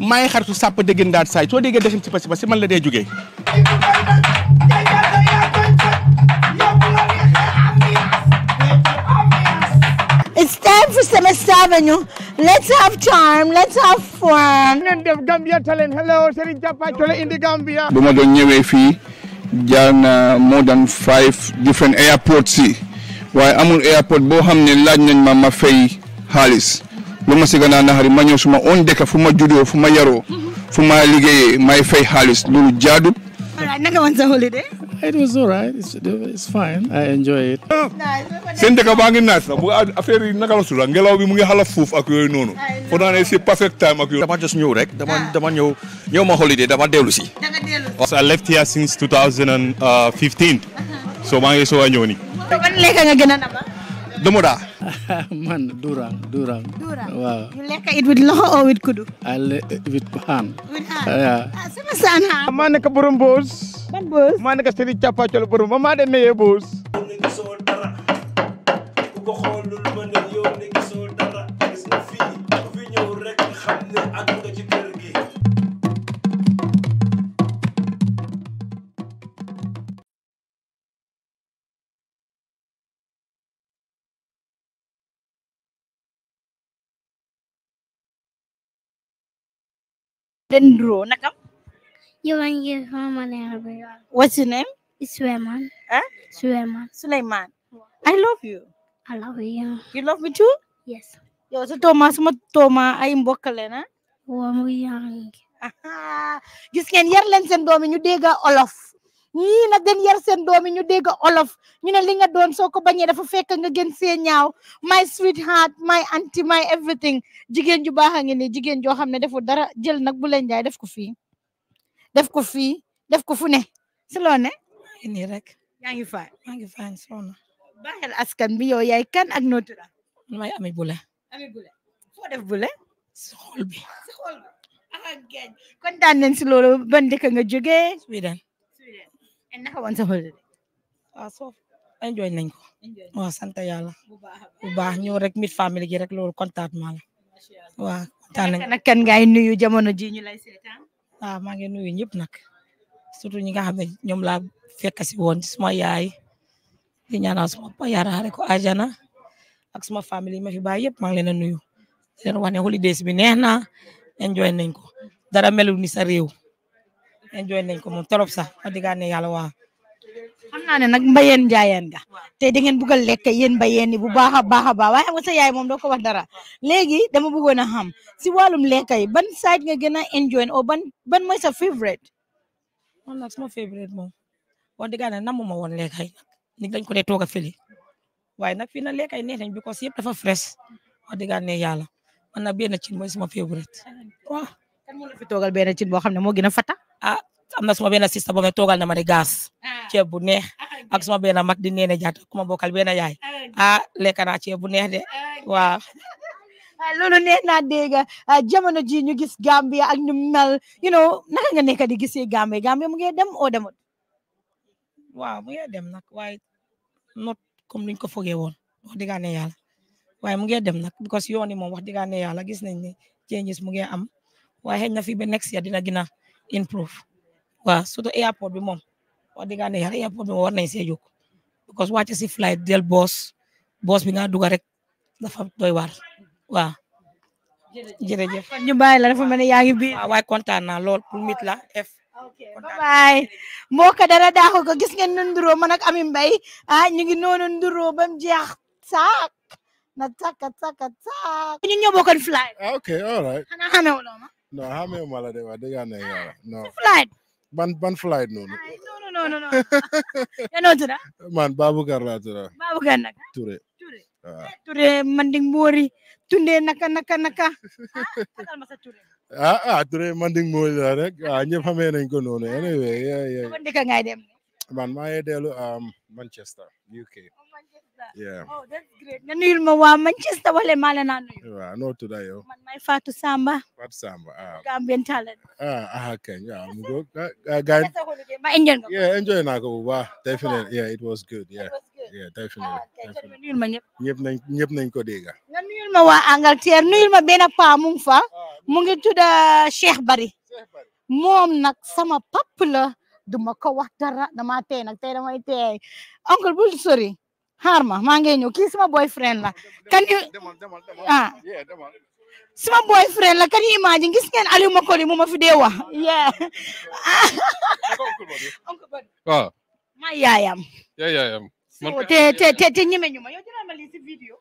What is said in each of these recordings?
maay xaritu sàpp déggin daat saay soo déggee dexim si pasi pasi man la dee jógee It's time for Semester Avenue. Let's have fun. bu ma doon ñëwee fii jaar na more than five different airports yi waaye amul airport boo xam ne laaj nañ ma ma fay xaalis. ba ma siga naa naxari ma ñëw suma oon dëkk fu ma juddoo fu ma yaroo mhm. fu ma may fay xaalis loolu jaadu. naka woon sa holiday. it was all right it's, it's fine I seen dëkk baa ngi naaj bu affaire yi la su ngelaw bi mu ngi xala fuuf ak yooyu noonu. foo naa ne c'est perfect time ak yooyu. dama just ñëw rek dama dama ñëw ñëw ma holiday dama dellu si. so I left here since 2015 uh, uh-huh. so Domoda. man Durang Durang. Durang waaw. you it with loxo or with kudu. I with hand. with hand ah, ah sama saan hand. maa nekk borom boos. ban boos. maa nekk Serigne Capacol borom ba maa dem lu ma ne yow ne gisoo dara gis nga fii ku fi ñëw rek xam ne Then Dendro. Nakam? Yuvan Yirhaman Arabiya. What's your name? Suleiman. Huh? Suleiman. Suleiman. I love you. I love you. You love me too? Yes. Yo, so Thomas, ma Thomas, ay mbokale na? I'm young. Aha. Gis ngeen yar leen seen me yi ñu dégg olof. ñii nag dañ yar seen doom yi ñu dégg olof ñu ne li nga doon soo ko bañee dafa fekk nga gën see ñaaw my sweetheart my auntie my everything jigéen ju baax a ngi nii jigéen joo xam ne defu dara jël nag bu leen jaay def ko fii def ko fii def ko fu ne si ne nii rek yaa ngi fay yaa ngi fay askan bi yow kan ak noo tudd may ami bule ami bule foo def bule si xool bi si xool bi ah kon daan nañ si loolu ban dëkk nga and naka woon sa holiday ah, waaw soo enjoy nañ ko waaw sant yàlla bu baax ñëw rek mit famille gi rek loolu contentement la waaw kontaan nañ nag kan ngay nuyu jamono ji ñu lay ah, maa ngi nuyu ñëpp nag surtout ñi nga xam ne ñoom laa fekk si woon suma yaay di ñaanal suma papa yaaraare ko ajana ak suma famille yi ma fi bàyyi yëpp maa ngi leen a nuyu di leen wax ne bi neex na enjoy nañ ko dara melu ni sa réew enjoy nañ ko moom trop sax wax dëgg ne yàlla waaw. xam naa ne nag mbayeen njaayeen nga te da ngeen bugg a lekk yéen mbayeen yi bu baax a baax a baax waaye moom doo ko dara léegi dama bëggoon a xam si wàllum lekk yi ban side nga gën a enjoy o ban ban mooy sa favorite. man nag sama favorite moom wax dëgg ne namu ma woon lekk yi nit dañ ko dee toog a fële waaye nag fii na lekk yi neex nañ because yëpp dafa fresh wax dëgg ne yàlla man nag benn cin mooy sama favorite kan moo la fi toogal benn cin boo xam ne moo gën a fata. ah am na suma benn sista boo xam ne na ma ne gaas. Ah. ceeb bu neex ah, ak suma benn mag di neene jaata kuma bokkal benn yaay ah, ah lekk naa ceeb bu neex de waaw. loolu nee naa dégg jamono ji ñu gis Gambia ak ñu naka nga nekk di gisee Gambia Gambia mu ngi dem oo demut. waaw mu ngi dem nag waaye not comme niñ ko fogee woon wax dëgg ne yàlla waaye mu ngi dem nag because yoon yi moom am. wa xëy na fii next year dina gina improve improve Wah, to airport bi mom. wa diga ne airport bi war nañ se because wàcce si flight del boss boss bi nga duga rek dafa doy waar jere jërëjëf ñu bay la dafa mel yaangi bi wa way content na lol pour mit la f. Okay. Moka dara daaxu ko gis ngeen nduro man ak bay ah ñu ngi nonu nduro bam jeex tak. na tak taka tak ñu ñoo fly. Ah, okay all right. xanaa xamee ma non xamee ma la de wax dëgg yàlla yàlla non flight ban ban flight noonu non non non non tuda man Baboucar laa tuda ah. Baboucar naka Touré Touré ah. eh, Touré manding moori tunde naka naka naka ah ah, ah Touré moori la rek ah ñëpp xamee nañ ko noonu anyway yeah yeah maa ngi dellu um, Manchester UK oh, yeah oh that's great nga nuyul ma waa Manchester wala maa la naa nuyu waaw noo tudd yow man may Fatou Samba Fatou Samba ah Gambian talent ah ah kañ waaw mu go ah, ah, gaay ma enjoy nga yeah enjoy naa ko bu baax definitely yeah it was good yeah yeah definitely ah, nuyul ma ñëpp ñëpp nañ ñëpp nañ ko dégg nga nuyul ma waa Angleterre nuyul ma benn paa mu ngi fa mu ngi tudd Cheikh Bari moom nag sama pap la duma ko wax dara dama tey nag tey damay tey oncle bul sori harma maa ngi ñëw kii sama boyfriend la kan yu ah sama boyfriend la kan yu imagine ken ngeen mo Makoli mo ma fi ah, wax yeah waaw maa yaayam ya yaayam te te te te ñeme ñu ma yow dina ma lii si vidéo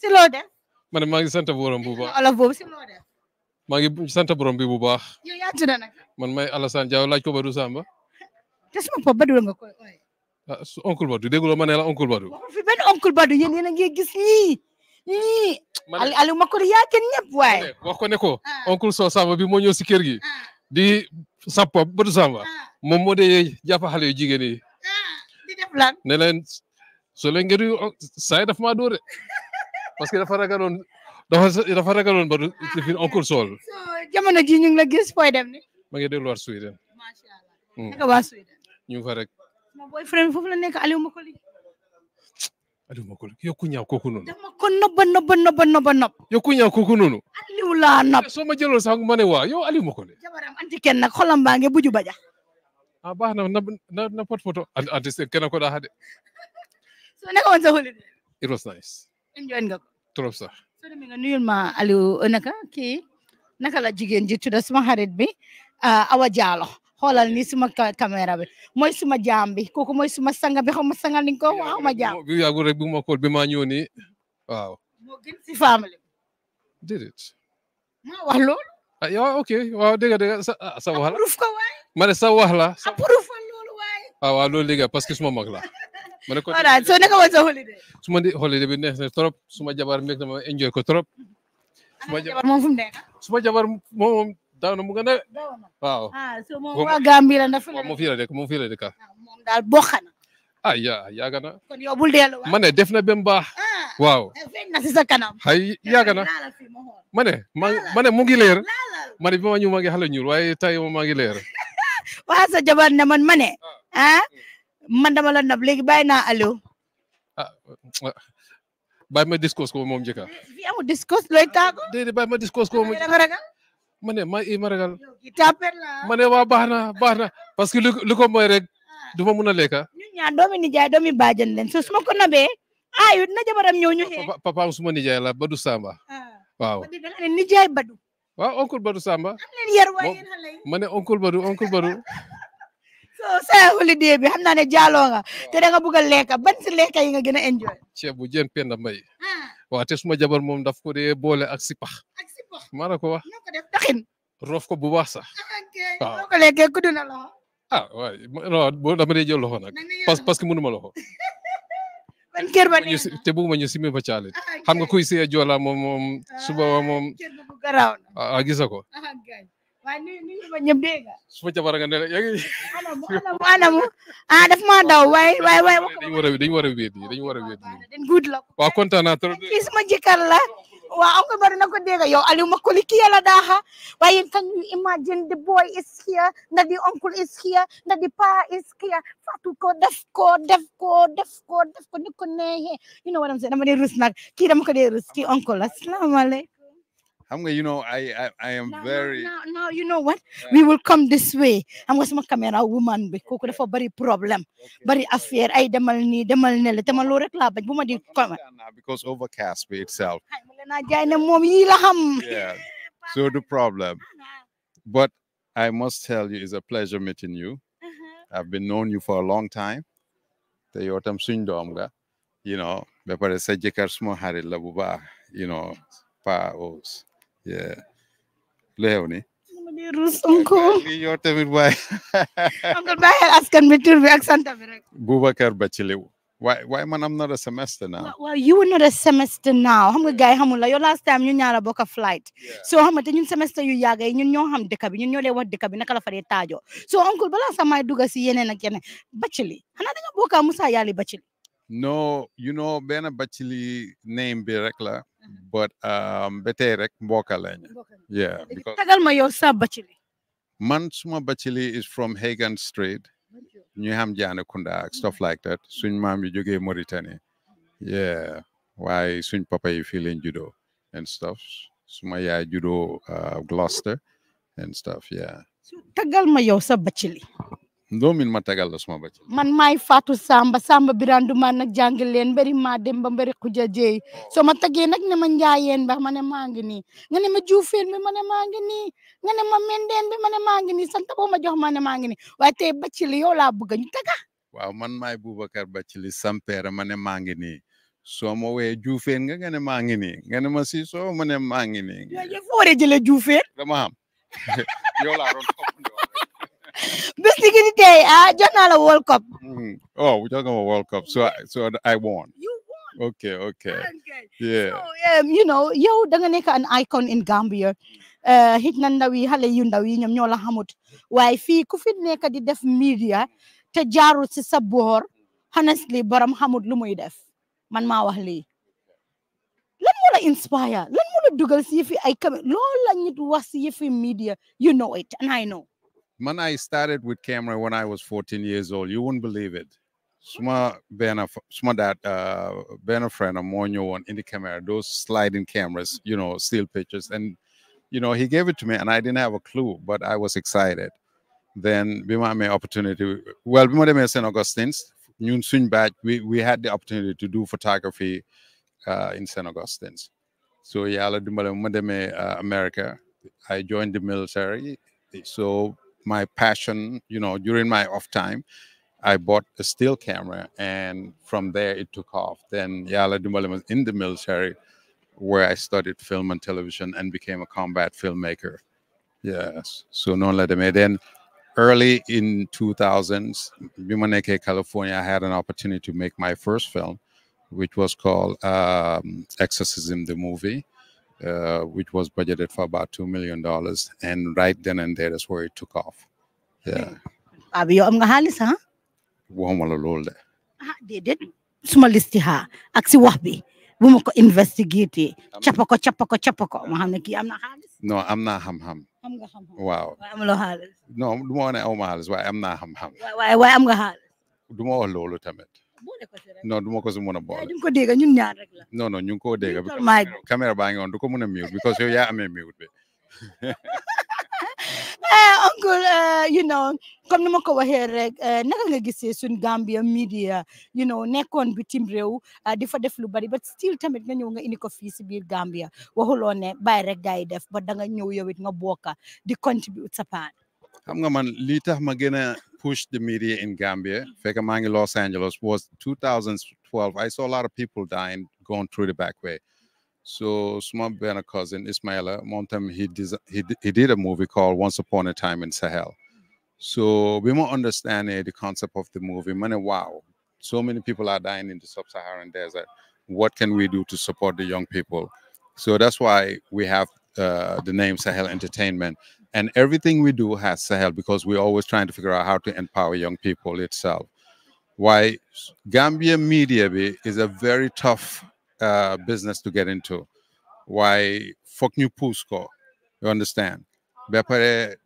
si loo def ma ne maa ngi sant borom bu baax olof boobu si lo de maa ngi sant borom bi bu baax yow yaa tudd nag man may Alassane Diaw laaj ko du Samba te sama papa Badou nga koy ah su oncle Badou dégguloo ma ne la oncle Badou. fi benn oncle Badou yéen yéen a ngi gis ñii ñii. ma ne Aliou ko ne ko oncle ah. bi moo ñëw si kër gi. Ah. di sappo Badou Samba ah. moom moo dee jàpp xale yu jigéen yi. di def lan ne leen soo leen ngeen saay daf maa dóore que dafa ragaloon dafa dafa ragaloon Badou ci fi oncle Sool. jamono ji ñu gis fooy dem ma ngi delluwaat Suède. macha allah hmm. fa rek. sama boyfriend foofu la nekk Aliou Makoli. Aliou Makoli yow ku ñaaw kooku noonu. dama ko nobba nobba nobba sax ma ne waa yow Aliou Makoli. jabaram anti kenn nag xolam baa nge buju baja. ah baax na na na pot poto anti kenn ko daa xade. soo nekkoon sa holiday. it was nice. enjoy nga ko. trop sax. soo demee nga ma Aliou naka la jigéen ji tudda suma xarit bi ah, Awa xoolal ni suma caméra bi suma jaam bi kooku suma sanga bi xaw ma sanga ni ko bi yàggul rek bu ma bi maa ñëw si famille déedéet maa wax ah yow ok waaw dégg nga ah, sa wax la sa wax la approuve ko loolu waay ah, waaw parce que suma mag la ma ne holiday suma jabar mbég na ma enjoy ko trop suma jabar moom fu mu daaw na mu nga ne waaw ah so moom waa ah, ah yaa yaaga na kon yow bul dellu ma ne def na ba baax ah, waaw eh, feeñ na ma ne mu ngi leer ma ne bi ma ñu ma ngi xale ñuul waaye tey moom maa ngi leer waa sa man ma ne ah. ah man dama la nab léegi bàyyi naa allo ah bàyyi ma discours ko moom jëkka fii amul discours ma discours ko mané ma i maragal mané wa baxna baxna parce que lu ko moy rek ah. duma mëna mun ñun ñaar doomi nijaay doomi baajan leen so su suma ko nabé ayu na jabaram ñoo ñu hé papa suma nijaay la Badou Samba ah. waaw nijaay Badou waaw oncle Badou Samba am yar oncle Badou oncle Badou so sa holiday bi xamna né ne nga té da nga bëggal a ban ci lekka yi nga gëna enjoy ci bu jën penda mbay ah. waaw té suma jabar mom daf ko dé bolé ak sipax wax maa la ko wa na ko ko bu baax sax waaw boo ko lekkee gudd na loxo ah waay non boo dama dee jël loxo nag parce parce que mënuma loxo ban kër ba nee te bëgguma ñu simi fa caale xam nga kuy sëy joola moom moom suba moom a gisa ko waaye ni ni ñu ma ñëpp jabar nga ne la yaa ngi. anamu dañu war a dañu war a wéet dañu war a la. wow, kabarin ako diga yo. Alam mo kulikiya la daha. Why can you imagine the boy is here, na the uncle is here, na the pa is here. Fatu ko, def ko, def ko, def ko, def ko, ni ko You know what I'm saying? Naman ni Rusnak. Kira mo ka ni Ruski uncle. Assalamu xam nga you know I I am very. now now you know what. we will come this way. I xam nga sama caméra woman bi kooku dafa bari problème. bari affair. I demal nii demal ne la te ma loolu rek laa bañ because overcast by itself. yeah so the problem. Ah, but I must tell you it's a pleasure meeting you. Uh-huh. I've been known you for a long time. te yow tam suñ you know ba pare sa jëkkër suma xarit la you know pa os lu xew ni mu di ruus Sonko yow tamit waay am nga bàyyi askan bi tur bi ak sant bi rek Boubacar Bachilew why why man I'm not a semester now. Well, well you were not a semester now. xam nga gars yi xamul la yow last time ñu ñaara bokk a flight. so xam nga te ñun yu yàgg yi ñun ñoo xam dëkk bi ñun ñoo leen wax dëkk bi naka la faree taajoo so oncle balaa sama dugg si yeneen ak yeneen bachili xanaa da nga Musa Yali bachili. no you know benn bàcc name bi rek la uh-huh. but um, tey rek yeah because tagal ma yow sa man is from Hagan Street Newham, xam kunda mm-hmm. stuff like that suñ mam yi jógee yeah why suñ papa yi fii judo and stuff suma yaay judo uh, Gloucester and stuff yeah tagal ma yow sa ndomin matta galla suma bacci man may fatou samba samba biranduma nak jàngil len madem ma dem ba mbëri xuja jeey so ma tagge nak ne ma njaayeen ba ma ne maa ngi nii nga ne ma juufeen bi ma ngi nga ne ma menden bi ma ngi sant boo ma jox ma ngi li yow la bëgg ñu taga waaw man may boubacar bacci li sampeere ma ne maa ngi nii soo ma nga nga ne maa ngi nga ma si ma ngi dama xam yow la ron bés ni ah, jot naa la mm. oh, World Cup. so I, so you won. okay okay. Ah, um, you know yow da nga nekk an icon in Gambia. xëj uh, na ndaw yi xale yu ndaw yi ñoom ñoo la xamut waaye fii ku fi nekk di def media te jaarul ci sa boor honestly borom xamut lu muy def man maa wax lii. lan moo la inspire lan moo la dugal si yëfi ay cam loolu la wax si yëfi media you know it and I know. Man, I started with camera when I was 14 years old. You wouldn't believe it. Sma banner, sma that uh, a friend of Monyo one in the camera, those sliding cameras, you know, still pictures. And, you know, he gave it to me and I didn't have a clue, but I was excited. Then we had my opportunity. Well, we had St. Augustine's. We, we had the opportunity to do photography uh, in St. Augustine's. So yeah, uh, I America. I joined the military. So my passion, you know, during my off time, I bought a still camera, and from there it took off. Then Yala Dumbale was in the military, where I studied film and television and became a combat filmmaker. Yes, so non me Then early in 2000s, Bimaneke, California, I had an opportunity to make my first film, which was called um, Exorcism the Movie which was budgeted for about $2 million. And right then and there is where it took off. Yeah. Abi yo am nga xaalis ha? Waxuma la lool de. Did déedéet suma listi ha Aksi si wax bi bu ma ko investigate cappa ko cappa ko cappa ko ma No, i am not ham ham. am naa Am nga xam-xam. Waaw. Waaye amuloo xaalis. Non du ma wax ne aw ma xaalis am naa ham xam Waaye waaye am nga xaalis. Du ma wax non du ma ko si mën a boole. ñu ko dégg ñun ñaar rek la. non non ñu ngi koo dégg. caméra baa ngi ko mën a because yow yaa amee mute bi. Eh, uncle eh, you know comme ni ma ko waxe rek eh, naka nga gisee suñ Gambia media you know nekkoon bitim réew di fa def lu bari but still tamit nga ñëw nga indi ko fii si biir Gambia waxuloo ne rek gars def ba danga ñëw yo it nga di contribute sa part xam nga man lii tax ma gën a push the media in Gambia mm. fekk maa ngi Los Angeles was 2012 I saw a lot of people dying going through the back way so suma benn cousin Ismaila moom tam he he did a movie called Once Upon a Time in Sahel so bi ma understandee the concept of the movie ma ne waaw so many people are dying in the sub-Saharan desert what can we do to support the young people so that's why we have uh, the name Sahel Entertainment and everything we do has Sahel because we're always trying to figure out how to empower young people itself. Why Gambia Media is a very tough uh, business to get into. Why fuck new Pusco, you understand? But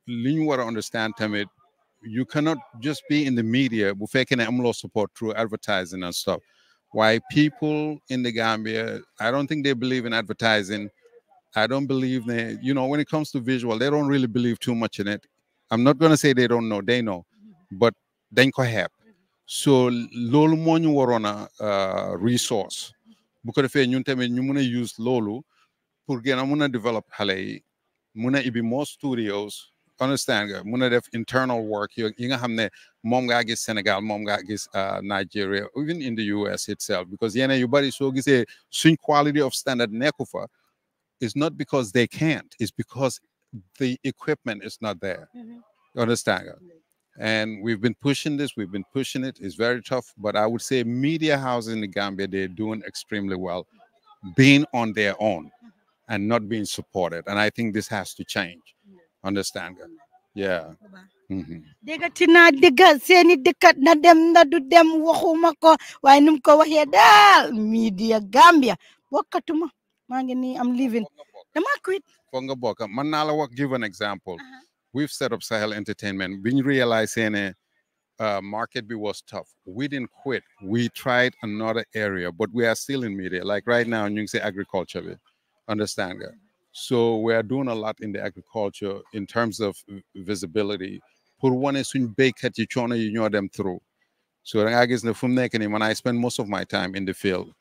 you want to understand, Tamit, you cannot just be in the media, but faking MLO support through advertising and stuff. Why people in the Gambia, I don't think they believe in advertising I don't believe that, you know, when it comes to visual, they don't really believe too much in it. I'm not going to say they don't know, they know, mm-hmm. but then ko have. so Lolo moo ñu a resource mm-hmm. bu ko defee ñun tamit use Lolo, pour gën a mun to develop halei. yi mun ibi more studios understand nga mun def internal work You nga xam ne moom Sénégal moom ngaa uh, Nigeria even in the US itself because yeneen yu bari soo gisee suñ quality of standard nekufa is not because they can't, it's because the equipment is not there. Mm-hmm. You understand? And we've been pushing this, we've been pushing it. It's very tough, but I would say media houses in the Gambia, they're doing extremely well, being on their own mm-hmm. and not being supported. And I think this has to change. Understand? Mm-hmm. Yeah. Mm-hmm. media Gambia i ngi am leaving. dama quit foog nga man naa give an example uh-huh. we've set up Sahel Entertainment bi realized, uh, market bi was tough we didn't quit we tried another area but we are still in media like right now You can say agriculture understand nga so we are doing a lot in the agriculture in terms of visibility pour one suñ béykat yi coono yi through so I guess the ne fu mu nekk I spend most of my time in the field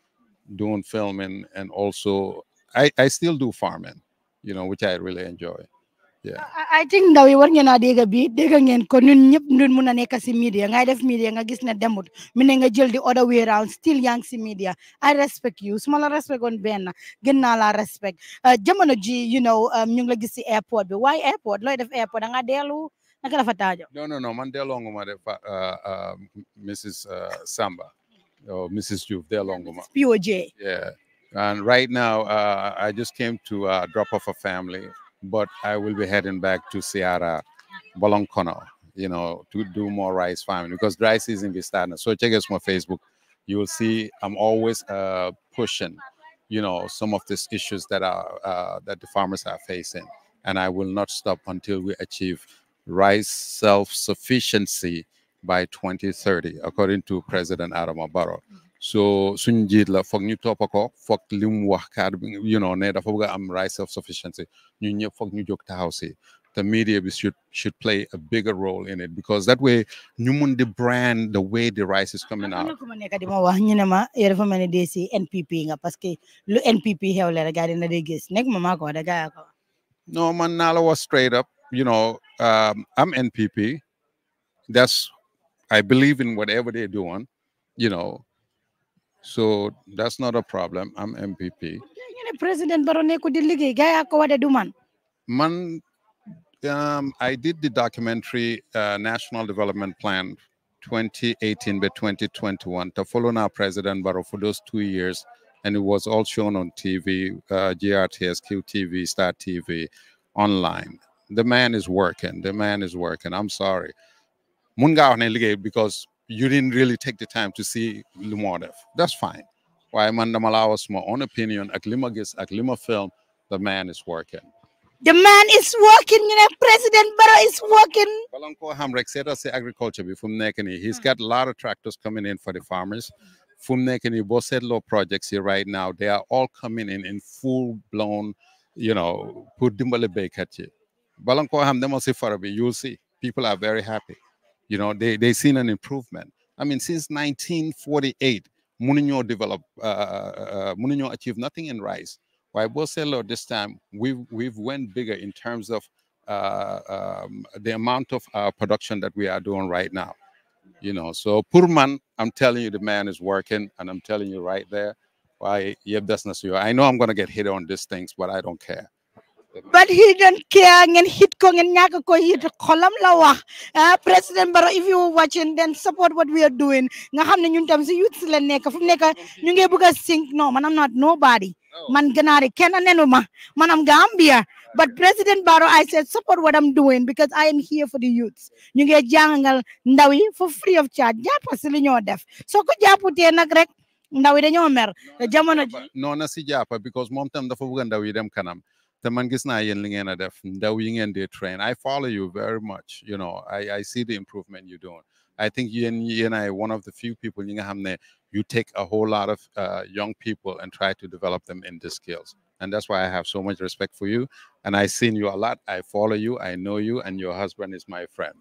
doing filming and also I, I still do farming, you know, which I really enjoy. Yeah. I think ndaw yi war ngeen a dégg bi dégg ngeen ko ñun ñëpp ñun mun a nekk si media ngay def media nga gis ne demut mu ne nga jël di other way around still yaa ngi media I respect you su la respect on benn gën naa la respect euh, jamono ji you know euh, ñu ngi la gis si airport bi waaye airport looy def airport da nga dellu naka la fa taajo. non non non man delloo nga def euh, Mrs Samba or Mrs. Juve there, Longoma. POJ. Yeah. And right now, uh, I just came to uh, drop off a family, but I will be heading back to Sierra Boloncono, you know, to do more rice farming because dry season is starting. So check us on Facebook. You will see I'm always uh, pushing, you know, some of these issues that are uh, that the farmers are facing, and I will not stop until we achieve rice self-sufficiency by 2030 according to President Adama Barrow mm-hmm. so suñ la foog ñu toppa ko foog li wax you know ne dafa bëgg am rice self sufficiency ñu ñëpp for ñu jóg taxaw the media should should play a bigger role in it because that way ñu mun di brand the way the rice is coming out. No na nekk di wax ñu ne ma dafa NPP nga parce que lu NPP rek dina gis ko da ko. man la straight up you know um, I'm NPP that's I believe in whatever they're doing, you know. So that's not a problem. I'm MPP. President Barone Man um, I did the documentary uh, National Development Plan 2018 by 2021 to follow now President Barrow for those two years. And it was all shown on TV, uh, GRTS, QTV, Star TV, online. The man is working. The man is working. I'm sorry munga because you didn't really take the time to see Lumodef. That's fine. Why was my own opinion, Aklimagis, Aklima film, the man is working. The man is working, you know, President Barrow is working. Balanko Hamrek said us agriculture before Nekani. He's got a lot of tractors coming in for the farmers. Fumnekani Bosedlo projects here right now, they are all coming in in full blown, you know, put Dimbale Bay Balanko Ham farabi. you'll see. People are very happy. You know, they, they've seen an improvement. I mean, since 1948, Munino developed, uh, uh, uh Munino achieved nothing in rice. say Lord, this time, we've, we've went bigger in terms of uh, um, the amount of uh, production that we are doing right now. You know, so Purman, I'm telling you, the man is working, and I'm telling you right there, why, yep, that's not so. I know I'm going to get hit on these things, but I don't care. But he don't care and hit kong and nyaka ko hit kolam lawa. Uh, President Baro, if you are watching, then support what we are doing. Nga ham na nyun tamsi youth sila neka. From neka, nyung buga sink. No, man, am not nobody. Man ganari, kena nenuma. Man, am Gambia. But President Baro, I said, support what I'm doing because I am here for the youths. You get jangal ndawi for free of charge. Japa sila nyo def. So ko japu tiyan nagrek ndawi de nyo mer. Jamono ji. No, na si japa because mom tam dafa buga ndawi dem kanam te man gis naa yéen li ngeen train I follow you very much you know I I see the improvement you doing I think and yéen are one of the few people ñi nga you take a whole lot of uh, young people and try to develop them in the skills and that's why I have so much respect for you and I seen you a lot I follow you I know you and your husband is my friend.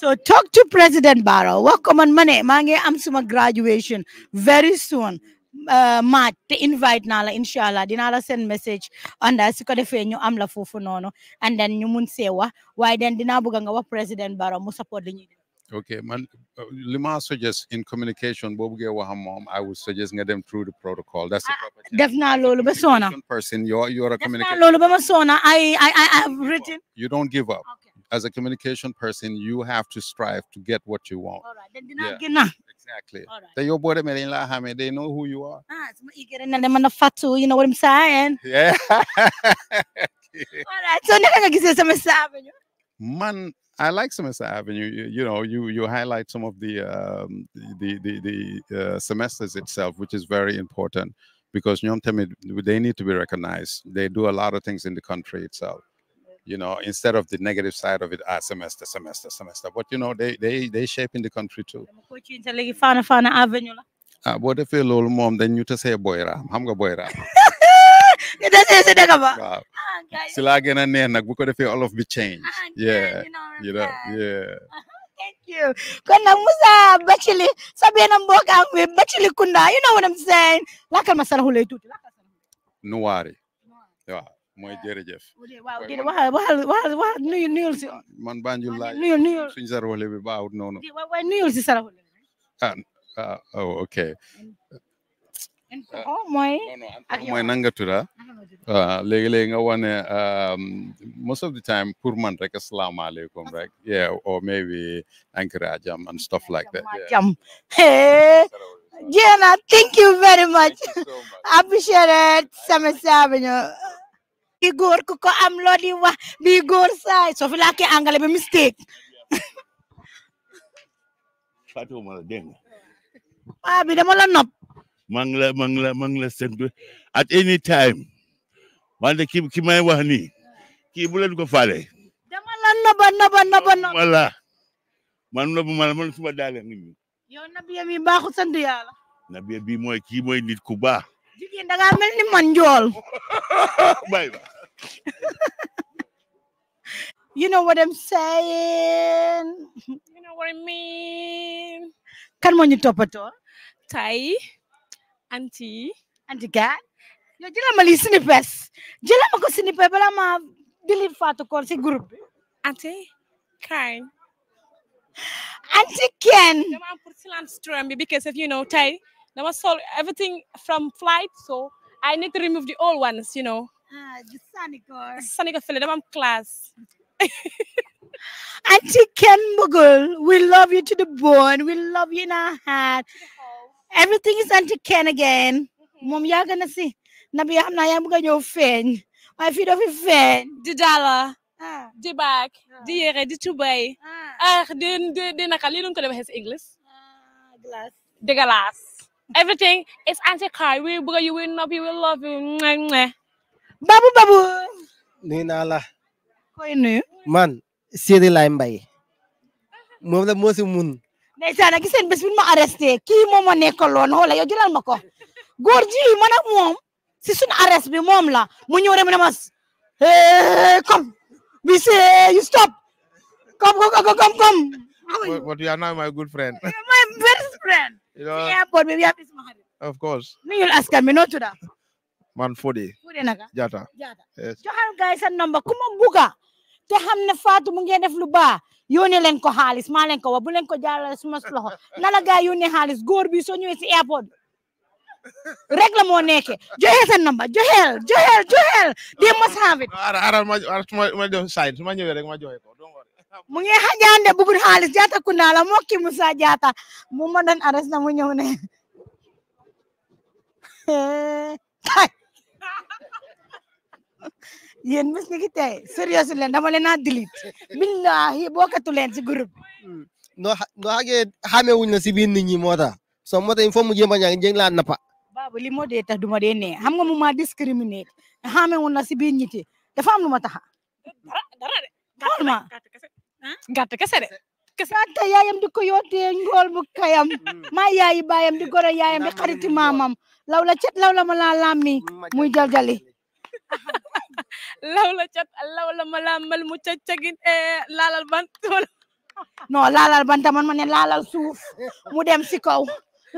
So talk to President Barrow. Welcome on Monday. Mange am graduation very soon. Uh, Matt invite Nala, inshallah. incha send message and then ñu mun see wax waaye den dinaa président support ok man uh, li ma suggest in communication boo bëggee I would suggest get them through the protocol. that's the ah, proper person you are you are a communication. def I I I have written. you don't give up as a communication person, you have to strive to get what you want. All right. Yeah, exactly. All right. They know who you are. Ah, You know what I'm saying? Yeah. okay. All right. So nakakagising sa Mesa Avenue. Man, I like Semester Avenue. You, you know, you you highlight some of the um, the the, the uh, semesters itself, which is very important because know, they need to be recognized. They do a lot of things in the country itself you know, instead of the negative side of it, ah, semester, semester, semester. But you know, they they they shaping the country too. ah boo defee loolu moom dañ ñu tasee boy raam xam nga boy raam ñu tasee si dëkk ba waaw ah, si laa gën a neex nag bu ko defee olof bi change ah, yeah you know yeah uh-huh, thank you kon nag Musa Bachili sa benn mbokk am bi Bachili Kunda you know what I'm saying lakkal ma saraxu lay tuuti lakkal nuwaari waaw mooy jërëjëf. waaw jërëjëf waxal waxal waxal nuyul nuyul man ah, ah oh ok. Ah, mooy. ak mooy nan ah. léegi-léegi nga wane um, most of the time pour man rek asalaamaaleykum rek. yeah or maybe ankarajam and stuff like that. Hey, Jenna, thank you very much. Appreciate it. Summer Savino. Igor góor ku ko am di wax bi say, saay soo fi làkkee anglais mistake fàttewuma la dégg nga bi dama la nop maa la maa la la at any time de ki ki may wax ni ki bu len ko falé dama la noba noba noba noba wala man no bu mal man suma dalé nit ñi yow nabiya yami baxu sant yalla nabiya bi moy ki moy nit ku baax jigen da nga melni man jol bay ba. you know what I'm saying. you know what I mean. kan mo ñu topato tay anti. anti ga. yo jela ma li sinipes jela ma ko sinipes bala ma delete fatu ko si groupe bi. anti kaay. anti ken. dama am pour silence turam bi because of you know tay. There was all everything from flight, so I need to remove the old ones, you know. Ah, the Sanico. Sanico Philip, I'm class. Auntie Ken Mughal, we love you to the bone. We love you in our heart. Everything is Auntie Ken again. Mm-hmm. Mom, you're gonna see. Nabi, I'm not gonna your My feet of a The dollar. Ah. The back. Ah. The year, the tubay. Ah, then ah, then, naka. You don't call it English. Ah, glass. The glass. everything is anti-car we will you will love you will love you babu babu nuyu naa la koy nuyu man Sidi Laye Mbaye moom la moo mun ndeysaan ak seen bés bi ma arrêté kii moom moo nekkaloon xoola yow jëlal ma ko góor ji man moom si suñu arrest bi moom la mu ñëw rek mu ne ma comme bi see you stop comme comme comme but you are now my good friend You know, airport, maybe have this Of course. Me, you'll ask me, not to that. Man, forty. Fodi naga. Jata. Jata. Yes. Johan guys, and number. Kuma buga. Te hamne fatu mungi def lu ba. Yoni len ko halis, ma len ko wa, bu len ko jaarale suma loxo. Nalaga yoni halis, góor bi soo ñëwee si airport. rek mo moo Johel, joxe sa number Johel, Johel, Johel. they must have it. Ara ara ma ma jox sign su ma ñëwee rek ma joxe ko. mungi hajaande bugul haalis jata kunala moki musa jata mu madan ares na mu ñew ne yéen mis ni ki tey sérieux leen dama leen delete billahi tu leen ci groupe no no hage xame wuñ la ci biir nit ñi moo so moo tax mu jema ñang jeng la laa nappa li mo de tax duma de ne xam nga mu ma discriminate xame wuñ la ci te dafa am lu tax dara dara de Ah? gàtt kese de gàtta yaayam di ko yootee ngool bu kayam mm. maa yaayi baayam di goro yaayam di xariti maamam law la cet law la ma laa laami muy jaljali law la cet law la ma laa mal mu caccagin eh, laalal bant non laalal banta man ma laalal suuf mu dem si kaw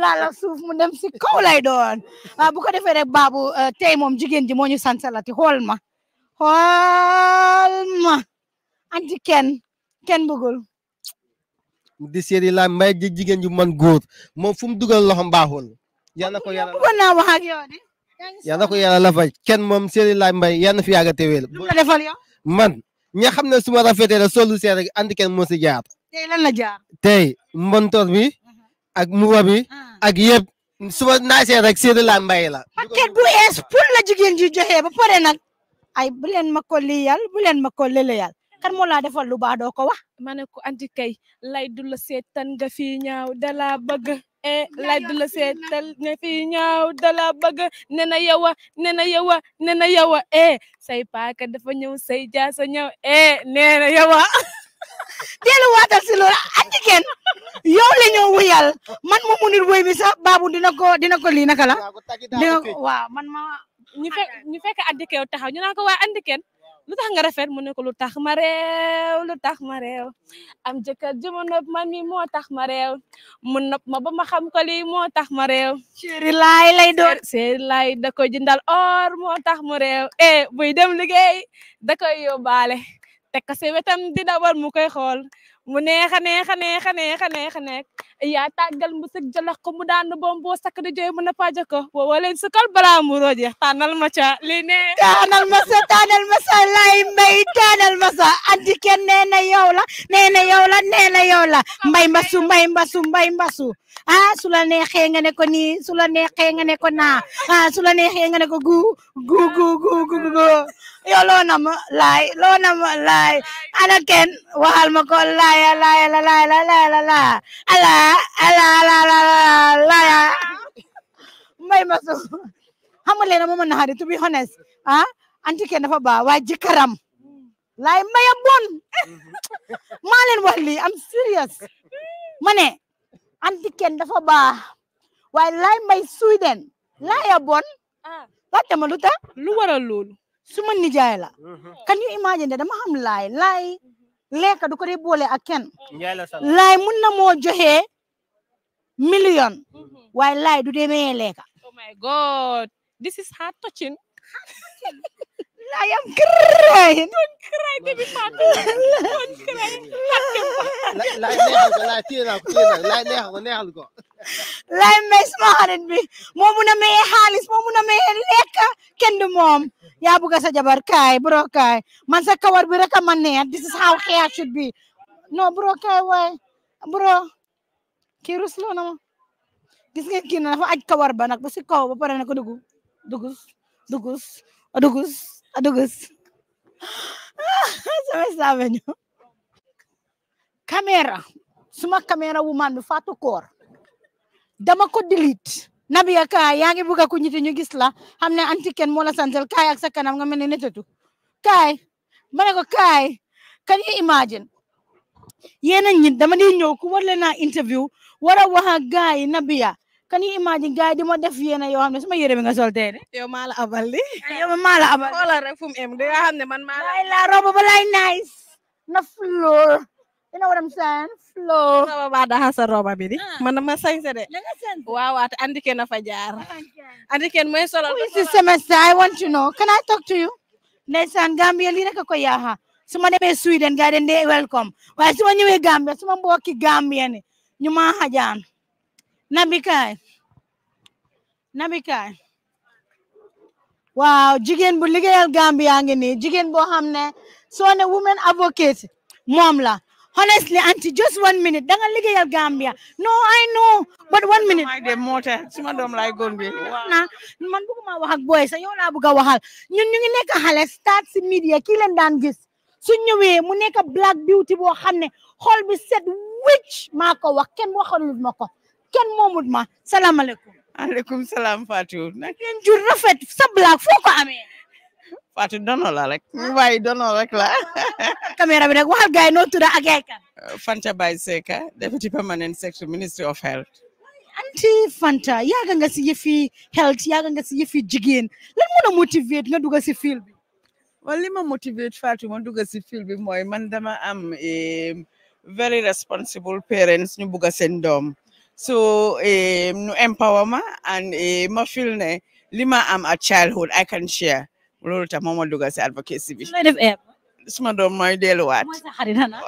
laalal suuf mu dem kaw lay doon ah, bu ko defee rek baabu eh, tey moom jigéen ji moo ñu sansalati xool ma xool ma anti kenn bëggul di seedi la may ji jigéen ju man góor moom fu mu dugal loxo mbaaxul yal na ko yàlla bëggoon naa wax ak yow ko yàlla la fay moom seedi la mbay yal na fi yàgg a teeweel man ña xam ne su ma rafetee la solu seet rek andi kenn moo si jaar tey lan la jaar mbontor bi uh-huh. ak muba bi uh-huh. ak yëpp su ma naasee rek seedi la mbay la paquet bu ees pour la jigéen ji joxee ba pare nag ay bu leen ma ko lii bu leen ma ko lële yàlla kan moo laa defal lu baax doo ko wax. ma ne ko anti kay lay du la seetaan nga fi ñaaw dala bëgg. e lay du la seetal nga dala eh, bëgg nee na yow a nee na yow a nee na yow a eh say paaka dafa ñëw say jaasa ñëw eh nee na yow a dellu waatal si loolu andi kenn yow wuyal man munir woy mi baabu dina ko dina ko lii naka la. dina waaw man ma ñu fekk ñu fekk andi kenn taxaw ñu naan ko waa andi lu tax nga rafet mu ne ko lu tax ma réew lu tax ma réew am jëkkër ji ma nopp man mi moo tax ma réew mu nopp ma ba ma xam ko lii moo tax ma réew chéri laay lay doon chéri laay da koy jëndal or moo tax mu réew e buy dem liggéey da koy yóbbaale te ka si wetam dina war mu koy xool mu neex a neex a neex a neex a neex a neex yaa tàggal mu sëg jalax ko mu daan boom boo sakk di jooy mu na paaja ko woo leen sukal balaa mu rojeex tànnal ma ca li ne tànnal ma sa tànnal ma sa lay mbay tànnal ma sa anti kenn nee na yow la nee na yow la nee na yow la mbay mbasu mbay mbasu mbay mbasu ah su la neexee nga ne ko nii su la neexee nga ne ko naa ah su la neexee nga ne ko gu gu gu gu gu gu yow loo na ma laay loo na ma laay ana kenn waxal ma ko laay อะไรอะไรอะไรอะไรอะไรอะไรอะไรอะไรอะไร may masu xam nga leen moom naxari to be honest ah anti kenn dafa baax waaye jëkkëram laay maya bon maa leen wax am serious ma ne dafa baax waaye laay may Sweden laaya bon laajte ma lu tax lu waral loolu la kan yu imagine dama xam laay laay Leka du ko dee boole ak kenn laay mun na moo joxe million waaye laay du dee leka. oh my god this is heart touching I am crying. Don't cry, baby Fatou. Don't cry. Laay neexal ko, laay neexal ko. lay may sama xarit bi moo mun a maye xaalis moo mun a maye moom yaa bëgg sa jabar kaay bro kaay man kawar bi rek a ma neex this is how hair should no bro kaay waay bro kii rusloo na ma gis ngeen kii na dafa aj kawar ba nag bu si kaw ba pare na ko dugu dugus dugus dugus dugus ah, sama saabeñu caméra suma caméra woman bi faatu dama ko delete Nabiya Ka yaa ngi bugg a ku ñiti ñu gis la xam ne anti kenn moo la sa kanam nga mel ne netatu kaay ma ne ko kaay can you imagine yéen a ñit dama di ñëw ku war leen naa interview war a wax yi Nabiya can you imagine gars yi di ma def yéen a yoo xam ne sama yére bi nga sol tey de. yow maa abal li yow maa abal xoolal rek fu em de nga xam ne man maa la. la roba ba lay nice na floor you know what I'm saying lo sama pada hasar roba bini ah. mana masa yang sa wow waaw andi ken jar andi ken mau solo who is this semester i want to know can i talk to you ndeysaan gambia lina rek ko ya, ha semua ma sweden garden day welcome wah semua nyuwe gambia semua ma ki gambia ni ñu nabi kai nabi kai wow jigen bu liggéeyal gambia angin jigen jigéen boo ne ne women advocate mom la honestly auntie just one minute danga liggéeyal Gambia no I know but one minute ay suma doom lay góor bi na man bëgguma wax ak boy sa yow laa a waxal ñun ñu ngi nekk xale start si media kii leen daan gis su ñëwee mu nekk black beauty boo xam ne xool bi set wicc maa wax kenn waxalut ma ko kenn moomut ma salaamaaleykum aleykum salaam Fatou nag ngeen jur rafet sa black foo ko ame Fatou dono la rek ñu bàyyi dono rek la caméra bi nag waxal gaay noo tudd ak yaay kan Fanta Baye Seka deputy permanent secretary ministry of health anti Fanta yaaga nga si yëfi health yaaga nga si yëfi jigen lan mo la motivate nga dugg si fiil bi wala motivate Fatou mo dugg si fiil bi mooy man dama am very responsible parents ñu buga sendom. so nu empower ma and ma feel ne li am a childhood I can share loolu ta moom moo dugal si advocacy bi. suma doom mooy delluwaat.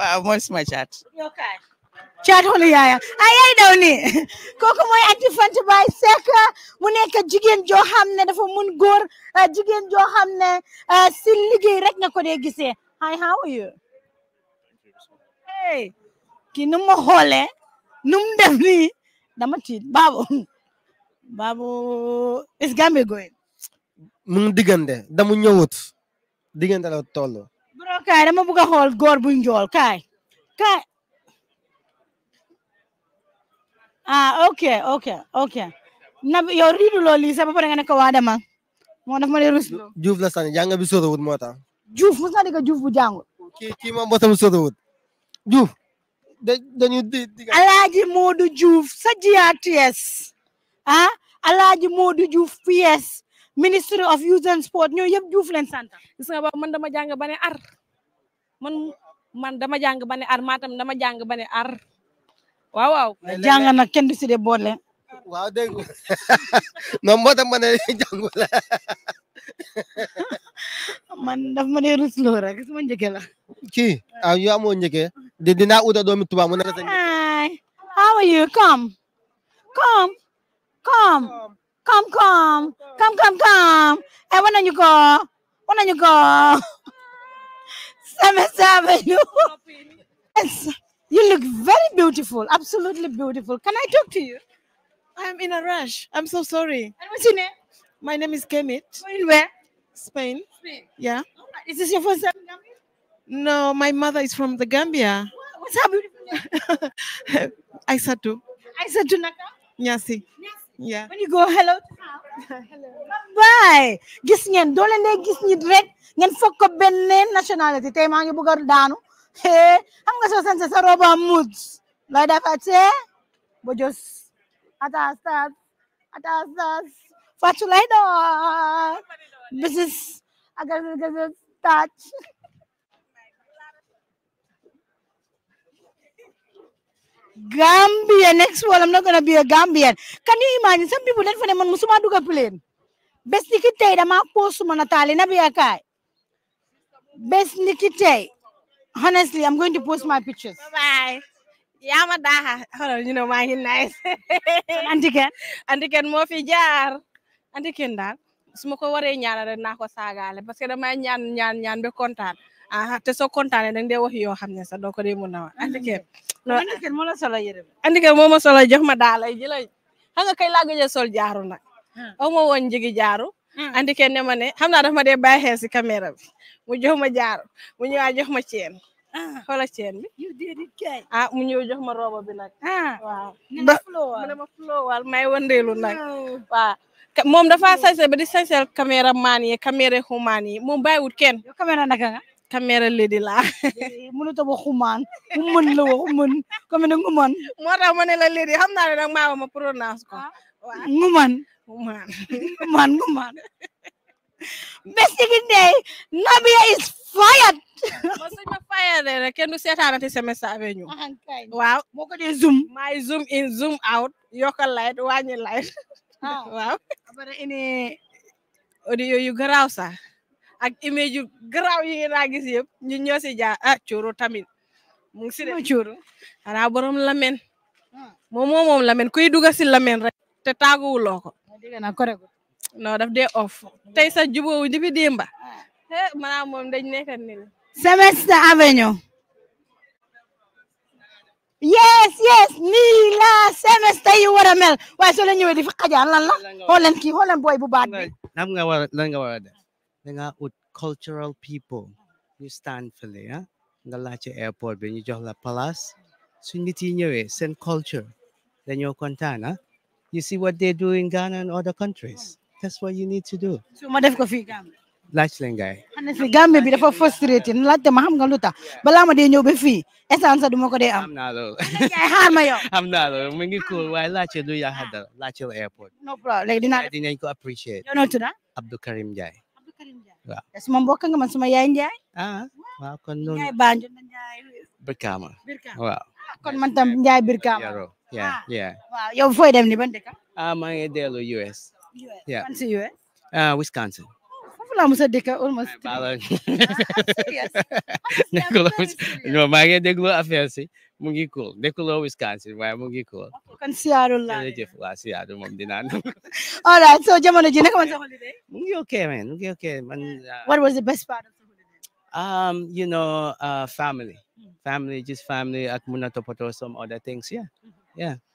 waaw mooy suma caat. caat xolu yaaya ay yaay daw nii kooku anti Fanta Baye Seck mu nekk jigéen joo xam ne dafa mun góor ah, jigéen joo xam ne ah, si liggéey rek nga ko dee gisee hi how are you hey ma xoolee nu def nii dama tiit baabu baabu is Gambia mu ngi diggante damu ñëwut diggante la tollu bro kay dama bëgg xol gor bu ñjol kay kay ah ok ok ok na yow riidu lo li sax ba pare nga ne ko dama mo daf ma lay rus. juuf la sañ jang bi sóorowut moo tax. juuf mu sa diga juuf bu jàngul. ki kii moom bosam sóorowut juuf. dañu Alaaji Moodu Juuf sa GRTS ah Alaaji modu Juuf fiess ministry of youth and sport ñoo yëpp Diouf leen sant gis nga ba man dama jang bané ar man man dama jang bané ar matam dama jang bané ar waaw waaw jang nak kenn du ci dé bolé waaw dégg non mo tax ma jang wala man daf ma dee rusloo rek suma ñëgé la ki ah yu amo ñëgé di dina uta doomi tuba mu nekk sa ñëgé how are you come come come Come, come, come, come, come. Hey, eh, when are you go? When are you go? Seven seven. yes, you look very beautiful, absolutely beautiful. Can I talk to you? I'm in a rush. I'm so sorry. And what's your name? My name is Kemit. Going where? Spain. Spain. Yeah. Oh, is this your first time in Gambia? No, my mother is from the Gambia. What? What's her beautiful name? Aisatu. Aisatu Naka? Nyasi. Nyasi yeah when you go hello hello bye gis ngeen doo leen dee gis nit rek ngeen foog ko beneen nationalité tey maa ngi bëgg a daanu hey xam nga soo sensé sa roba mood looy def atee bo jos atas tas atas tas fàccu lay doo bisis agar agas taaj Gambian next world. I'm not gonna be a Gambian. Can you imagine? Some people them on Musuma do plane. Best nikitay da maposu manatali na biakai. Best nikite. Honestly, I'm going to post my pictures. Bye bye. Yama daha. Hold on, you know my nice. Antiken. Antiken mo fi jaar. Antiken dal. Suma ko waré ñaanal na ko sagale parce que dama ñaan ñaan ñaan be contane. ah te soo kontaanee da nga dee wax yoo xam ne sax doo ko dee mun a wax. andi kenn mm-hmm. andi kenn moo la solo yére bi. andi kenn ma solo jox ma daala la xam nga a sol jaaru nag. aw ma woon jaaru. Mm. andi ne ma ne xam ma dee bàyyi xel si caméra bi mu jox ma jaaru mu ñëwaat jox ma ceen. xoolal ceen ah mu ñëw jox bi nag. waaw moom dafa sañse ba di sañsel caméra maan yi caméra xumaan yi caméra léegi laa mënut a xumaan mu la wax mën comme ni moo tax ma ne la léegi xam naa ne nag maa ma prononce ko ah. nguman nguman nguman nguman Bestie Ndeye Nabia is fired ma suñ fired rek kenn seetaanati semestre avec ñu ah, waaw moo ko dee maay zoom in zoom out yokkal light wàññi light ah. waaw après ini audio yu garaaw sax ak image yu garaaw yi ngeen a gis yeb ñun ñoo ci ja ah cuuru tamit mu ngi si de cuuru xanaa borom lamen mo ah. moom moom lamen kuy duga si lamen rek te na ko no daf de off tay sa jubóowu dibi ah. he mana mom dañ nekkal ni Semester Avenue yes yes nila la semester yi wara mel Wa so la ñëwee di fa xajaan lan la xool leen kii xool bu baat bi lan nga wara def nga ut cultural people you stand for ah nga airport beni you jox la palace, su nit yi ñëwee eh, seen culture dañoo kontaan ah you see what they do in Ghana and other countries that's what you need to do. So ma def ko fii Gambie. laaj leen gaay. fi Gambie bi dafa frustrating laajte ma xam nga lu tax balaa ma dee ñëw ba fii essence du ma ko dee am. am naa loolu. yaay ma yow. am ah. naa loolu ngi cool waaye laajte du yaa dara laajte airport. no problem léegi dinaa dinañ ko appreciate. yo noo tudd Abdou Karim Ndiaye. Ya, semua bokan man sama yayin Ah, ma kon non. Jay banjo na jay. Berkama. Berkama. Wow. Ah, kon man tam jay berkama. ya Yeah, Wow, yo foi dem ni bande ka? Ah, man ngi delu US. US. Kan Fancy US. Ah, Wisconsin. Fofu la musa deka almost. Balo. Serious. Nicolas, no mau ngi deglu affaire ngi cool Dekula Wisconsin waaye mu ngi cool kon Seattle la jërëjëf waa Seattle moom dinan. all right so jamono ji naka man sa holiday mu okay man mu okay man uh, what was the best part of the holiday um you know uh family hmm. family just family At mun a toppatoo some other things yeah hmm. yeah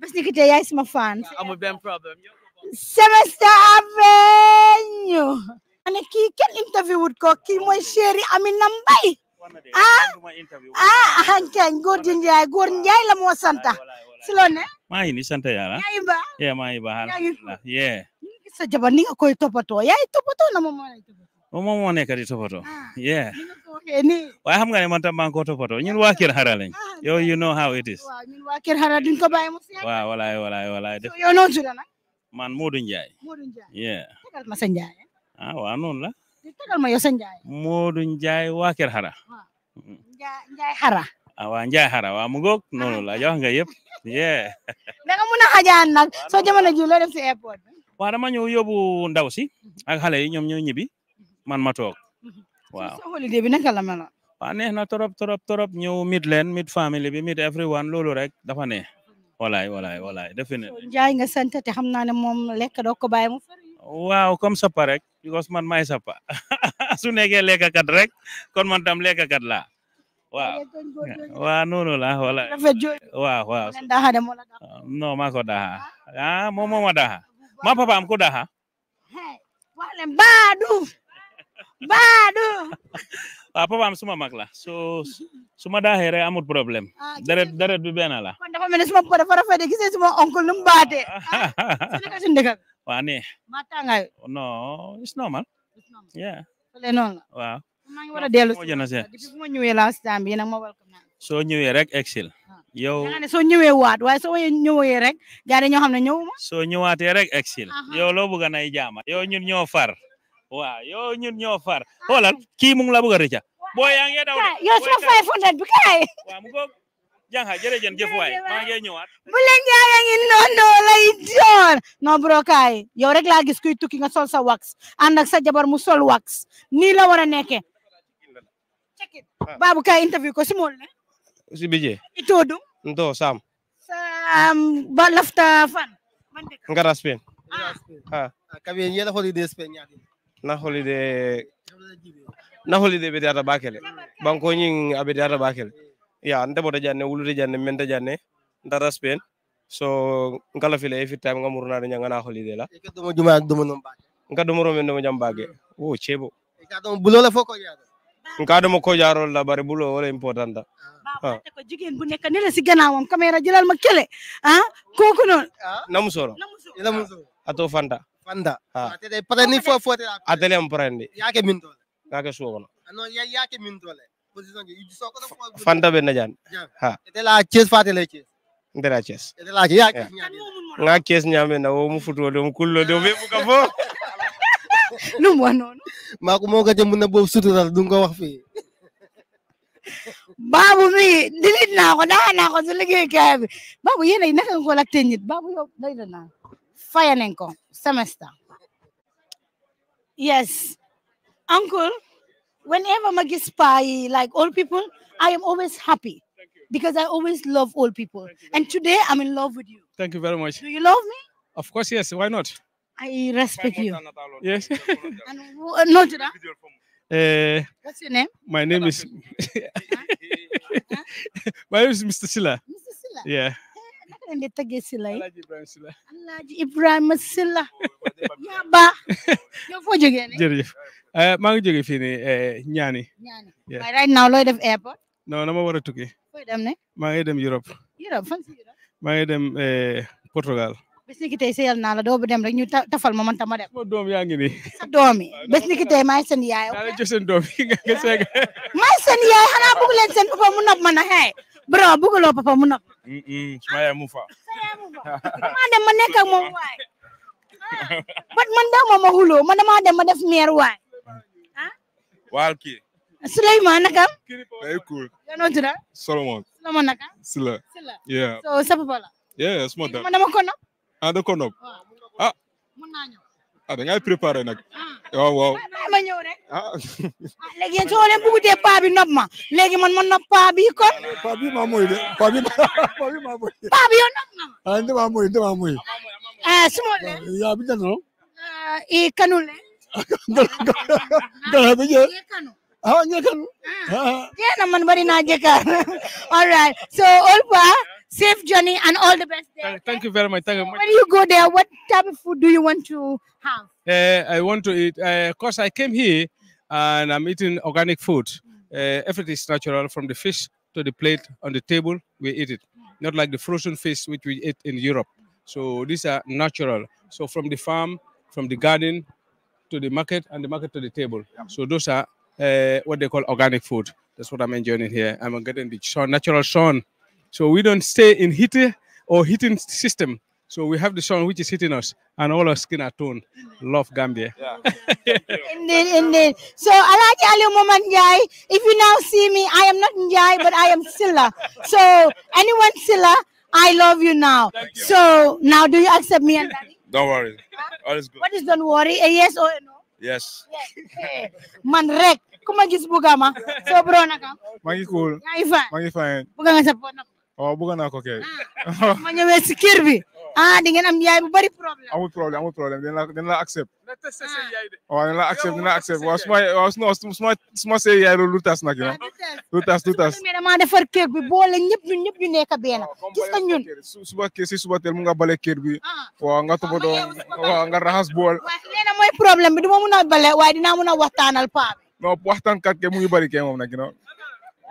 bés ni ki tey yaay sama fan. amul Semester Avenue. ma ne kii kenn interview wut ko kii mooy chéri Amina Mbaye. ah ah ah kañ góor ji Njaay góor Njaay la moo santa si loo ne. maa ngi nii sant yàlla. yaa ngi baax yaa ngi ni nga koy toppatoo yaay toppatoo na moom moo lay toppatoo. mo mo ne kadi to photo ah, yeah wa xam nga ne man tam maa ko to photo hara lañ yo you know how it is waaw ñun waa kër hara duñ ko bàyyi Wah si waaw walaay walaay walaay def yow noonu man Modou Ndiaye Modou Ndiaye yeah Tegal ma sa Ndiaye eh? ah wah non la Tegal ma yow sa Ndiaye Modou Ndiaye waa kër hara Ndiaye hara awa njay hara wa mu gok noonu la jox nga yëpp yeah da nga mën a xajaan nag soo jamono ji loo si airport eh? Wah dama ñëw yóbbu ndaw si mm-hmm. ak xale yi ñoom ñoo ñibbi man ma toog mhm. waaw so holiday bi naka la mel waaw neex na trop trop trop ñëw mit leen mit family bi mit everyone loolu rek dafa neex walaay walaay walaay definitely njaay nga sant te xam naa ne moom lekk doo rek because man may sappa su nekkee lekkakat rek kon man tam lekkakat laa waaw waaw noonu la walaay waaw waaw ah, non daha ah moom moo ma daha ma papa am ko daha walen baadu Bado. apa pam suma makla. So suma da here amut problem. Deret deret bi benala. Manda ko menes ma para para fede gise suma onkel num bate. Sana ka sindega. Wani. Mata ngay. Oh, no, it's normal. It's normal. Yeah. Fele non. Wow. Ma ngi wara delu. Depuis ma ñewé last time bi nak ma welcome na. So ñewé rek exil. Ah. Yo. nga ne soo ñëwee waat waaye soo ñëwee rek gaa dañoo xam ne ñëwuma soo rek exil Yo lo bëgg nay jaama Yo ñun ñoo far waaw yow ñun ñoo far xoolal kii mu ngi la bëgg a rëcca boo yaa ngi daw yow suma fay fundat bi kaay waaw mu ko jàng jërëjëf jëf waay maa ngi ñëwaat bu leen jaaga ngi noonu lay doon non bro kaay yow rek laa gis kuy tukki nga sol sa wax ànd ak sa jabar mu sol wax nii la war a nekkee cekit ah. baabu kaay interview ko si mool ne si bije itoodu nto sam sam ba lafta fan ngara spain ah, ah. ah kabien yeda holiday spain ñaadi na de, na holiday be data bakele banko nyin abe data bakele ya nda boda janne wulude janne menda janne ndara raspen so ngala file fi fitta nga murna de nga na de la e kaddo mo juma ak dumo non bakele nka do moro men do jam bage hmm. o oh, chebo e bulo la foko ya nka do mo ko jarol la bari bulo wala important da ah. ba ah. ko jigen bu nek ne la ci gannaawam camera jilal ma kele han ah, koku non Namu soro. ato fanta 100 ಅದೇ 25 40 ಅದಲ್ಲೇ ಅಂಪರ ಅಂಡಿ ಯಾಕೆ ಮಿಂತೋಲೆ ಯಾಕೆ ಸೋಗನ ಅನ್ನೋ ಯಾಕೆ ಮಿಂತೋಲೆ ಪೊಸಿಷನ್ ಇದು ಸೋಕದ ಫಂಡ ಬೆನ್ನ ಜಾನ್ ಹಾ ಇದೆಲ್ಲ ಚೇಸ್ ಫಾತೆಲೆ ಚೇಸ್ ಇದೆಲ್ಲ ಚೇಸ್ lah ಯಾಕೆ nga case nyame na wo mu futu wo mu kullo do be buka fo no mo ma aku mau ga jëm na bob sutu dal du nga wax fi babu mi dilit na ko da na ko su liggey kay babu yene naka ko lak te babu yow day na fire semester. Yes. Uncle, whenever I get spy, like old people, I am always happy because I always love old people. And today I'm in love with you. Thank you very much. Do you love me? Of course, yes. Why not? I respect you. Yes. and uh, no, Uh, eh, What's your name? My name is. my name is Mr. Silla. Mr. Silla. Yeah. naka ngeen di tëggee Silla yi Alaaji Ibrahima Silla yaa baax yow foo jógee ne jërëjëf maa ngi jógee fii ñaani ñaani waaye right now looy def airport non dama war a tukki fooy dem ne eh? maa ngi dem Europe Europe fan maa dem Portugal bés ni ki tey seyal naa la doo bu dem rek ñu tafal ma man ma dem sama doom yaa ngi nii sa doom ah, yi bés ni ki tey maay seen yaay mu nopp ma na Bro, bukan lo papa munak. mm saya mufa. Saya mufa. Ada meneka mau wai. Bat manda mau mau hulu, mana ada mana smear wai. Walki. Sulaiman nakam? Very cool. Yano jira? Solomon. Solomon nakam? Sila. Sila. Yeah. So siapa pala? Yeah, semua Mana mau kono? Ada konop. Ah. nyu. ah préparé nag. waaw waaw ah. Ah, léegi yéen soo bugutee paa bi léegi man ma nopp paa kon. Ah, paa bi maa mooy de paa na ma. ah ndema mooy ndema mooy. ah suma le. yaa bi jënd i kanu le. gala man bari naa jëkkaar all right so all safe journey, and all the best there. Thank, thank you very much. Thank so you. When you go there, what type of food do you want to have? Uh, I want to eat. Uh, of course, I came here and I'm eating organic food. Mm. Uh, everything is natural from the fish to the plate on the table. We eat it, mm. not like the frozen fish which we eat in Europe. So these are natural. So from the farm, from the garden to the market, and the market to the table. Mm. So those are uh, what they call organic food. That's what I'm enjoying here. I'm getting the sun, natural sun so we don't stay in heat or heating system. So we have the sun which is hitting us, and all our skin are toned. Love Gambia. Yeah. indeed, indeed. So I Alaji Ali moment, guy. if you now see me, I am not Njai, but I am Silla. So anyone Silla, I love you now. You. So now do you accept me and Daddy? Don't worry. Huh? All is good. What is don't worry? A yes or a no? Yes. yes. Man rek. Kuma gis bugama. So bro na naka. Mangi cool. Mangi fine. Mangi fine. Buganga support naka. waaw oh, bëgg naa ko kay. Ah, ma ñëwee si kër bi. ah di ngeen am yaay bu bari problème. amul problème amul problème dina la dina la accept. waaw ah, dina la accept dina la accept waaw su ma waaw su ma su ma tas nag ah, tas lu tas mais defar kër bi boole ñëpp ñun ñëpp ñu nekk benn gis nga ñun. suba si suba teel mu bale kër bi. waaw nga toppatoo waaw nga raxas bool. waaw nee na mooy problème bi du ma a a waxtaan kat ke mu ngi bari kay moom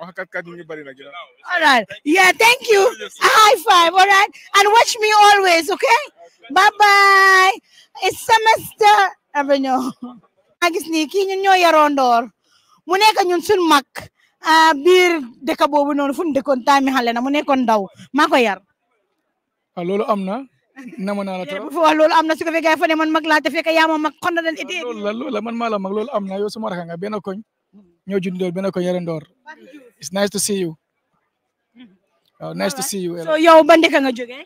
All right. Yeah, thank you. A high five, all right? And watch me always, okay? Bye-bye. It's semester. Aba I maa gis nii kii ñun ñoo yaroondoor mu nekk ñun suñ mag biir dëkk boobu noonu fu mu dëkkoon taami xale na mu nekkoon ndaw maa ko yar. ah loolu am na. nama naa la trop wax loolu na su ko fekkee ay fa man mag laa te fekk yaa ma mag xonda den ite. loolu la loolu la man maa la am na yow suma koñ ñoo juddoo it's nice to see you. waaw mm-hmm. uh, nice to see you. so yow ba ndeka nga jógee.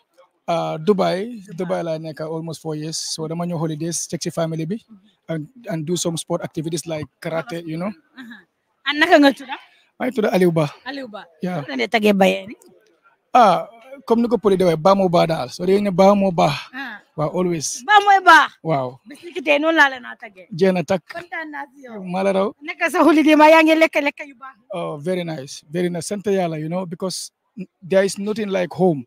Uh, Dubai Dubai like nekk almost four years so dama your holidays check your family bi mm-hmm. and and do some sport activities like karate you know. Uh huh. And tudd. maa ngi tudd Aliou Ba. Aliou Ba. yaa ngi leen di ah comme ni ko poli di waxee baa moo baa daal soo dee ne always. Wow. sa oh very nice very nice sant you know because there is nothing like home.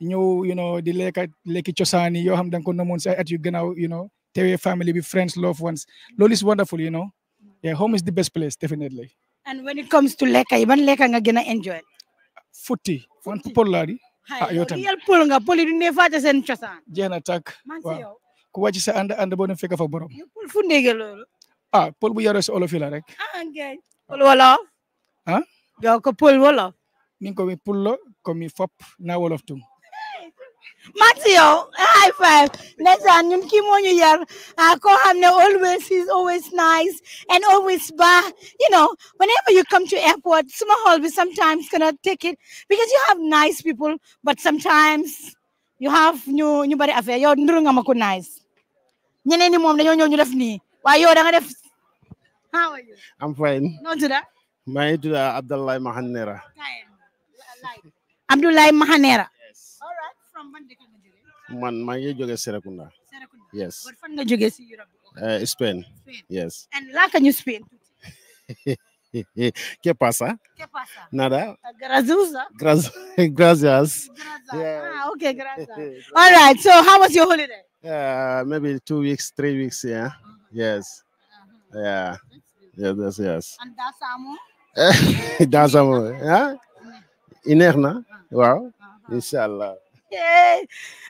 you know the lekk lekki cosaan yi yoo xam da nga ko at yu you know your family be friends loved ones loolu is wonderful you know. yeah home is the best place definitely. and when it comes to lekk even ban lekk nga gën enjoy. Footy. One popular. yow tamit yal pël nga pël yi du ne fàtte seen cosaan. jeex na tàkk waaw ku wàcc sa ànd ànd boo dem fekk fa borom. fu ndege loolu. ah pël bu yaroo si olof yi la rek. ah ngeen pël wolof. ah. yow ko pël wolof. ni ko mi pël la ko fop naa wolof tum Matthew, high five. Let's Kimonyo Yar. Kohamne always is always nice and always bar. You know, whenever you come to airport, small we sometimes cannot take it because you have nice people, but sometimes you have new new body affair. You're ndurunga mako nice. Nyene ni mom na yon yon def ni. Why you danga def? How are you? I'm fine. No to that. My to Abdullah Mahanera. Abdullah Mahanera from ban dëkk nga jógee. man maa ngi jógee Serekunda. Serekunda yes. war fan nga jógee si Europe. Eh, Spain. Spain yes. and can you Spain. ¿Qué pasa? ¿Qué pasa? Nada. Uh, Grazusa. Gracias. Yeah. Ah, okay, gracias. All right. So, how was your holiday? Yeah, maybe two weeks, three weeks. Yeah. Uh-huh. Yes. Uh-huh. Yeah. Yes, yes, yes. And that's Amo. that's Amo. Yeah. Mm. Inerna. Uh-huh. Wow. Inshallah.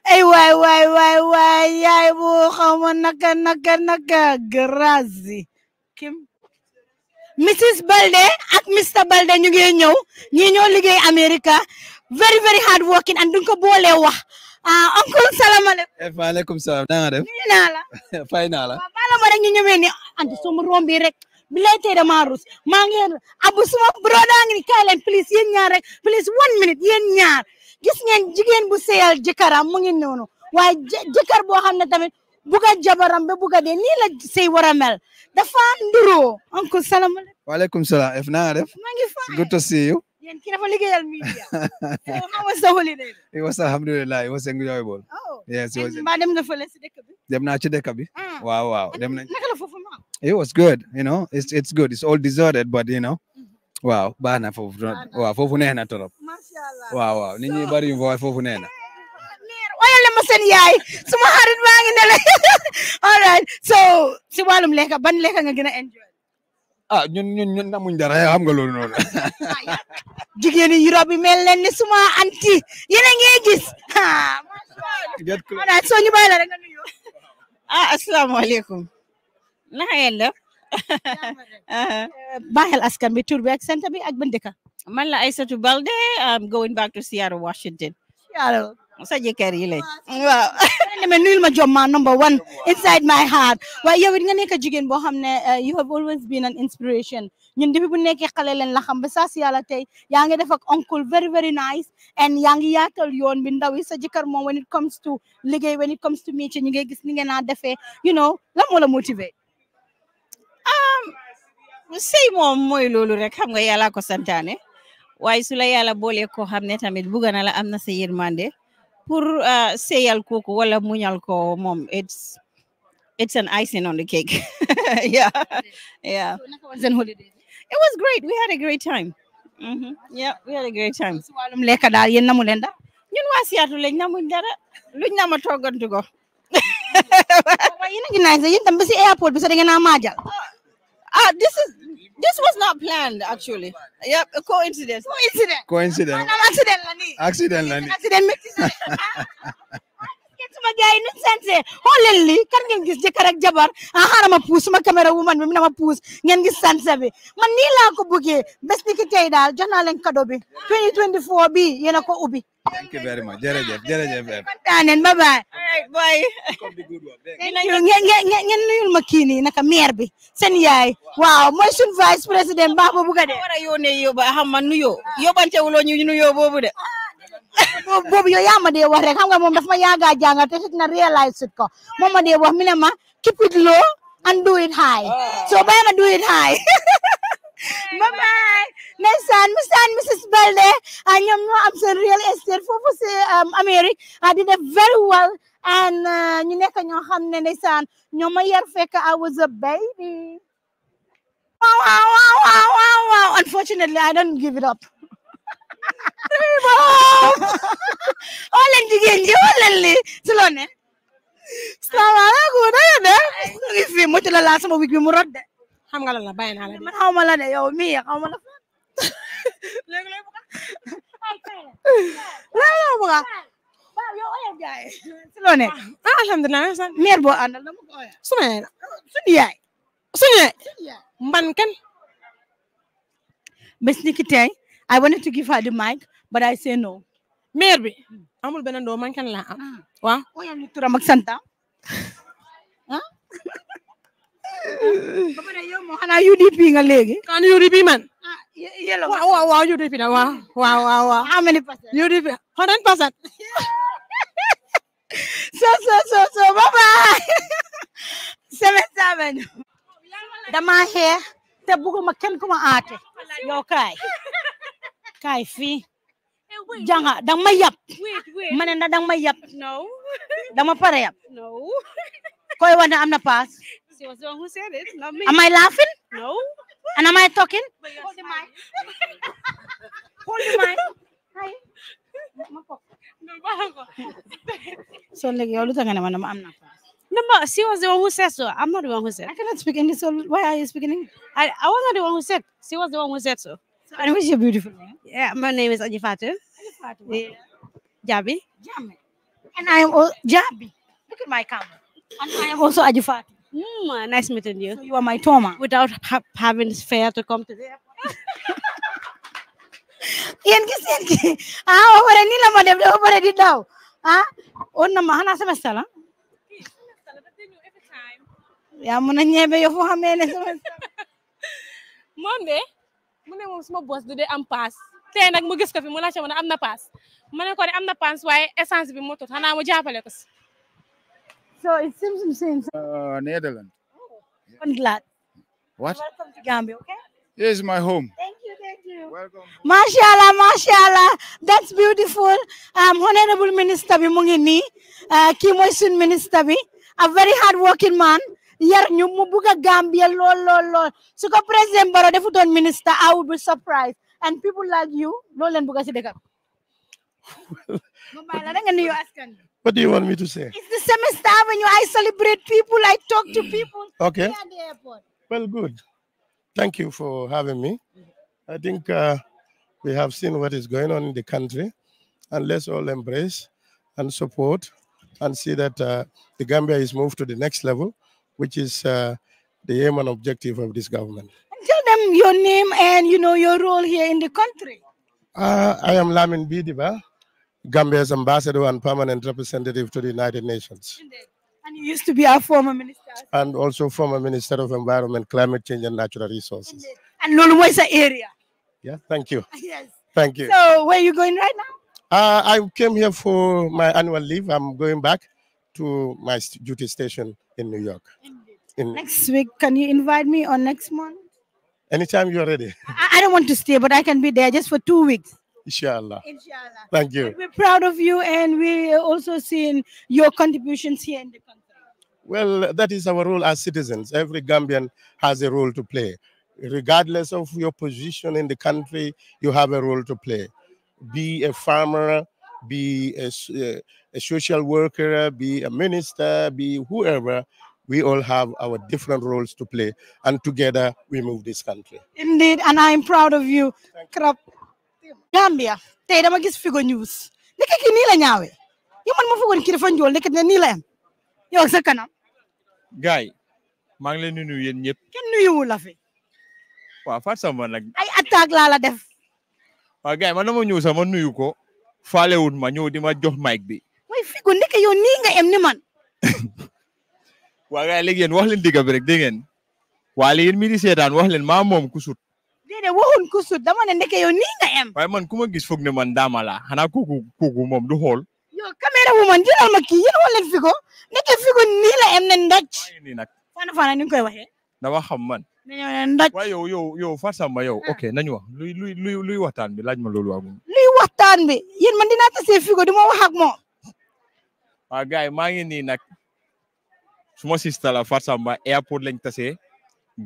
ay waay waay waay waay yaay bu xawma naka naka naka grâce kim Mrs Balde ak Mr Balde ñu ngi ñëw ñi ñoo liggéey America very very hard working and duñ ko boole wax ah oncle salaamaaleykum eh, waaleykum salaam na nga def ñu naa la fay naa la ah, bala ma rek ñu ñëwee ni anti suma rombi rek bi lay tey dama rus maa ngi abu suma broda ngi ni kaay leen please yéen ñaar rek please one minute yéen ñaar gis ngeen jigéen bu seyal jëkkëram mu ngi noonu waaye jëkkër boo xam ne tamit buga jabaram ba buga dee nii la sey war mel dafa nduroo oncle salaamaaleykum waaleykum salaam ef naa def maa to see you yéen ki dafa liggéeyal media eh, alhamdulillah it was enjoyable oh yes it was mbaa dem nga fële si dëkk ci dëkk bi ah. waaw waaw dem nañ naka la foofu ma was good you know it's good it's all deserted but you know waaw baax na foofu waaw foofu neex na torop waaw waaw nit ñi bari yu fa foofu neex na wala le ma so si wàllum ban lekka nga gën a enjoy ah ñun ñun ñun namuñ dara xam nga loolu noonu jigéen yi Europe suma anti yéen a ngi gis ah so ñu bàyyi la rek nga nuyu ah, Uh-huh. Bahel askan bi tour bi ak sant bi ak ban dëkk man la Aissatou Balde I'm going back to Seattle Washington Seattle sa jëkkër yi lañ waaw deme nuyul ma jom ma number one inside my heart waaye yow it nga nekk jigéen boo xam uh, you have always been an inspiration ñun depuis bu nekkee xale leen la xam ba saa si yàlla tey yaa ngi def ak uncle very very nice and yaa ngi yaatal yoon bi ndaw yi sa jëkkër moom when it comes to liggéey when it comes to métier ñu ngay gis ni ngeen na defe you know lan moo la motivé sëy moom mooy loolu rek am nga yàlla ko santaane waaye su la yàlla boole ko xam ne tamit bugg na la am na sa yërmande pour euh, seyal kooku wala muñal ko moom it's it's an icing on the cake yeah yeah it was great we had a great time mm-hmm, yeah we had a great time si wàllum lekk daal yéen namu leen da ñun waa Seattle lañ namuñ dara luñ nama toogantu ko waaye yéen a ngi tam ba airport bi sax da ngeen a maajal oh, Ah, this is this was not planned actually. Yep, a coincidence. Coincidence. Coincidence. Accident, Lani. Accident, Lani. Accident. suma gars yi nu sense xool leen lii kan ngeen gis jëkkër ak jabar ah ma puus suma caméra woman bi mi na ma puus ngeen gis sense bi man nii ko bëggee bés ni ki tey daal jox naa leen bi 2024 bi yéen a ko ubbi thank you very much jërëjëf jërëjëf kontaaneen bye nuyul ma kii naka maire bi seen yaay waaw mooy suñ vice président baax boobu ga de war a yónnee yóbba xam ma nuyoo yóbbante wuloo ñu nuyoo boobu de boobu yow yaa ma dee wax rek with nga moom dafa ma yàgg a realize it ko moom ma dee wax keep it low and do it high so bàyyi ma do it high bye bye Miss ndeysaan Miss and Mrs Balde ñoom ñoo am seen real estate foofu America. I did def very well and you nekk ñoo xam ne ndeysaan ñoo ma yar fekk I was a baby wow wow wow wow wow unfortunately I don't give it up oo leen jigéen ji oo leen li si loo ne salaamaaleykum na ngeen def ñu ngi fi mucc la laa sama wig bi mu rot de xam nga lan la bàyyi naa la de man xaw ma la de yow mii xaw ma la léegi lay buga léegi lay buga yow oya jaay si loo ne ah alhamdulilah sa meer boo àndal dama ko oya suma yaay suñu yaay suñu yaay mban kenn bés ni ki tey I wanted to give her the mic but I say no. maire bi amul beneen doo man kan laa am ah. waaw. mooy oh, am turam ak santam ah. ba pare yow moo xanaa UDP man. ah yélo waaw waaw waaw UDP na waaw waaw waaw waaw. how many percent. UDP hundred percent. so so so so bye bye. seven damaa xeex te bëgguma kenn ku ma aate yow kaay fii janga ah, dang ma yab ma ne dang ma no dama pare no koy am na pass she was the one who said it not me am I laughing no and am I talking hold the mic hold the mic hi so like am no, but she was the one who said so. I'm not the one who said. I cannot speak English. So why are you speaking English? I, I wasn't the one who said. She was the one who said so. And what's your beautiful name? Yeah, my name is Anjifatu. Anjifatu. Yeah. Jabi. Jami. And I am Jabi. Look at my camera. And I am also Ajifatu. Mm, nice meeting you. So you are my Toma. Without ha having fare to come to the airport. yenki senki ah obere ni la madam de obere di now. ah onna ma hana sama sala ya mona nyebe yo fo hamene sama sala Monday du am mu gis ko fi mu ko essence bi mu jàppale ko so it seems the same. Uh, Netherlands. Oh, yeah. I'm glad. What? Welcome to Gambia, okay? Here's my home. Thank you, thank you. Welcome. Mashallah, mashallah. That's beautiful. Um, Honorable Minister Bimungini, uh, Kim Sun Minister, a very hardworking man yar ñu mu bugg Gambia lool lool lool su ko président Barrow defutoon minister I would be surprised and people like you no leen bugg a dëkk what do you want me to say? It's the semester you I celebrate people. I talk to people. Okay. At the airport. Well, good. Thank you for having me. I think uh, we have seen what is going on in the country, and let's all embrace and support and see that uh, the Gambia is moved to the next level which is uh, the aim and objective of this government. Tell them your name and you know your role here in the country. Uh, I am Lamin Bidiba, Gambia's ambassador and permanent representative to the United Nations. Indeed. And you used to be our former minister. And also former minister of environment, climate change, and natural resources. Indeed. And Lulumwesa area. Yeah, thank you. Yes. Thank you. So where are you going right now? Uh, I came here for my annual leave. I'm going back to my duty station in New York. In next week, can you invite me or next month? Anytime you're ready. I, I, don't want to stay, but I can be there just for two weeks. Inshallah. Inshallah. Thank you. And we're proud of you, and we're also seeing your contributions here in the country. Well, that is our role as citizens. Every Gambian has a role to play. Regardless of your position in the country, you have a role to play. Be a farmer, be a, a social worker, be a minister, be whoever, we all have our different roles to play and together we move this country indeed and i'm proud of you krap gambia tay dama gis figo news nek ki ni la ñaawé yow man ma fagon ki dafa ñool nek ni la am yow sa kanam gaay ma ngi leen nuyu yeen ñep kenn nuyu la fi wa fa sama nak ay attack la la def wa gaay man dama nu sama nuyu ko faalewut ma ñëw dima ma jox mic bi. way figo ndeke yow nii nga em ni man. waa gars yi léegi yéen wax leen digga bi rek dégg ngeen. waa léegi wax leen maa moom ku sut. déedéet ndeke yow nii em. waaye man ku ma gis foog ne man daama laa xanaa kooku kooku moom du xool. yow caméra bu ma kii yéen ndeke figo nii la em ne ndaj. fana fana ni koy waxee. dama man. ndaj waaye yow yow yow Fatou Samba yow ah. ok nañu wax luy luy luy waxtaan bi laaj ma loolu waaw. waxtaan bi yéen man dinaa tasee Figo duma wax ak moom. waaw gars yi maa ngi nii nag suma sista la Fatou Samba airport lañ tase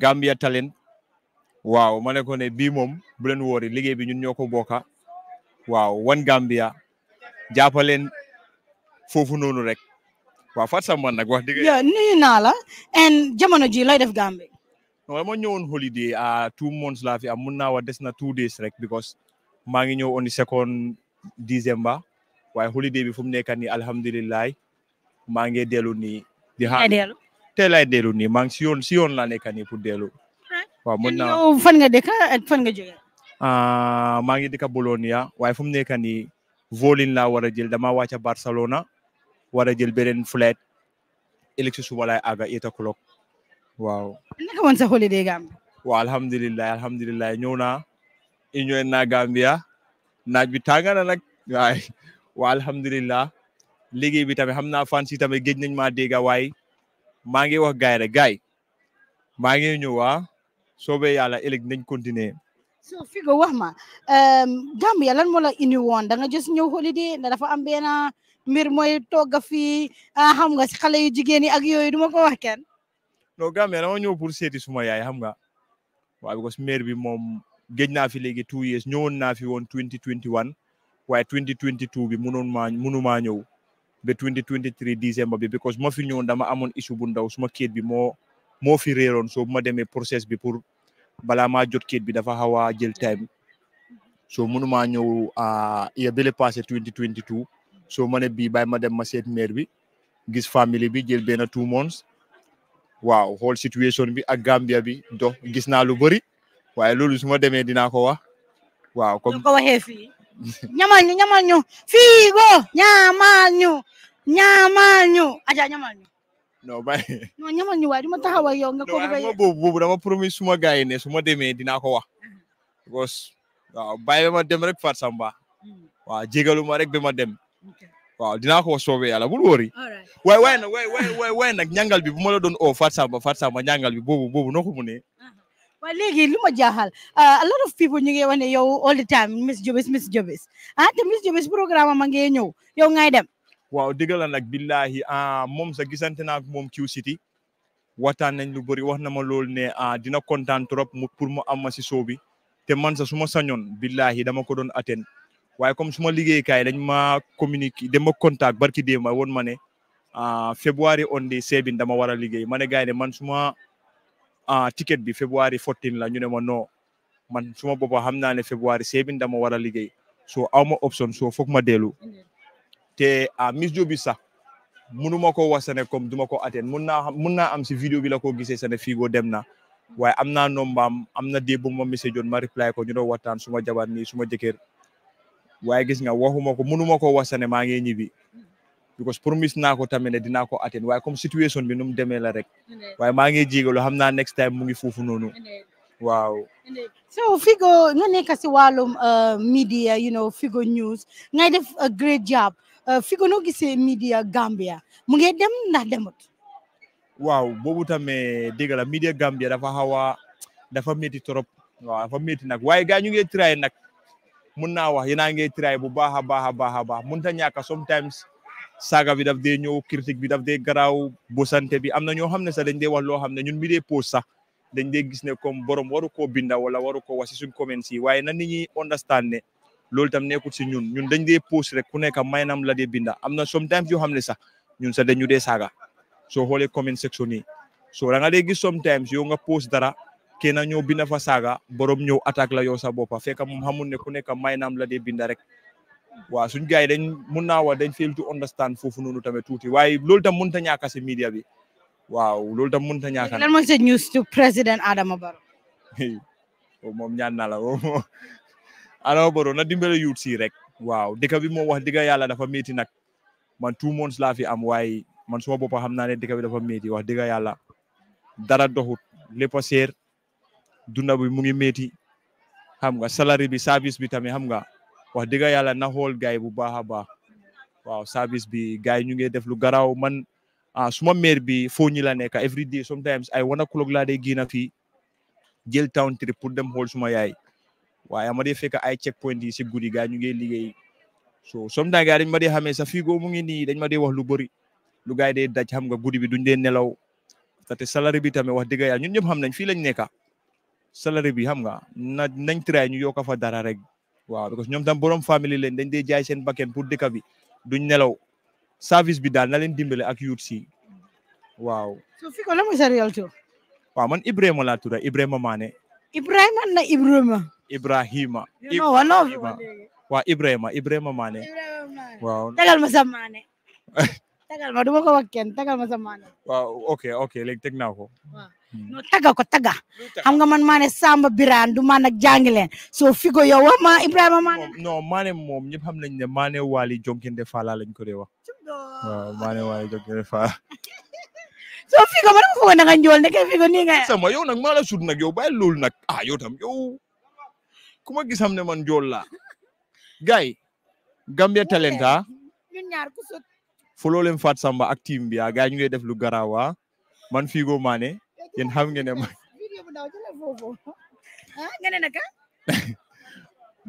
Gambia Talent waaw ma ne ko ne bii moom bu leen wóori liggéey bi ñun ñoo ko bokka waaw wan Gambia jàppaleen foofu noonu rek waaw Fatou Samba nag wax dëgg. yow nuyu naa la jamono ji lay def Gambie. non ma ñëwoon holiday ah two months laa fi am mun des na two days rek maa ngi ñëw on the second December waaye holiday bi fu mu nekk nii alhamdulilah maa ngi dellu nii. di xaar delu, laay dellu nii maa ngi si yoon si yoon laa nekk nii pour dellu. waaw mën naa yow fan nga dëkk ak eh, fan nga jógee. Ah, maa ngi dëkk Bologna waaye fu mu nekk nii volin laa war a jël dama wàcc Barcelona war a jël beneen flight ëllëg si suba laay àgga eight o'clock waaw. naka woon sa holiday gam. waaw alhamdulilah alhamdulilah ñëw naa inyo na Gambia na bi na nag waaye waa ligi liggéey bi tamé xamna fan ci tamé gej nañ ma sobe way ma ngi wax gay rek gay ma ngi ñu wa sobe yalla elek nañ continuer. so figo wax ma ehm, Gambia lan mo la inu won da nga jës ñew holiday da dafa am bena mir moy toga fi ah, xam nga ci xalé yu jigéen yi ak duma ko wax kenn. Gambia dama ñëw pour séti suma yaay xam nga waaye because bi mom géej naa fi léegi two years ñëwoon naa fi woon 2021 waaye 2022 bi mënoon maa mënumaa ñëw ba 2023 décembre bi because ma fi ñëwoon dama amoon issue bu ndaw suma kéet bi moo moo fi réeroon soo ma demee process bi pour balaa maa jot kéet bi dafa xaw a jël time soo mënumaa ñëw ah, ya bële passé 2022 soo ma ne bii bàyyi ma dem ma seet maire bi gis famille bi jël benn two months waaw xool situation bi ak Gambia bi dox gis naa lu bëri waye lolu suma ma dina ko wax waaw comme ko waxee fi ñamal ñu ñamal ñu fi go ñamal ñu ñamal ñu aja ñamal ñu no bay no ñamal ñu waaye duma ma taxaw ak yow nga ko bëgg boobu boobu dama promis suma gaay yi ne su ma demee ko wax gos waaw bay ba ma dem rek oh, Fat Samba waaw jégalu rek bima ma dem waaw dina ko soobee yalla bu wori waaye waaye na waaye waaye waaye nak ñangal bi buma la doon o Fat Samba Fat Samba ñangal bi bobu bobu noko mu ne ah. waaye léegi lu ma jaaxal ah, a lot of people ñu ngi wax ne yow all the time Miss Jobis Miss Jobis ah te Miss Jobis programme ma ngee ñëw yow ngay dem waaw dëgg la nag billahi ah, moom sa gisante naa ak moom Q City waxtaan nañ lu bëri wax na ma loolu ne ah, dina kontaan trop mu pour mu am ma si soo bi te man sa su ma sañoon billahi dama ko doon atteindre waaye comme su ma liggéeykaay dañ ma communiqué dama contact barki démb ma woon ma ne février on the 7 dama war a liggéey ma ne gars man su ma Ah, ticket bi February 14 la ñu ne ma man suma boppa xam naa ne February seven dama war a liggéey so aw ma option so foog ma dellu te a ah, Miss Jobe bi sax mënuma ko wax sene comme duma ko atteindre mun naa mun naa am si vidéo bi la ko gisee sene fiigo dem na waaye am naa nombaam am na dee bu ma message woon ma reply ko ñu doon waxtaan suma jabar nii suma jëkkër waaye gis nga ma ko mënuma ko wax sene maa ngi because promise naa ko tamit ne dinaa ko atteindre waaye comme situation bi nu mu rek waaye maa ngi jégalu xam next time mu ngi foofu noonu waaw so Figo nga nekk si uh, media you know Figo News ngay def a great job uh, Figo noo gisee media Gambia mu ngi dem ndax demut waaw boobu tamit dégg la media Gambia dafa xaw a dafa métti trop waaw dafa métti nag waaye gaa ñu try nag mun naa wax yéen a a a baax a baax mënut a sometimes saaga bi daf dee ñëw critique bi daf dee garaaw bosante bi am na ñoo xam ne sax dañ dee wax loo xam ne ñun mi dee pose sax dañ dee gis ne comme borom waru koo binda wala waru koo wasi suñ comments yi waaye na nit ñi understand ne loolu tam nekkul si ñun ñun dañ dee pose rek ku nekk may nam la dee binda am na sometimes yoo xam ne sax ñun sax dañu dee saaga soo xoolee comment section yi so da nga dee gis sometimes yow nga pose dara kenn ñëw binda fa saaga borom ñëw attaque la yow sa boppa fekk moom xamul ne ku nekk may naam la dee binda rek waaw suñ gars yi dañ mun naa wax dañ fail to understand foofu noonu tamit tuuti waaye loolu tam mun a ñàkk si media bi waaw loolu tam mënut a ñàkk. lan mooy sa news to président Adama Barrow. Oh, ñaan naa la oh, Adama Barrow na dimbale yuut si rek. waaw dëkk bi moom wax dëgg yàlla dafa métti nag man two months laa fi am waaye man suma bopp xam naa ne dëkk bi dafa métti wax dëgg yàlla dara doxut lépp a seer dunda bi mu ngi métti xam nga salary bi service bi tamit xam nga. wax dëgg yàlla na xool gars yi bu baax a baax waaw service bi gars yi ñu ngi def lu garaaw man ah suma maire bi foo ñi la nekk every day sometimes ay one o'clock laa day génn fii jël town trip pour dem xool suma yaay waaye ma dee fekk ay checkpoint yi se guddi gars ñu ngi liggéey so sometimes gars dañ ma dee xamee sa fiigoo mu ngi nii dañ ma dee wax lu bëri lu gars yi daj xam nga guddi bi duñ dee nelaw te salary bi tamit wax dëgg yàlla ñun ñëpp xam nañ fii lañ nekka salary bi xam nga na nañ try ñu yokk fa dara rek waaw parce ñoom tam borom famille leen dañ dee jaay seen bakken pour dëkk bi duñ nelaw service bi daal na leen dimbale ak yuut si waaw. la muy waaw man Ibrahima laa tudd Ibrahima Mané. Ibrahima na Ibrahima. Ibrahima. waaw Ibrahima Ibrahima Mané. waaw ma sa Mané. tagal ma du ko wax kenn ma sa Mané. waaw ok ok léegi teg naa ko. Hmm. taga ko taga xam nga man maa ne Samba Birane du man ak jàngi leen soo figo yow wax ma Ibrahima Mané non Mané moom ñëpp xam nañ ne Mané Wali Jonkinde ko dee wax waaw Wali Jonkinde Fala soo figo man ma foog na nga figo nii nga sama yow nag maa la sut nag yow bàyyi loolu nag ah yow tam yow ma gis ne man njool gay Gambia Talenta ah. ñun ñaar leen Fat Samba ak team bi ah. gaa ñu def lu garaawa ah. man Figo Mané yéen xam ngeen ne ma.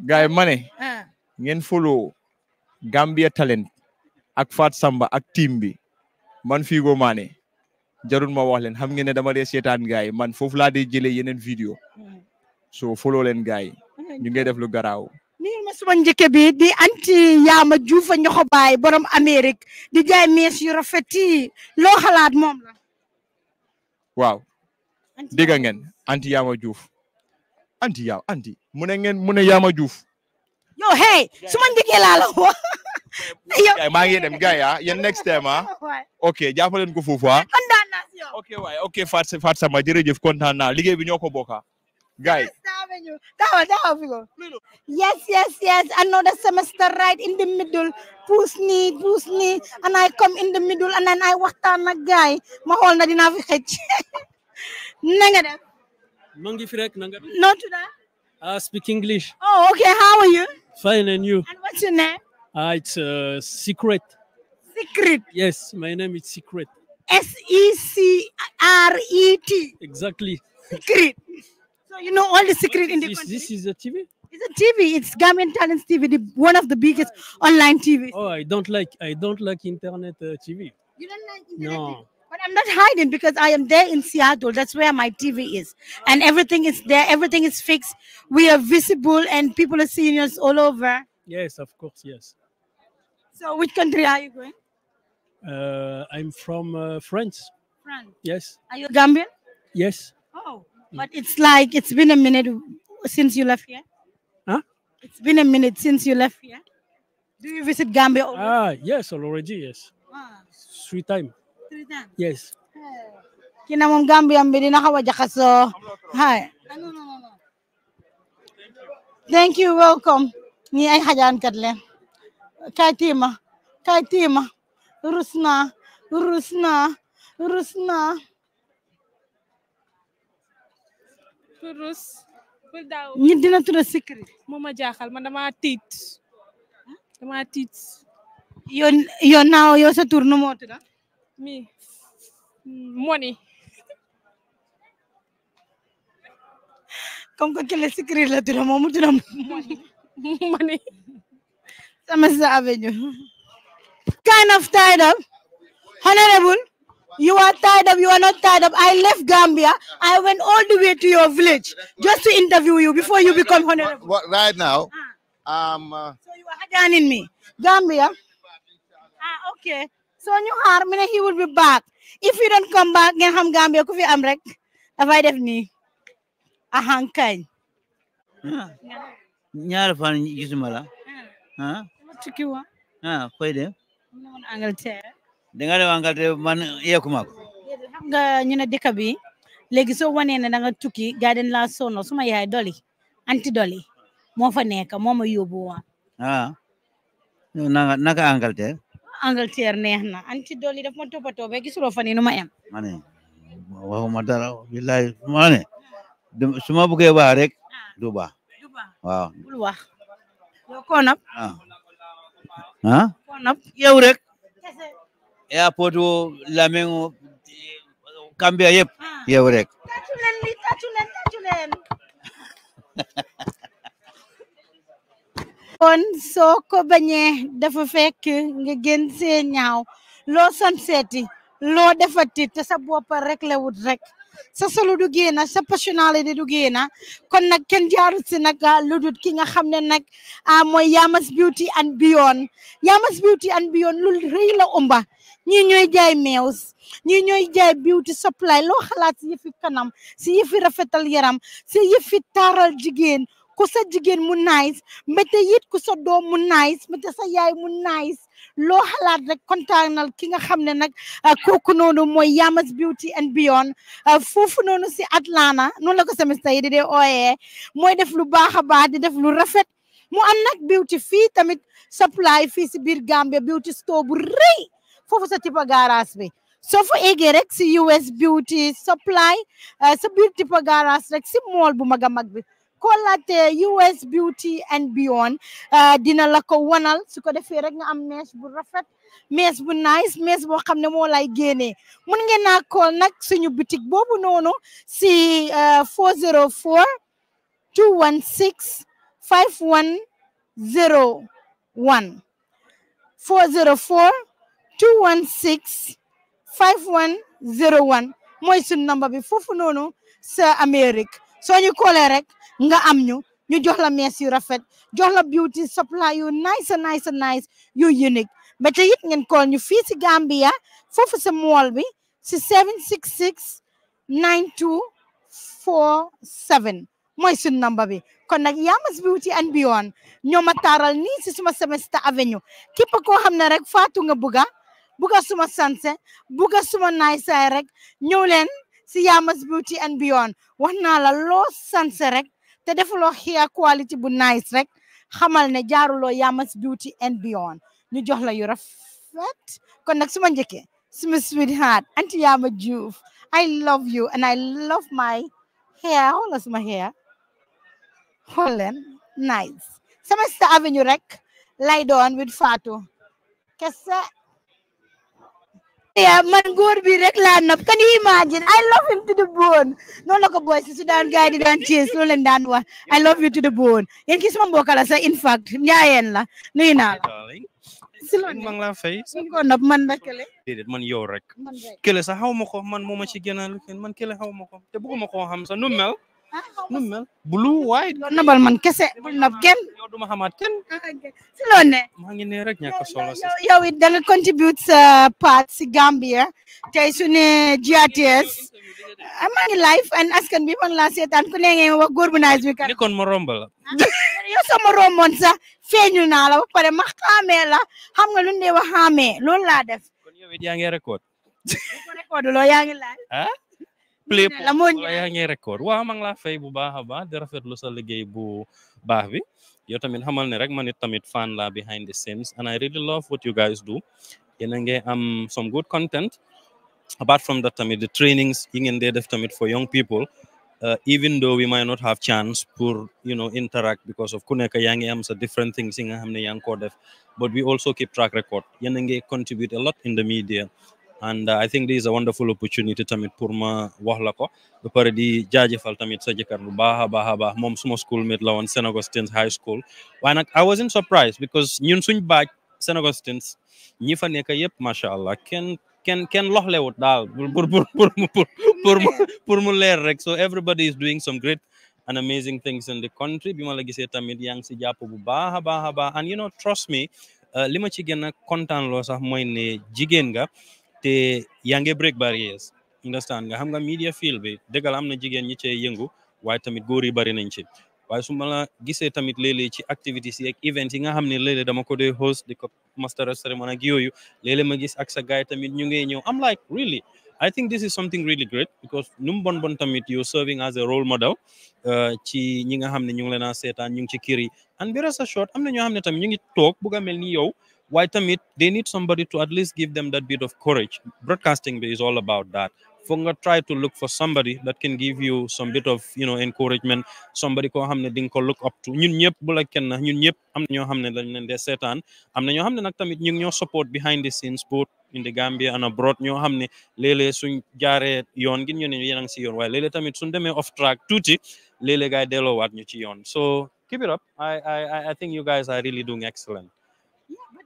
gaay ma ne. ngeen follow Talent ak Fat Samba ak team bi man Figo Mané jarul ma wax leen xam ngeen ne dama de seetaan gaay man foofu laa dee jëlee yeneen vidéo so follow leen gaay def lu garaaw. nii ma suma di anti yaama juufa ñoxo baay borom di jaay mees yu rafet yi loo xalaat waaw dégg ngeen anti Yaama Diouf anti yaaw anti mu ne ngeen mu ne Yaama hey su ma njëkkee laa la wax maa ngi dem gars ya ah, yéen next time ah ok jàppaleen ko foofu ah ok waay ok Fatou Fatou Sama jërëjëf kontaan naa liggéey bi ñoo ko bokka ah. guy. That Yes, yes, yes. Another semester right in the middle. Push me, push me. And I come in the middle and then I walk on a guy. My whole na dina fi xëc. Na nga def? Mo I speak English. Oh, okay. How are you? Fine and you? And what's your name? Uh, it's uh, Secret. Secret. Yes, my name is Secret. S E C R E T. Exactly. Secret. So you know all the secret in the this, This is a TV. It's a TV. It's Gambian Talents TV, the, one of the biggest oh, online TV. Oh, I don't like I don't like internet uh, TV. You don't like internet. No. TV? But I'm not hiding because I am there in Seattle. That's where my TV is, and everything is there. Everything is fixed. We are visible, and people are seeing us all over. Yes, of course, yes. So, which country are you going? Uh, I'm from uh, France. France. Yes. Are you Gambian? Yes. Oh, but it's like it's been a minute since you left here. Huh? It's been a minute since you left here. Do you visit Gambia? Already? Ah, yes, already yes. Ah. Three times. Three times. Yes. Oh. Kina mom Gambia mbidi nakawaja kaso. Hi. Ah, no no no no. Thank you. Welcome. Ni ay hajan katle. Kaitima. Kaitima. Rusna. Rusna. Rusna. bul rus bul daaw nit dina tudd moo ma jaaxal man dama tiit dama tiit yow naaw yow sa tur nu moo moni comme que kele secret la tudd moom mu tudd moni Semester Avenue kind of tied up honorable You are tied up, you are not tied up. I left Gambia. I went all the way to your village just to interview you before you become honorable. What, what right now? Ah. Um, uh, so you are hiding me. Gambia. Ah, okay. So you xaar mu ne he will be back. If you don't come back ngeen xam Gambia ku fi am rek dafay def nii ahankañ. ñaari fan gisuma la. ah, ah. tukki wa. ah fooy dem. Angleterre. danga dem Angleterre man yeekuma ko. xam nga ñu ne dëkk bi léegi soo wanee ne da tukki garden la sono suma yaay doli anti doli moo fa nekk moo ma yóbbu woon. ah naka naka Angleterre. Angleterre neex na anti doli daf ma toppatoo ba gisuloo fan yii nu ma am. ma ne waxuma su ma bëggee baax rek ah. du baax. waaw bul wax ah. Ah? rek podo o lamin kambia yep ah. ya taculen li so taculen on soko ko bañee dafa fekk nga gën see ñaaw loo sanseeti lo defati te sa bop rek la wut rek sa solo du génna sa personnalité du génna kon nak ken jaarut ci nak ah, lu ki nga nak a ah, moy Yamas Beauty and Beyond Yamas Beauty and Beyond lu reey la umba ñii ñooy jaay meews ñii ñooy jaay beauty supply loo xalaat si yëfi kanam si yëfi rafetal yaram si yëfi taaral jigéen ku sa jigéen mu nice mbete yit ku sa doom mu nice mbete sa yaay mu nice loo xalaat rek kontaanal ki nga xam ne nag ah, kooku noonu mooy Yamas Beauty and Beyond ah, foofu noonu si Atlanta noonu la ko semestre yi di dee ooyee mooy def lu baax a baax di def lu rafet mu am nag beauty fii tamit supply fii si biir Gambia beauty store bu rëy foofu sa type garage US beauty supply eh, sa beauty type garage rek si mall bu mag a mag US beauty and beyond eh, dina la ko wanal su ko defee rek nga am mees bu rafet mees bu nice mees boo xam ne moo lay génnee mun ngeen naa ko nag no, no, si eh, 404 216 5101 404 216 5101 Moi sun number bi fufu nono sa Amerik. So ñu koolee rek nga am ñu ñu jox la mees yu rafet jox la beauty supply yu nice and nice and nice yu unique ba te it ngeen kool ñu fii si Gambia fufu sa mool bi si 766 9247 Moi sun number bi kon nag Yamas Beauty and Beyond ñoo ma ni si suma Semester Avenue képp ko xam ne rek nga buga bugg a suma sanse bugg a suma naay si Yamas Beauty and Beyond One naa la loo sanse rek te defuloo hair quality bu nice rek xamal ne Yamas Beauty and Beyond ñu jox la yu rafet kon nag suma sweetheart Auntie Yama Juuf I love you and I love my hair wala my hair Holland, leen nice Semester Avenue rek lie down with Fatu. kese yaa man góor bi rek laa nopp kan you imagine I love him to the bone noonu la ko si Sudan gars yi di daan ciis loolu leen daan wax I love you to the bone yéen kii suma mbokk la sax in fact njaayeen la nuyu naa la si loolu maa ngi laa fay ko nopp man la kële man yow rek kële sa xaw ma ko man moo ma ci gënal man kële xaw ma ko te bëgguma koo xam sax nu mel ɗum blue white e? yo nabal man kese ɓuri nab ken yo ɗum hamad ken silone magine rek ñakka solo yow it danga contribute sa uh, part si gambia tey su ne gts maa ngi live an askan bi man laa seetaan ku ne ngeen wax gorbunage bi kan ni kon ma romb la ah, yow sama romboon sax feeñu naa la ba pare ma xaamee la xam nga lu ndee wax xaamee loolu laa def kon yow it yaa ngi record ko record loo yaa ngi live ah? Iya, play po layangee record Wa mang la fay bu baax ba, baax fet rafetlu sa liggéey bu baax bi tamit xamal ne rek manit tamit fan la behind the scenes and I really love what you guys do yéen nge am um, some good content apart from that tamit the trainings yi ngeen def tamit for young people Uh, even though we might not have chance to you know interact because of kuneka yang am so different things in hamne yang but we also keep track record nge contribute a lot in the media and uh, I think this a wonderful opportunity tamit pour ma wax la ko ba pare di jaajëfal tamit sa jëkkër bu baax a baax a baax moom suma schoolmate la woon St Augustine's High School waaye nag I wasn't surprised because ñun suñ baaj St Augustine's ñi fa nekk yëpp macha allah kenn kenn kenn loxlewut daal pour pour pour pour pour mu leer rek so everybody is doing some great and amazing things in the country bi ma la gisee tamit yaa ngi si jàpp bu baax a baax a baax and you know trust me uh, li ma ci gën a kontaan loo sax mooy ne jigéen nga. te yaa ngi break barriers understand nga xam nga media field bi dëggal am na jigéen ñi cee yëngu waaye tamit góor yi bari nañ ci waaye su ma la gisee tamit léeg-léeg ci activités yi ak events yi nga xam ne léeg dama ko doy host di ko master of ceremony ak yooyu léeg-léeg ma gis ak sa gaay tamit ñu ngi ñëw am like really I think this is something really great because nu mu bon bon tamit you serving as a role model uh, ci ñi nga xam ne ñu ngi leen seetaan ñu ngi ci kër yi and bi rest assured am na ñoo xam ne tamit ñu ngi toog mel ni yow. Vitamit, they need somebody to at least give them that bit of courage. Broadcasting is all about that. Funga try to look for somebody that can give you some bit of, you know, encouragement. Somebody ko hamne ding ko look up to. You ñep bula la kenn ñun am na ño xamne dañ leen dé sétane. Am na ño xamne nak tamit ñu ñoo support behind the scenes both in the Gambia and abroad ñoo hamne lele suñ jaaree yon gin ñu ne yéen a ngi si yoon waaye tamit suñ demee off track tuti lele leeg gaay delloowaat ñu so keep it up I I I think you guys are really doing excellent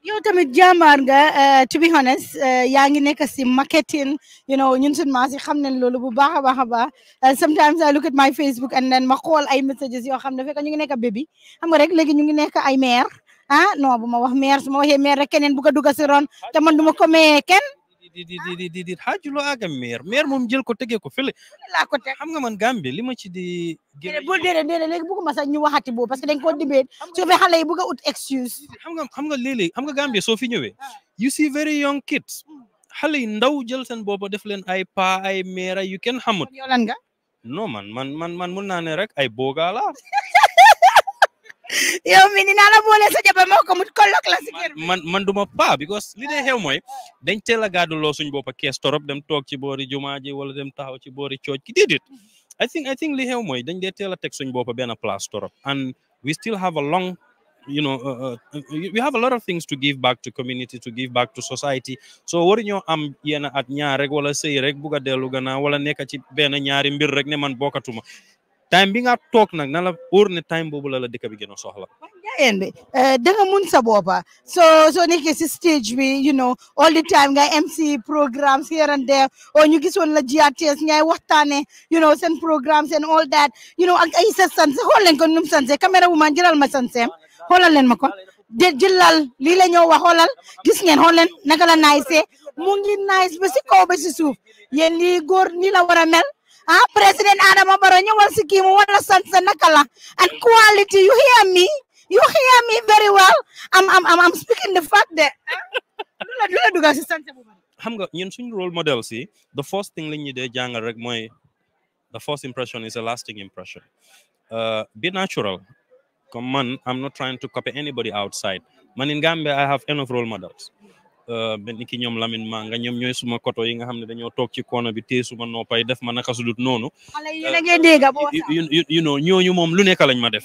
yow tamit jàmbaar nga eh, to be honest eh, yaa ngi nekk si marketing you know ñun suñu maas yi xam nañ loolu bu baax a baax eh, sometimes I look at my Facebook and then ma xool ay messages yoo xam ne fekk ñu ngi nekk bébé xam nga rek léegi ñu ngi nekk ay maire ah non bu ma wax maire su ma waxee maire rek keneen bu ko dugg si ron te man du ma ko mayee kenn. di haaju lo aga maire maire moom jël ko tegee ko fële laa ko xam nga man Gambie lima ci di bul déedéet déedéet léegi bëgguma sax ñu waxati boobu parce que dañ ko dibeet su yi ut excuse xam nga xam nga léeg xam nga fi ah. ah. you see very young kids xale hmm. yi ndaw jël seen booba def leen ay pa ay maire yu kenn lan nga man man man man mun naa rek ay yow mi ni la boole sa jabar ma ko la si man man duma pa because li dee xew moy dañ la a lo suñ torop dem tok ci boori jumaa ji wala dem taxaw ci boori cooj ki déedéet mm-hmm. I think I think li xew moy dañ dee teel la tek suñ boppa ben place torop and we still have a long you know uh, uh, uh, we have a lot of things to give back to community to give back to society so waruñoo am yena at ñaar rek wala sey rek bugg a dellu wala nekk ci ben ñaari mbir rek ne man bokatuma. time bi nga toog nag na la wóor ne time boobu la la dëkk bi gën a soxla jaayeen bi eh, da nga mun sa boppa soo soo nekkee si stage bi you know all the time ngay MC programmes here and there o ñu gisoon la GRTS ngay waxtaane you know seen programmes and all that you know ak ay sanse xool leen num sanse caméra bu man jëlal ma sanseem xoolal leen ma ko de jëlal lii la ñoo wax xoolal gis ngeen xool leen naka la nice mu ngi nice ba si kaw si suuf yéen lii góor ni la a mel Ah, President Adam Obaron, wants to give one nakala and quality. You hear me? You hear me very well. I'm I'm I'm, I'm speaking the fact that. Ah, xam nga ñun suñu role model si the first thing la ñuy dee jàngal rek the first impression is a lasting impression uh, be natural Come on, I'm not trying to copy anybody outside man in Gambia I have enough role models Euh, benn ki ñoom Lamine Manga ñoom ñooy suma koto yi nga xam ne dañoo toog ci koona bi téye suma noppay def ma naka sudut noonu euh, you know ñooñu moom lu nekk lañ ma def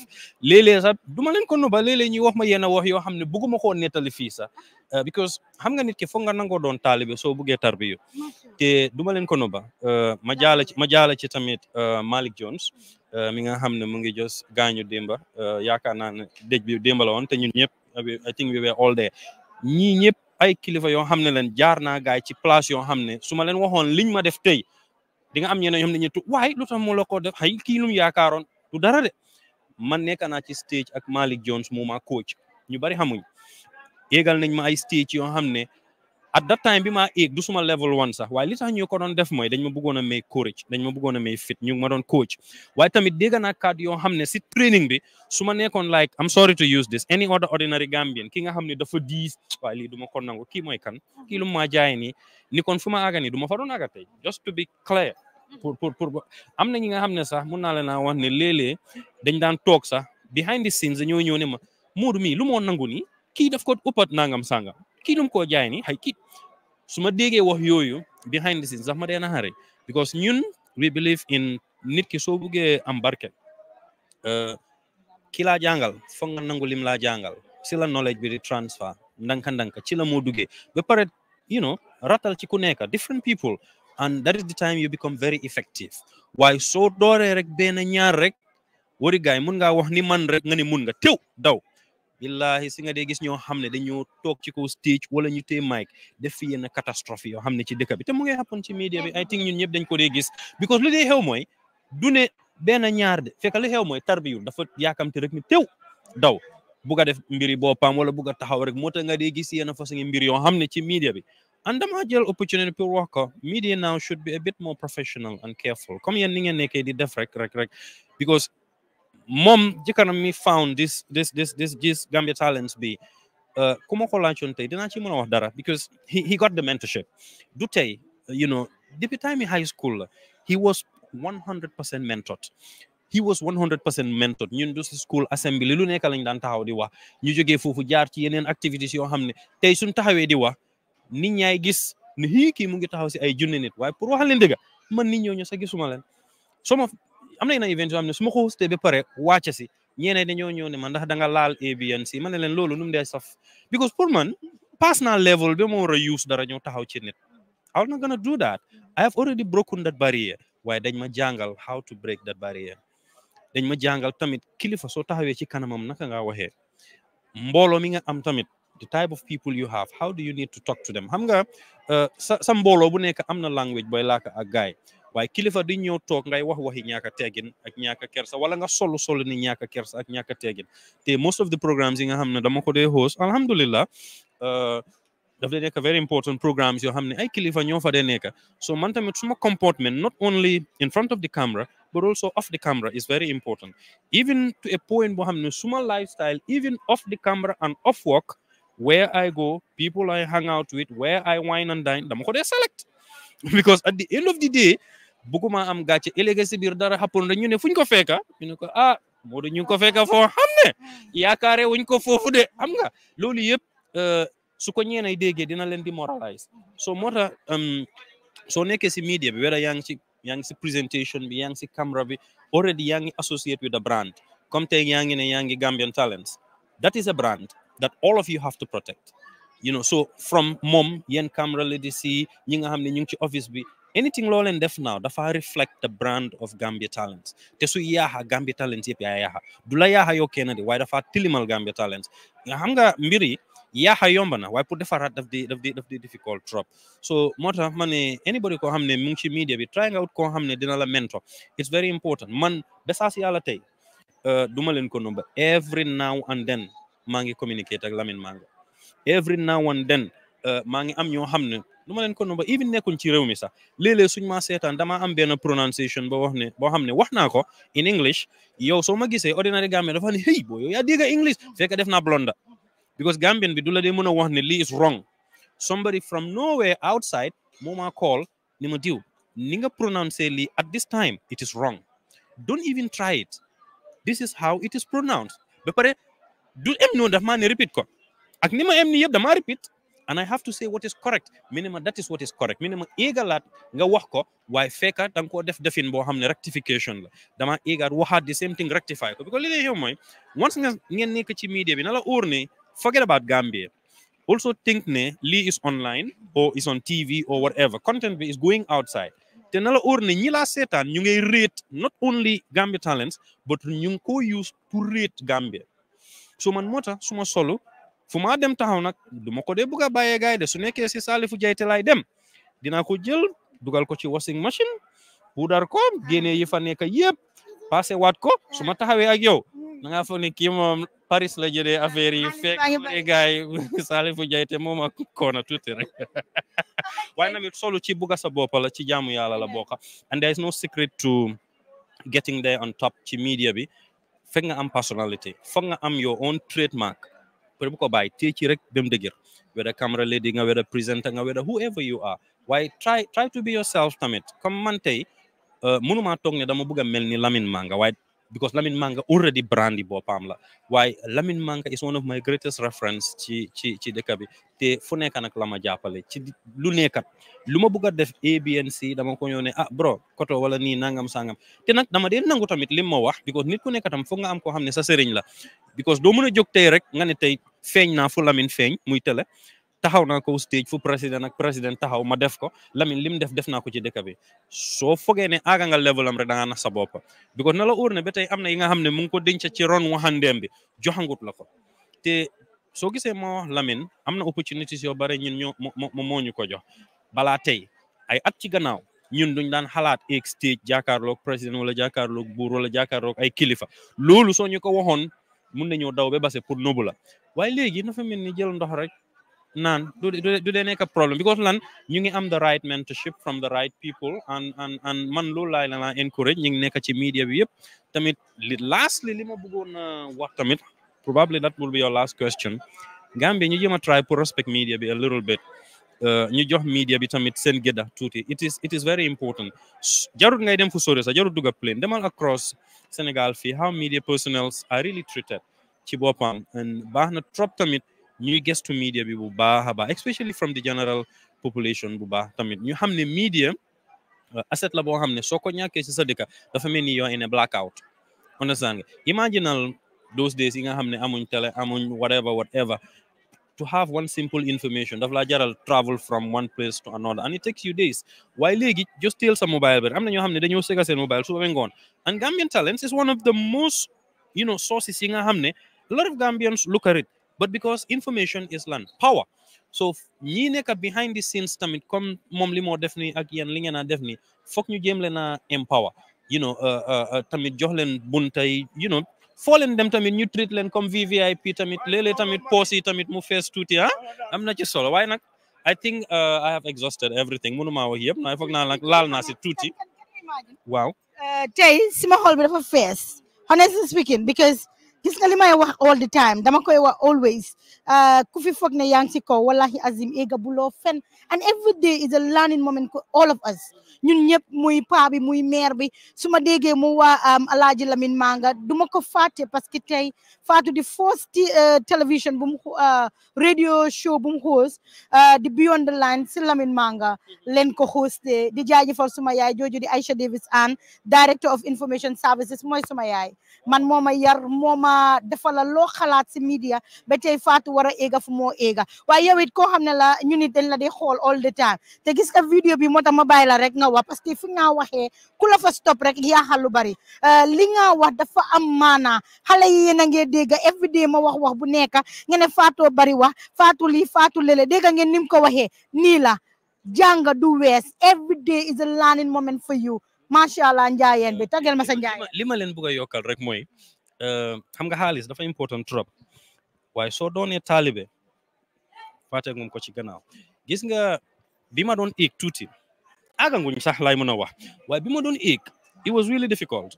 léeg-léeg sax du ma leen ko nuba léeg-léeg ñuy wax ma a wax yoo xam ne bugguma koo nettali fii sax euh, because xam nga nit ki foog nga nangoo doon taalibe soo buggee tarbiyu te du leen ko nuba ma jaala ci ma ci tamit Malick Jones mi nga xam ne mu ngi jos gaañu démba yaakaar naa ne dëj bi démba woon te ñun ñëpp I think ñii ñëpp ay kilifa yoo xam ne leen jaar naa gaay ci place yoo xam ne su ma leen waxoon liñ ma def tey di nga am ñeneen ñoom dañuy tu waaye lu tax mu la ko def xëy kii lum yaakaaroon du dara de man nekk naa ci stage ak Malick Jones mu ma ñu bari xamuñ yéegal nañ ma ay stage yoo xam ne at that time bi maa éeg du suma level one sax waaye li tax ñu ko doon def mooy dañ ma bëggoon a may courage dañ ma bëggoon a may fit ñu ngi ma doon coach waaye tamit dégg naa kàddu yoo xam ne si training bi su ma nekkoon like I'm sorry to use this any other ordinary Gambian ki nga xam ne dafa diis waaye lii du ma ko nangu kii mooy kan kii lu ma jaay nii ni kon fu ma aga nii du ma fa doon aga tey just to be clear pour pour am na ñi nga xam ne sax mun naa leen a wax ne léeg dañ daan toog sax behind the scenes dañoo ñëw ne ma Modou mii lu moo nangu nii kii daf ko uppat nangam sangam Kilum lu mu jaay ni hay kii suma dege wax yoyu behind the scenes sax ma ya because ñun we believe in nit ki so buggee am barke eh, ki lajangal, sila fo nga lim la knowledge bi di transfer ndank ndank ci la mo duggé ba pare you know ratal ci ku nekk different people and that is the time you become very effective Why so dore rek ben ñaar rek wori gay mën nga wax ni man rek nga ni mun nga tew daw si nga gis ci stage wala ñu mic def fi catastrophe ci dëkk bi te mu happen ci media bi I think ñun ñëpp dañ ko gis because lu dee xew mooy du ne ñaar de fekk li xew mooy tarbiyu dafa yaakamte rek ni tew daw bugg def mbiri boppam wala bugg taxaw rek moo nga dee gis yenn façon mbir yoo ci media bi and dama jël opportunity pour wax ko media now should be a bit more professional and careful comme yéen ni ngeen nekkee di def rek rek rek because moom jëkkanam mi found this this this this this Gambia Talents be, uh, kuma ko lanchon tay dina ci mëna wax dara because he he got the mentorship du tay uh, you know depuis time high school he was 100% mentored he was 100% mentored ñun du school assembly lu nekk lañ dan taxaw di wax ñu joggé fofu jaar ci yeneen activities yo xam tay tey suñ di wax nit ñay gis nihiki hi ki mu ngi taxaw si ay jooni nit waaye pour wax leen dëgg man nit ñu sa gisuma leen some of am na ay event yoo xam ne su ma ko hosté ba pare wàcce si ñeneen dañoo ñëw ne man ndax da nga laal si ma ne leen loolu nu mu dee saf because pour man na level bi moo war a use dara ñëw taxaw ci nit how am na gonna do that I have already broken that barrier waaye dañ ma jàngal how to break that dañ ma jàngal tamit kilifa soo taxawee ci kanamam naka ngaa waxe mbooloo mi nga am tamit the type of people you have how do you need to talk to them xam nga uh, sa sa mbooloo bu nekk am na language booy laaka ak gaay waaye kilifa di ñëw toog ngay wax waxi ñaaka teggin ak ñaaka kersa wala nga solo solo ni ñaaka kersa ak ñaaka teggin te most of the programs yi nga xam ne dama ko host alhamdulillah uh, daf dee very important programmes yoo xam ne ay kilifa ñoo fa dee nekk so man tamit suma comportement not only in front of the camera but also off the camera is very important even to a point bo xam suma lifestyle even off the camera and off work where I go people I hang out with where I wine and dine dama ko dee select because at the end of the day ma am gatch ëllëg ci bir dara xappoon na ñu ne fuñ ko fekka ñu ne ko ah modu ñu ko fekka fo xam ne yaakaare wuñ ko fofu de xam nga loolu euh su ko ñeenay dina leen di moralize so mota um so ci media bi wala yangsi presentation, ci yang ci presentation bi yang ci camera bi already yangi associate with the brand comme tey yang ngi ne yang Gambian Talents that is a brand that all of you have to protect you know so from mom, yen camera lady see, si ñi nga ci office bi anything loo leen def now dafa reflect the brand of Gambia Talents te su yaaxa Gambia Talents yëpp yaa yaaxa du la yaaxa yow kenn de waaye dafa tilimal Gambia Talents nga xam nga mbir yomba na waaye pour defaraat daf di daf di daf di difficult trop so moo ta ma ne anybody koo xam ne mu ngi ci media bi try nga ut koo xam ne dina la mentor it's very important man besaas yàlla tey euh, duma leen ko numba every now and then maa ngi communicate ak Lamine Manga every now and then euh, maa ngi am ñoo xam ne du ma leen ko nomba even nekkuñ ci réew mi sax léeg-léeg suñ maa seetaan damaa am benn prononciation ba wax ne boo xam ne wax naa ko in English yow soo ma gisee ordinary Gambien dafa ne hey boo yow yaa dégg English fekk def naa blonda because Gambien bi du la dee mën a wax ne lii is wrong somebody from nowhere outside moo maa call ni ma diw ni nga prononcé lii at this time it is wrong don't even try it this is how it is pronounced ba pare du em noonu daf maa ne repeat ko ak ni ma em nii yëpp and I have to say what is correct minima that is what is nga wax ko waaye fekka da nga koo def defin boo xam ne rectification la dama eegaat waxaat the same thing rectify ko because li lay yow mooy once nga ngeen nekk ci media bi na la óor ne forget about Gambia also think ne lii is online or is on TV or whatever content bi is going outside te na la óor ne ñi laa seetaan ñu ngay rate not only Gambia talents but ñu ko use to rate Gambia so man moo tax ma solo fuma dem taxaw nak duma ko de bugg baye gaay de su nekké si salifu jeyte lay dem dina ko jël dugal ko ci washing machine puudar ko gene yi fa nekk yépp passé wat ko suma taxawé ak yow da nga fa ni ki mom Paris la jëlé affaire yi fekk gaay salifu jeyte mom ak na tuti rek waaye namit solu ci buga sa bopal ci jaamu yalla la boka and there is no secret to getting there on top ci media bi fek nga am personality fek nga am your own trademark bu ko bàyyi téye ci rek bem dëgër whether camera lady nga whether presenter nga whether whoever you are waaye try to be yourself tamit comme man tey euh, mënumaa toog ne dama bëgg a Lamin Manga waaye because Lamin Manga already brandi boppam la waaye Lamin Manga is one of my greatest reference ci ci ci dëkk bi te fu nekk nag la ma jàppale ci lu nekkat lu ma bëgg def ABNC dama ko ñëw ne ah bro koto wala ni nangam sangam te nag dama de nangu tamit lim ma wax because nit ku nekk tam foog nga am xam ne sa la feeñ naa fu Lamine feeñ muy télé taxaw naa ko stage fu président ak président taxaw ma def ko Lamine lim def def naa ko ci dëkk bi soo fogee ne aaga nga level am rek da ngaa nax sa bopp because na la óor ne ba tey am na yi nga xam ne mu ngi ko denc ci ron waxandeem bi joxangut la ko te soo gisee moo wax am na opportunities yoo bare ñun ñoo mo moo ñu ko jox balaa tey ay at ci gannaaw ñun duñ daan xalaat eeg stage jàkkaarloog président wala jàkkaarloog buur wala jàkkaarloog ay kilifa loolu soo ñu mën nañu daw ba base pour noobu la waaye léegi dafa mel ni jël ndox rek nan du du dee nekk because lan ñu ngi am the right mentorship from the right people and and and man lu lay la encourage ñi ngi nekk ci media bi yëpp tamit lastly li ma bëggoon uh, wax tamit probably that will be your last question Gambia ñu jëma try pour respect media bi a little bit uh, ñu jox media bi tamit sen gëda tuti. it is it is very important jarut ngay dem fu sori sa jarut duga plane demal across Sénégal fii how media personnels are really treated ci boppam and baax na trop tamit ñuy gëstu media bi bu baax a baax especially from the general population bu baax tamit ñu xam ne media uh, asset la boo xam ne soo ko ñàkkee ci sa dëkk dafa mel ni yoo in a blackout understand nga imaginal those days yi nga xam ne amuñ télé amuñ whatever whatever to have one simple information daf laa jaral travel from one place to another and it takes you days waaye léegi just steal some mobile but i am na ñoo xam ne dañoo sega seen mobile suba ba ngoon and Gambian Talents is one of the most you know sources yi Hamne, a lot of Gambians look at it but because information is land power so ñi nekk behind the scenes tamit comme moom li moo def nii ak yéen li ngeen a def nii empower you know Uh, uh, uh leen bunta yi you know foo leen dem tamit ñu treat leen comme VVIP tamit léeg-léeg tamit poos yi tamit mu fees tuuti ah am na ci solo waaye nag I think uh, I have exhausted everything mënu maa wax yëpp naa foog naa nag laal naa tuuti waaw. Uh, tey suma xol bi dafa fees honestly speaking gis nga li may wax all the time dama koy wax always uh, ku fi foog ne yaa ngi si wallahi azim ega buloo fen and every day is a learning moment for all of us ñun ñëpp muy paa bi muy maire bi su ma déggee mu waa um, alaaji Lamin Manga du ma ko fàtte parce que tey faatu di first uh, television bu mu uh, radio show bu mu host di Beyond the Line si Lamin Manga leen ko host di jaajëfal suma yaay jooju di Aisha Davis an director of information services mooy suma yaay man moo yar moo ma la loo xalaat si media ba tey faatu war a eega fu moo eega waaye yow it koo xam ne la ñu nit dañ la di xool all the time te gis nga vidéo bi moo tax ma bàyyi la rek nga wax parce que fu nga waxee ku la fa stop rek yaaxal lu bari euh, li nga wax dafa am maanaa xale yi yéen a ngi dégg everyday ma wax wax bu nekk nga ne Fatou bari wax Fatou lii faatu lele dégg ngeen ni mu ko waxee nii la jàng du wees everyday is a learning moment for you macha allah njaayeen bi tàggal ma sa njaayeen li ma leen bëgg a yokkal rek mooy Eh, xam nga xaalis dafa important trop waaye soo doonee taalibe fàtte ngum ko ci gannaaw gis nga bi ma doon éeg tuuti àgganguñ sax laay mën a wax waaye bi ma doon éeg it was really difficult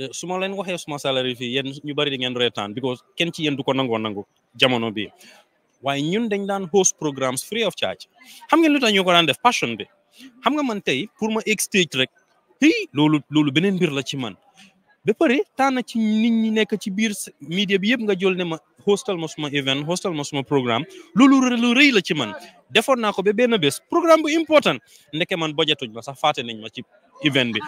eh, su ma leen waxee suma salary fii yéen ñu bari di ngeen reetaan because kenn ci yéen du ko nangoo nangu jamono bi waaye ñun dañ daan host programmes free of charge xam ngeen lu tax ñu ko daan def passion bi xam nga man tey pour ma éeg stage rek hi loolu loolu beneen mbir la ci man ba pare tànn ci nit ñi nekk ci biir media bi yëpp nga jël ne ma hostal ma suma event hostal ma suma programme loolu lu rëy la ci man defoon naa ko ba benn bés programme bu important ndeke man bojatuñ ma sax fàtte nañ ma ci event bi.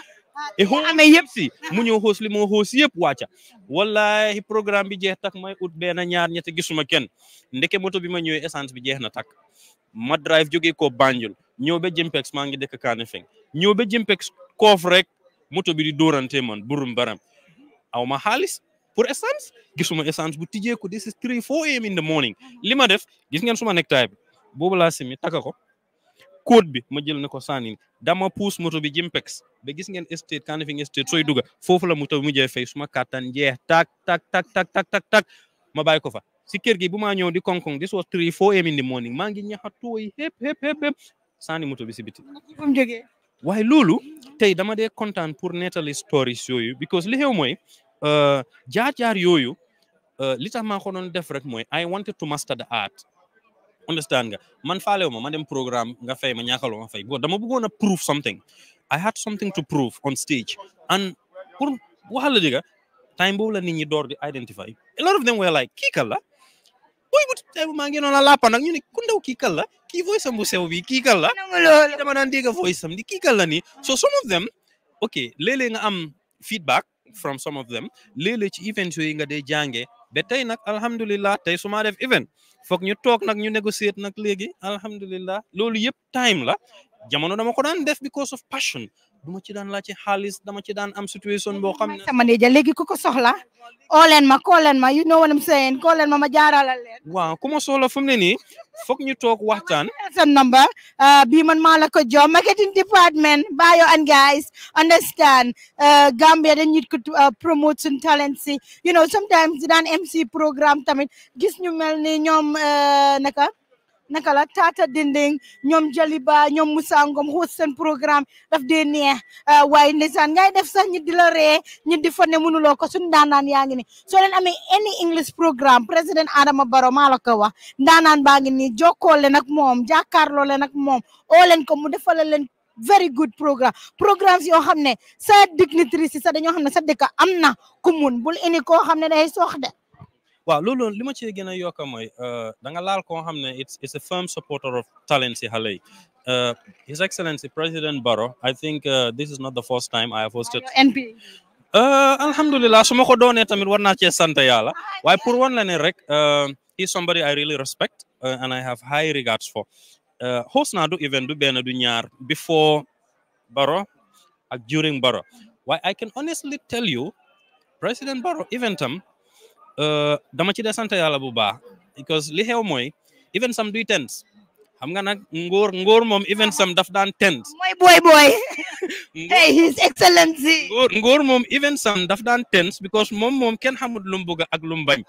e ho amee yëpp si mu ñëw hoos li moo hoos yëpp wàcca wallahi programme bi jeex tak may ut benn ñaar ñett gisuma kenn ndeke moto bi ma ñëwee essence bi jeex na tak ma drive jógee ko Banjul ñëw ba Jimpex maa ngi dëkk Kanifing ñëw ba Jimpex koof rek moto bi di dóorante man burum baram aw ma pour essence gisuma essence bu tijjee ko this is 3 4 am in the morning Lima def gis ngeen suma necktie bi bobu la simi takako code bi ma jël nako sanin dama pousse moto bi jimpex be gis ngeen estate Kanifing estate soy duga fofu la moto bi mujjé fay suma katan jeex tak tak tak tak tak tak tak ma bay ko fa ci kër gi bu di konkon this was 3 4 am in the morning ma ngi ñaxatooy hep hep hep hep sani moto bi ci biti waaye loolu tey dama de kontaan pour nettali stories yooyu because li xew mooy euh, jaar-jaar yooyu euh, li tax maa ko doon def rek mooy I wanted to master the art understand nga man faalew ma ma dem programme nga fay ma ñaakaloo ma fay bo dama bëggoon a prove something I had something to prove on stage and pour waxal la time boobu la nit ñi door di identify a lot of them were like kii kan la booy bu tey eh, maa ngi noonu la làppa nag ñu la ki voice am busew bi kii kal dama voice am di so some of them okay Leleng nga am feedback from some of them Lelich leeg ci events yooyu nga jànge ba tey Alhamdulillah. alhamdulilah even. su maa def event foog ñu toog nag ñu négocier time la jamono dama ko daan def because of passion duma ci daan laajte xaalis dama ci daan am situation boo xam ne sama néja ko ko soxla oo leen ma kolen ma you know what I'm saying koo ma ma jaaralal leen waaw ku ma soxla fu ne nii foog ñu toog waxtaan sa number uh, bii man maa la ko jox marketing department bayo and guys understand uh, Gambia dañ nit ko uh, promote suñ talent si you know sometimes daan MC programme tamit gis ñu mel ni ñoom naka naka tata dinding ñoom Jaliba ñom musa Ngom program sen programme daf de neex ah, way nissan ngay def sax ñi di la ré ñi di fa ne lo ko sun danan yaangi ni so len amé any English programme president Adama baro maa la ko wax danan baangi ni nak le nak mom moom jàkkaarloo leen ak moom oo ko mu defal len very good program programs yo xamne sa dignitaire ci sa dañu xamne sa amna bul ini ko xamne day sox de Well, Lulu, let me ci gën a yokk mooy euh, da nga it's a firm supporter of talent si xale euh, His Excellency President Barrow I think euh, this is not the first time I have hosted alhamdulilah su ma ko doonee tamit war naa cee sant yàlla waaye pour wan la he is somebody I really respect and I have high regards for host naa even event du before Barrow ak during Barrow Why, I can honestly tell you President Barrow eventam Eh, dama ci desante yalla bu baax because li xew moy even some duy tens xam nga nak ngor ngor mom even some daf dan tens moy boy, boy hey his excellency ngor ngor mom even some daf dan tens because mom mom ken xamut lu aglumbang, ak lu mu bañ ah.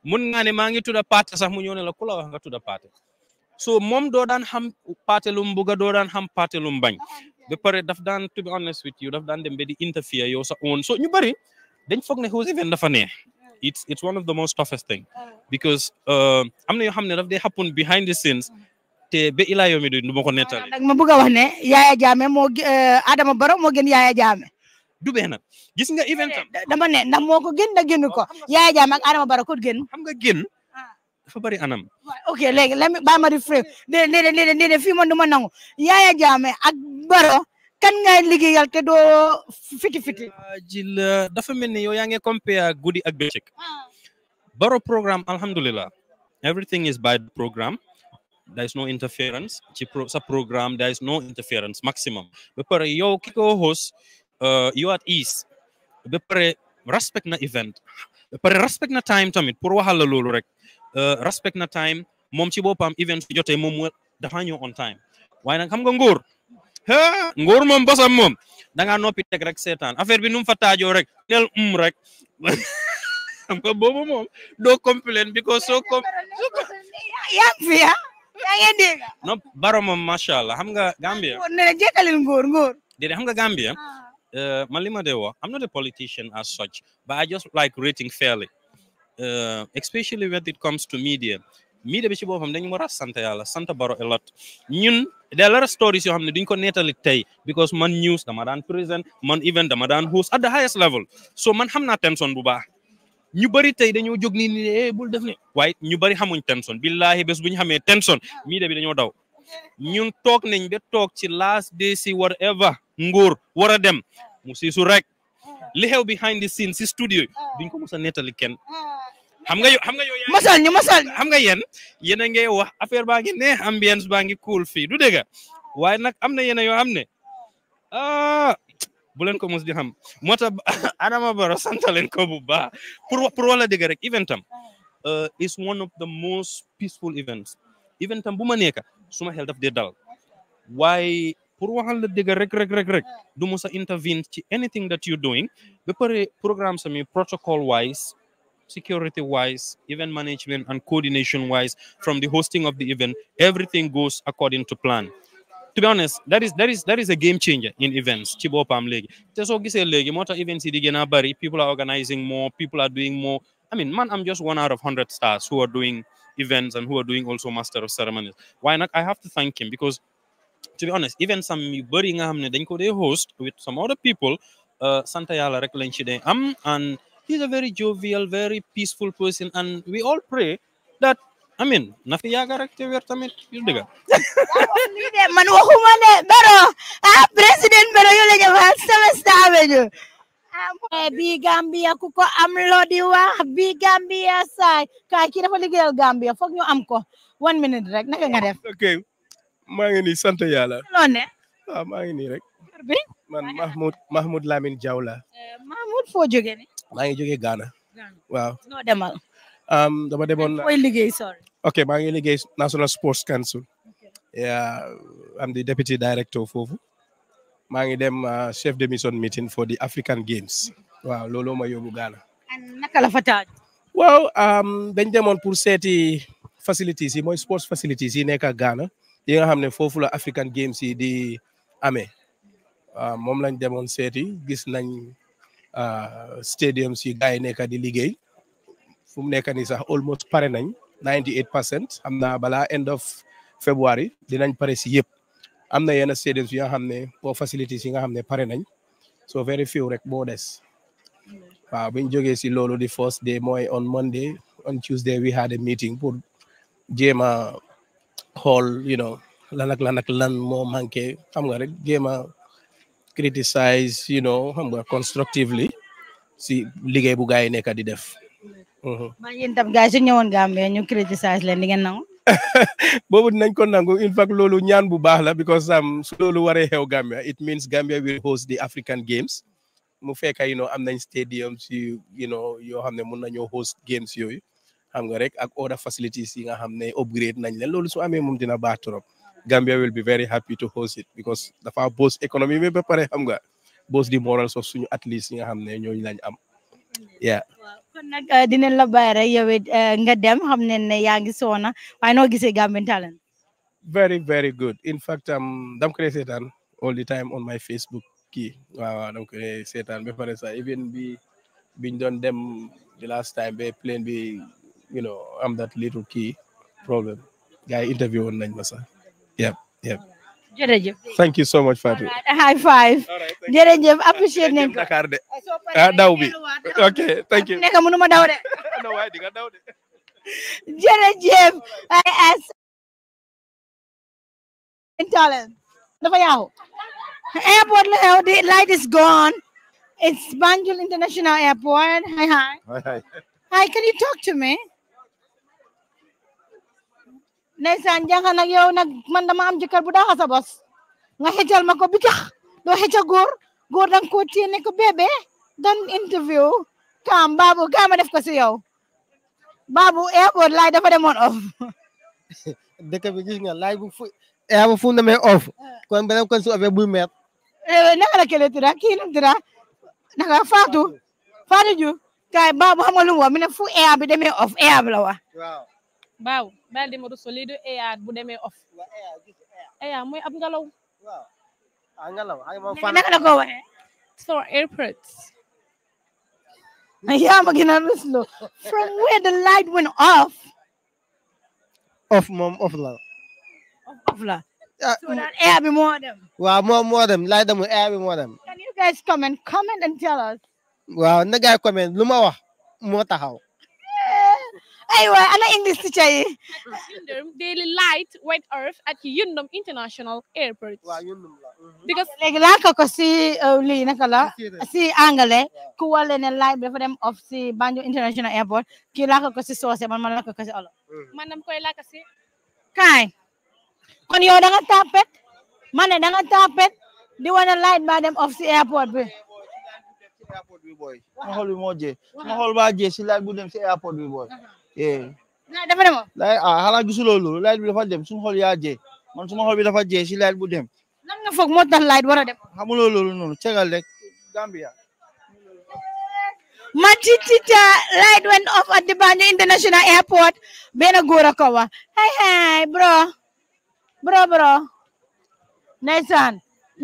mun nga ne ma ngi tudda sax mu ñone la kula wax nga tudda so mom do dan xam lumbuga lu mu do lumbang. xam paate lu bañ pare daf dan to be honest with you daf dan dem be di interfere yosa sa own so ñu bari dañ foog ne xos even dafa neex it's it's one of the most toughest thing oh. because uh, am na yoo xam ne daf day happen behind the scenes mm. te ba ilaa yomi du ma ko nettali. ma bëgg a wax ne Yaya Jammeh moo uh, Adama Barrow moo gën Yaya a du bee nag gis nga event am dama ne ndax moo ko gën na génn ko Yaya Jammeh ak Adama Barrow ko génn. xam ah. bari anam. ok léegi léegi baa ma fré déedéet déedéet fii moom du ma nangu Yaya Jammeh ak kan ngay liggéeyal te doo fiti fiti jil dafa mel ni yow yaa ngi compare guddi ak bëccëg baro programme alhamdulillah everything is by the programme there is no interference ci sa programme there is no interference maximum ba pare yow ki ko host uh, you at ease ba pare respect na event ba pare respect na time tamit pour waxal la loolu rek uh, respect na time moom ci boppam event su jotee moom dafa ñëw on time waaye nag xam nga ngóor ha nguur moom bosam moom da nga nopi tek rek setan affaire bi num fa tajo rek nel um rek am ko boobu mom do complain because so kom ya fi ya ya, ya, ya no baro mom machallah xam nga Gambia ah, ne jekkalil ngor ngor xam nga Gambia ah. eh, man lima de I'm not a politician as such but I just like rating fairly uh, especially when it comes to media mii de bi ci boppam dañu war a sant yàlla sant baro a lot ñun there are a stories yoo xam ne duñ ko nettali tey because man news dama daan président man event dama daan host at the highest level so man xam naa tension bu baax ñu bari tey dañoo jóg nii ni eh bul def ne waaye ñu bari xamuñ tension billahi bes bu ñu xamee tension mii de bi dañoo daw ñun toog nañ ba toog ci last day si whatever nguur war a dem mu siisu rek li xew behind the scenes si studio duñ ko mos a xam nga yow xam nga yow masal ñu masal xam nga yéen yéen a ngay wax affaire baa ngi neex ambiance baa ngi cool fii du dégg waaye nag am na yéen yoo xam ne ah bu leen ko mos di xam moo tax Adama Barrow sant leen ko bu baax pour pour wala dégg rek event am euh, is one of the most peaceful events event am bu ma nekk suma xel daf dee dal waaye pour waxal la dégg rek rek rek rek du mos a intervene ci anything that you doing ba pare programme sami protocol wise security wise, event management and coordination wise, from the hosting of the event, everything goes according to plan. To be honest, that is that is that is a game changer in events. Chibo Palm League. There's always a league, more events people are organizing more, people are doing more. I mean, man, I'm just one out of hundred stars who are doing events and who are doing also master of ceremonies. Why not? I have to thank him because to be honest, even some burying hamne then could host with some other people. Uh, Santa Yala Reklenchide Am and he's a very jovial, very peaceful person, and we all pray that. I mean, nafi ya karakter wer tamit yudega. Man wa humane baro ah president bero yule jama semesta avenue. Bi Gambia kuko ko am lo di bi Gambia saay ka kira dafa liggéeyal Gambia fok nyu amko one minute rek naka nga def. ok maa ngi yala. sant yàlla. loo ne. waaw ah, maa ngi rek. man Mahmud Mahmud Lamin Diaw eh, Mahmud fojo foo maa ngi jógee Ghana. Well. No demal. dama demoon fooy liggéey sorry. ok maa ngi National Sports Council. Yeah, i am the deputy director of maa ngi dem uh, chef de mission meeting for the African Games. Wow, lolo mayo Ghana. naka la fa taaj. waaw um, dañ demoon pour seti facilities yi sports facilities in Ghana yi nga xam ne foofu African Games yi di amee moom lañ demoon seti gis nañ. Uh, stadiums yi guys yi nekk di liggéey fu mu nekk sax almost pare nañ 98 percent am by balaa end of February dinañ pare si yëpp am na yenn stadiums yi nga xam ne boo facilities yi nga xam ne pare nañ so very few rek boo des waaw biñ jógee si loolu di first day mooy on Monday on Tuesday we had a meeting pour jéem a xool you know lan ak lan ak lan moo manqué xam nga rek jéem a criticize you know xam nga constructively si liggéey bu gaa yi nekk di def. Mhm. man yéen tam gars yi su ñëwoon Gambia ñu criticize leen di ngeen nangu. boobu dinañ ko nangu in fact loolu ñaan bu baax la because am um, su loolu waree xew Gambia it means Gambia will host the African Games mu fekk you am nañ stadiums yu you know yoo xam ne mun nañoo host games yooyu xam nga rek ak other facilities yi nga xam nañ leen loolu su amee moom dina baax trop. Gambia will be very happy to host it because dafa boost economy bi ba pare am nga boost di morals so suñu athletes yi nga xam ne ñooñu lañ am yeah kon nag uh, dinañ rek yow it uh, nga dem am ne ne yaa ngi soona waaye noo gisee Gambian Talents very very good in fact am um, dam ko dee seetaan all the time on my Facebook kii waaw waaw dam ko dee seetaan ba pare even bi biñ doon dem the last time ba plane bi you know am that little key problem ga yi interview woon nañ ma sax yep yep jërëjëf thank you so much Fatou high five jërëjëf appreciate nañ ko Dakar de eh, ah, ok thank you nekk mënuma daw de no I di nga daw de jërëjëf ay as intalent dafa yaaxu airport the light is gone it's Banjul International Airport hi hi hi hi can you talk to me ndeysaan jànga nag yow nag man dama am jëkkër bu daaxa sa bos nga xëccal ma ko bitax doo xëcca góor góor danga ko ko bébé don interview kaam baabu kaama def ko si yow baabu airport laay dafa demoon off dëkk bi gis nga laay bu fu air fu demee off kon beneen kon su affaire buy meer eh, naka la kele tudd kii num tudd naka Fatou Fatou Diouf kaay baabu xam nga lu mu wax fu air bi demee off la wax Wow, daal di ma russoliidu air bu demee off air air. Air, ab ngelaw waaw ngelaw naka la ko waxee so airport yaa ma gën a ruslo from where the light went off off mom, off la off la ah, so that air bi moo dem waaw more, moo dem light with air bi moo dem can you guys comment comment and tell us waaw na gaay comment lumawa, ma how aywa ana English ci cay Yundum daily light white earth at Yundum International Airport waaw Yundum la mhm. because léegi laal ko si li naka la si anglais ku wale ne light dafa dem off si Banjul International Airport kii laal ko si soose eh? man ma laal ko si olof mhm. man dama koy laal ko si kaay kon yow da nga tapet man ne da nga tapet di wane light ba dem off si airport bi airport bi boy ma xool bi moo ma xool ba je si light bu dem si airport bi boy dafa demoo lay ah xanaa gisuloo loolu light bi dafa dem suñu xol yaa jee man suma xol bi dafa jee si light bu dem lan nga foog moo tax light war a dem xamuloo loolu noonu cegal rek Gambia Matitita light went off at the Banjul International Airport benn góor a ko wax hey hey bro bro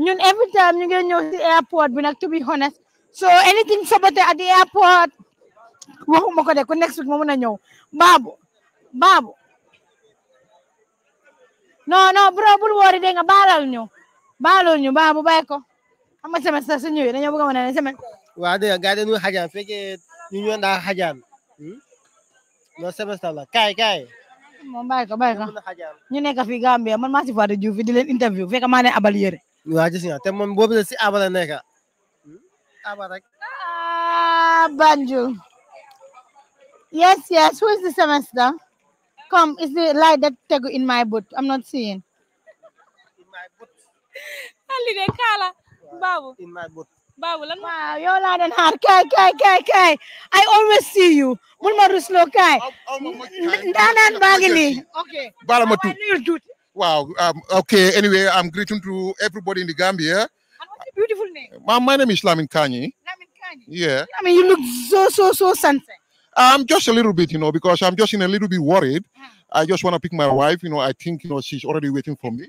ñun every time ñu ngi ñëw si airport bi to be honest so anything saboté at airport waxuma ko de ku next week ma mën ñew babu babu no no bro bul wori de nga balal ñu baalal ñu babu bay ko xam sama sa suñu su dañu bëgg a wane ne semaine waaw dëgg gaa dañu xajaan fekkee ñu ñëw ndaa xajaan non semaine sax la kay kay mo bay ko bay ko ñu nekk fi Gambia man maa si Fatou Diouf di len interview fekk maa ne abal yére wa ci nga te mom boobu la si abal la nekk hmm? abal rek ah Banjul Yes, yes. Who is the semester? Come, is the light that tegu in my boot. I'm not seeing. In my boot. Ali de kala. Babu. In my boot. Babu, lan Wow, you're loud and hard. Kai, kai, kai, kai. I always see you. Mun ma ruslo kai. Ndanan bagili. Okay. Bala matu. Wow. Um, okay. Anyway, I'm greeting to everybody in the Gambia. And what's your beautiful name? My, my name is Lamin Kanyi. Lamin Kanyi. Yeah. I mean, you look so, so, so sunset. I'm just a little bit, you know, because I'm just in a little bit worried. I just want to pick my wife. You know, I think you know she's already waiting for me.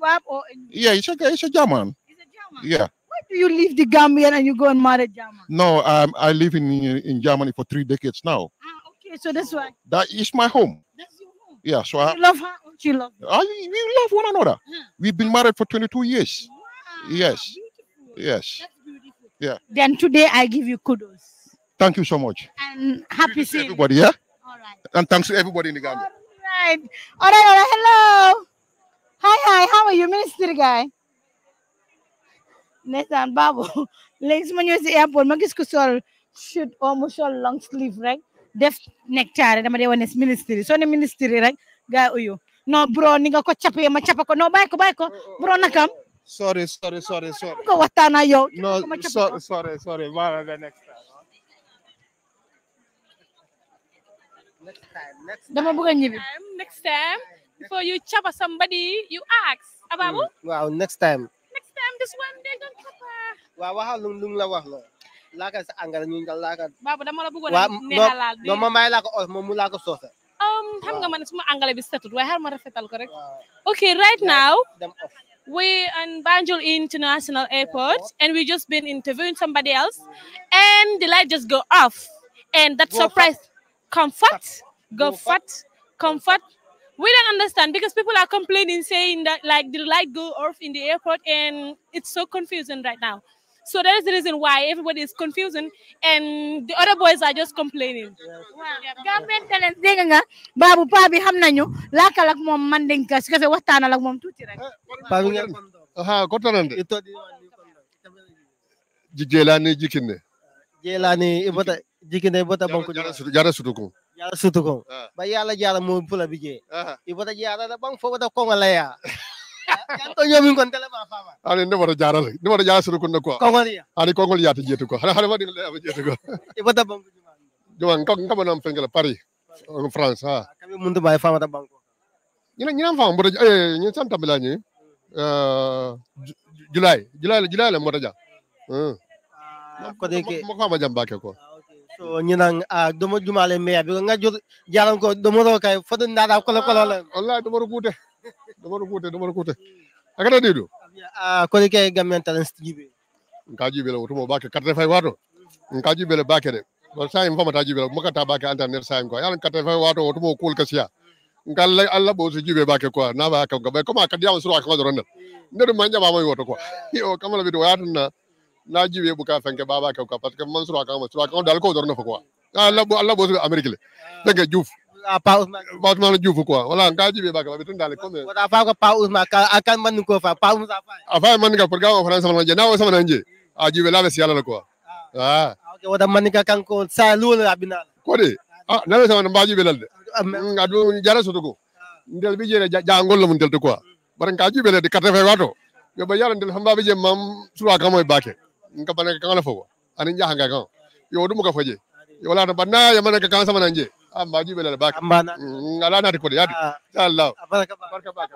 yeah, it's a it's a German. It's a German. Yeah. Why do you leave the Gambian and you go and marry German? No, um, I live in in Germany for three decades now. Ah, okay, so that's why. That is my home. That's your home. Yeah, so I love her. Or she love. You? I, we love one another. Huh. We've been married for 22 years. Wow, yes. Beautiful. Yes. Yeah. Then today I give you kudos. Thank you so much. And happy to everybody, yeah? All right. And thanks to everybody in the gallery. All right. All right, all right. Hello. Hi, hi. How are you, Minister Guy? Nathan Babu. Links man use the airport. Magis ko sol should almost all long sleeve, right? Def nectar. Dama de wanes ministry. So ne ministry, right? Guy uyu. No, bro, ninga ko chape ma chapa ko. No, bye ko, bye ko. Oh, oh, bro, oh. nakam. Sorry, sorry, sorry, sorry. Ko watana yo. No, sorry, sorry, sorry. Mara the next. Next time. Next time. Dama bëgg Next time. Before you chapa somebody, you ask. Ababu? Hmm. Wow, next time. Next time, this one they don't chapa. Wow. Wow. lu lu la wax la. Laaka sa angal ñu nga laaka. Baba dama la bëggoon neexalal bi. No ma may laaka os moom mu laaka Um, xam nga man suma angale bi setut waaye xaar ma rafetal ko rek. Okay, right now. we on Banjul International Airport and we just been interviewing somebody else and the light just go off and that surprise comfort, comfort, comfort. We don't understand because people are complaining, saying that like the light go off in the airport, and it's so confusing right now. So that is the reason why everybody is confusing, and the other boys are just complaining. Government talent dégg nga Babu paa bi xam nañu laakal ak moom man dénk si kafe waxtaanal ak moom tuuti rek. paa bi ngeen ha ah, ko tanande. jigéen laa ni jikin ne. jigéen laa ni ibata jiginde ibota banku jara sudu jara sudu ko yala sutu ko ah. ba yala jala mo pula bije ah. ibota jara da bang fo bota ko ngalaya kanto nyomi kon tele ma fama ani ne wara jara le ne wara jara sudu ko ko ya. ani ko ya yata jetu ko hare wadi le aba jetu ko ibota banku juma juma ko ngam nam fengela paris en france ha ah, kami mundu ba fama ta bangku? ñina ñina fam bodo eh ñi santa bilani euh july july july le ja. hmm ko de ke mo ko ma jam bakke ko so ñinang a ah, domo jumale me bi nga jur jalan ko domo ro kay fodo ndada kolo kolo la ah, wallahi domo ro kute domo ro kute domo ro kute akata dido a ah, ko ke gamen talent jibe nka jibe la wutumo baake katte fay wato nka jibe la baake de wal sa yim famata jibe la maka ta baake antan ner ko yalan katte fay wato wutumo kul kasiya nka alla bo su jibe baake ko na ba ka ko be ko ma kadiya suru akko do ron ne do manja ba moy woto ko yo kamala bi do yatna najiwe ya, buka fenke baba ka ko parce que man sura ka man sura ka dal ko dorna na Allah bo Allah bo su le daga djouf pa Ousmane pa Ousmane Diouf quoi wala nga jibe ba ka bitun dal ko me wala fa ko pa Ousmane ka akan man ko fa pa Ousmane fa fa man ka program France man je na o sama a jibe la be si quoi ah ok wada man ka kan ko sa la ko de ah na le sama ba lal de ngadu jara sotu ko ndel bi jere jangol la mun del to quoi hmm. bar nga jibe le de 80 wato yo ba yalla ndel hamba bi je mam sura ka moy nga bana ka kala fogo ani nja hanga kan yo dum ka faje yo la banna ah, mm, ah. ya mana ka kan sama nanje amma jibe ba baka amma ngala na ko di Allah baraka baraka baka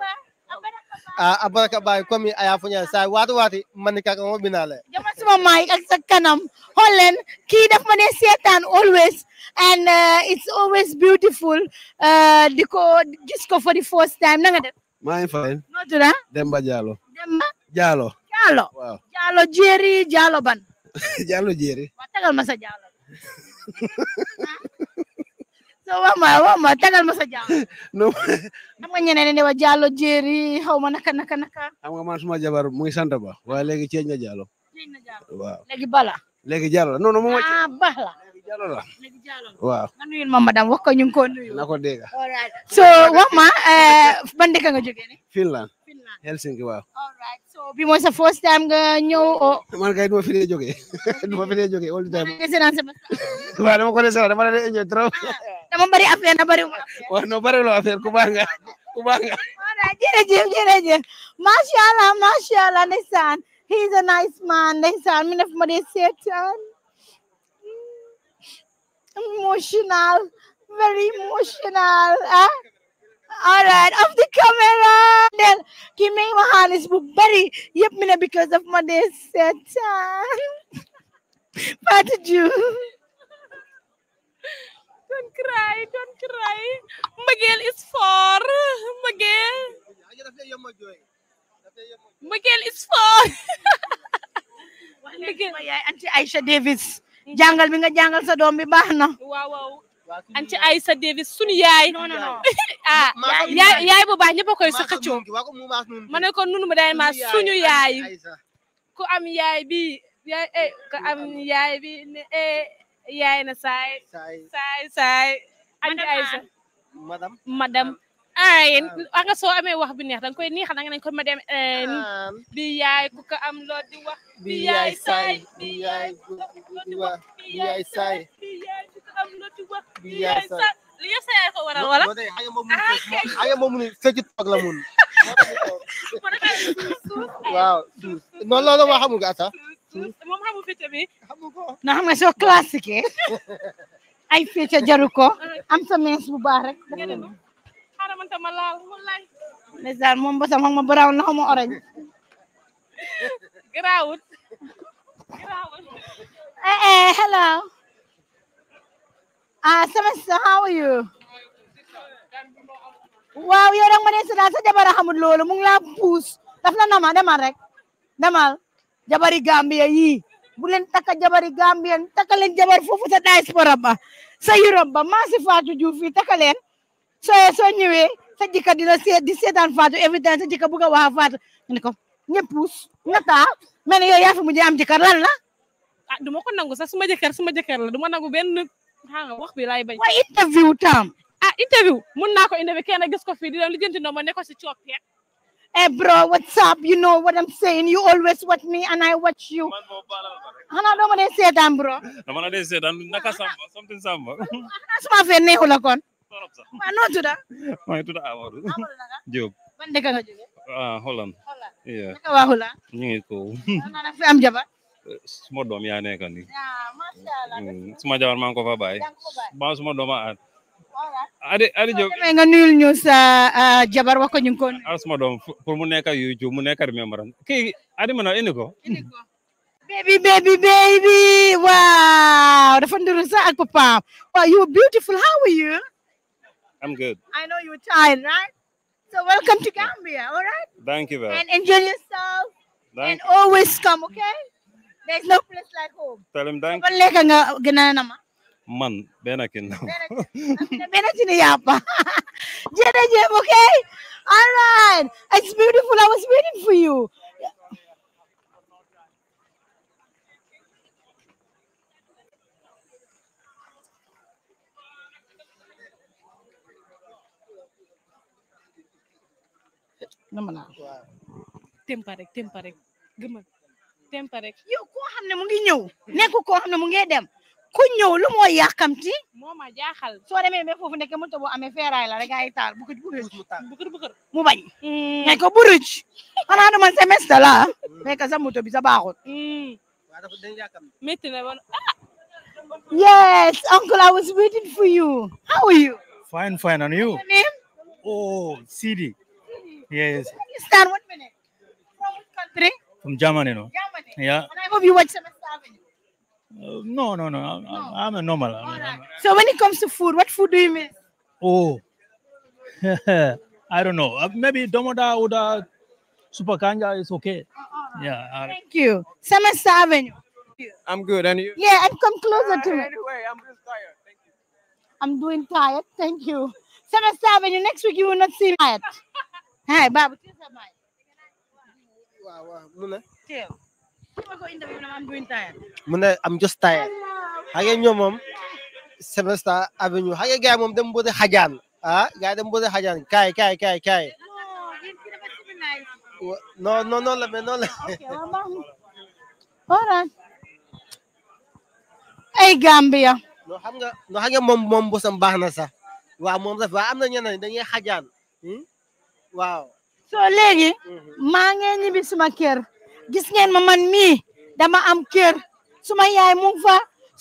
ah, a baraka bay komi aya funya sa watu wati man ka ko binale jama sama mai ak sa kanam holen ki def mane ya setan always and uh, it's always beautiful uh, diko gis ko for the first time nga def my fine no dura ba jalo ba jalo Jalo. Jalo Jerry, Jalo Ban. jalo Jerry. Matagal masa Jalo. so wama wama matagal masa Jalo. no. nga ñeneen ni wa Jalo Jerry, haw ma naka naka. Am nga man suma jabar mu ngi ba. Wa legi ci Jalo. Ci Jalo. Wow. Legi bala. Legi Jalo. Non non mo Ah bala. Diallo la waaw. ma nuyu ko ñu ngi ko nuyu. na so wax ma eh, ban dëkk nga jógee ne. Helsinki waaw. bi mooy sa first time nga ñëw o. man kay du ma fi dee jógee du ma fi dee jógee all the time. waaw dama ko dee na ah, bari waaw non bari loo affaire ku baax nga ku baax nga. jërëjëf jërëjëf macha allah macha a emotional, very emotional. Huh? Eh? Alright, off the camera. Then give me my hand is very yep me because of my day set time. What did you? Don't cry, don't cry. Miguel is for Miguel. Miguel is for Miguel. auntie Aisha Davis. jàngal bi nga jàngal sa doom bi baax na. waaw waaw anti Aïssa Davis sunu yaay. non non non ah yaay a koy sa xëccoo. ma ne ko nunu mu day ma suñu yaay ku am yaay bi yaay eh ku am yaay bi ne eh yaay na saay. saay saay anti Aïssa madam. ah yéen a soo amee wax bi neex danga koy neexal da nga nañ ko ma dem bi yaay ku ko am loo di wax bi yaay saay bi yaay di wax bi saay bi ku ko am loo di wax bi saay li yëpp sa yaay ko waral wala a nga moom mun sëcc toog la mun waaw noonu loolu moo xamul nga ata moom xamul fecc bi xamul ko na xam nga soo ay fecc jaru ko am sa mees bu baax rek dara man ta ma laal wallaay ndeysaan moom ba sama ma brown na xama orange garaawut garaawut eh eh hello ah sama sa how are you waaw yow ya dang ma ne sa sa jabar a xamul loolu mu ngi na nama demal rek demal jabari Gambia yii Bulan leen jabari Gambia takka jabar fufu sa diaspora ba sa Europe ba maa si Fatou Diouf soo soo sa jëkkër dina di seetaan Fatou every time sa jëkkër bëgg a wax Fatou ne ko ñëpp puus nga taa mel ne yow yaa fi mujjee am jëkkër lan la. Ah, du ma ko nangu sax suma jëkkër suma jëkkër la du ma nangu benn xaaral wax bi laay bañ. waaye interview tam. ah interview mun naa ko interview kenn gis ko fii di leen lijjanti noo ma ne ko si coppet. Hey eh, bro, what's up? You know what I'm saying? You always watch me and I watch you. Xanaa doo ma dee seetaan bro. Dama la something samba. torop itu dah? noo oh, tudda maa awal. tudda Amadou Diop Mana dëkk nga jóge ah Holland Holland Iya. naka waa Holland Ini ngi Mana na jawab? Semua am jabar nih. doom yaa nekk nii Semua Allah mangkok apa maa ngi semua fa bàyyi ba suma doom a Ade Ade Diop nga nuyul ñu sa jabar wax ko ñu Harus semua dom. pour YouTube mu nekk remember kii Ade ma ini indi ko indi ko baby, baby, baby. Wow. The aku Akpapa. Wow, you're beautiful. How are you? I'm good. I know you're tired, right? So welcome to Gambia, all right? Thank you very much. And enjoy yourself. Thank and you. always come, okay? There's no place like home. Tell him thank you. Leka nga ganana naman. Man, benakin na. Benakin na yapa. Jerejef, okay? All right. It's beautiful. I was waiting for you. dama laa tempa rek tempa rek gëmal tempa rek yow mu ngi ñëw mm-hmm. nekk koo xam ne mu ngi dem ku ñëw lu moo yàkkamti moo ma jaaxal soo demee ba foofu nekk mënta boo amee feeraay la rek ay taal bukur bukur mu bañ mm. ne ko buruj xanaa dama semestre la fekk mm. sa moto bi sa baaxut métti mm. na ah yes uncle I was waiting for you how are you fine fine and oh Sidi Yes. Stand one minute? From which country? From Germany, no. Germany. Yeah. And I hope you watch Semester Avenue. Uh, no, no, no. I'm, no. I'm a normal. I'm, right. I'm, so when it comes to food, what food do you miss? Oh, I don't know. Uh, maybe domoda or uh, super kanja is okay. Oh, yeah. Right. Thank you. Semester Avenue. I'm good, and you? Yeah, and come closer to me. Anyway, I'm just tired. Thank you. I'm doing tired. Thank you. Semester Avenue. Next week you will not see me. Hey, Babu, this is mine. Wow, wow. Muna. Chill. I'm doing tired. Muna, I'm just tired. Hagen yo mom. Semester Avenue. Hagen guy mom dem bode hajan. Ah, guy dem bode hajan. Kai, kai, No, no, no, no, no. Okay, Gambia. no xam nga no xam moom moom bosam baax na sax waaw moom sax waaw am na ñeneen dañuy xajaan hmm? Wow, so léegi mm-hmm. maa ngee ñibbi suma kër gis ngeen ma man mi dama am kër suma yaay mu ngi fa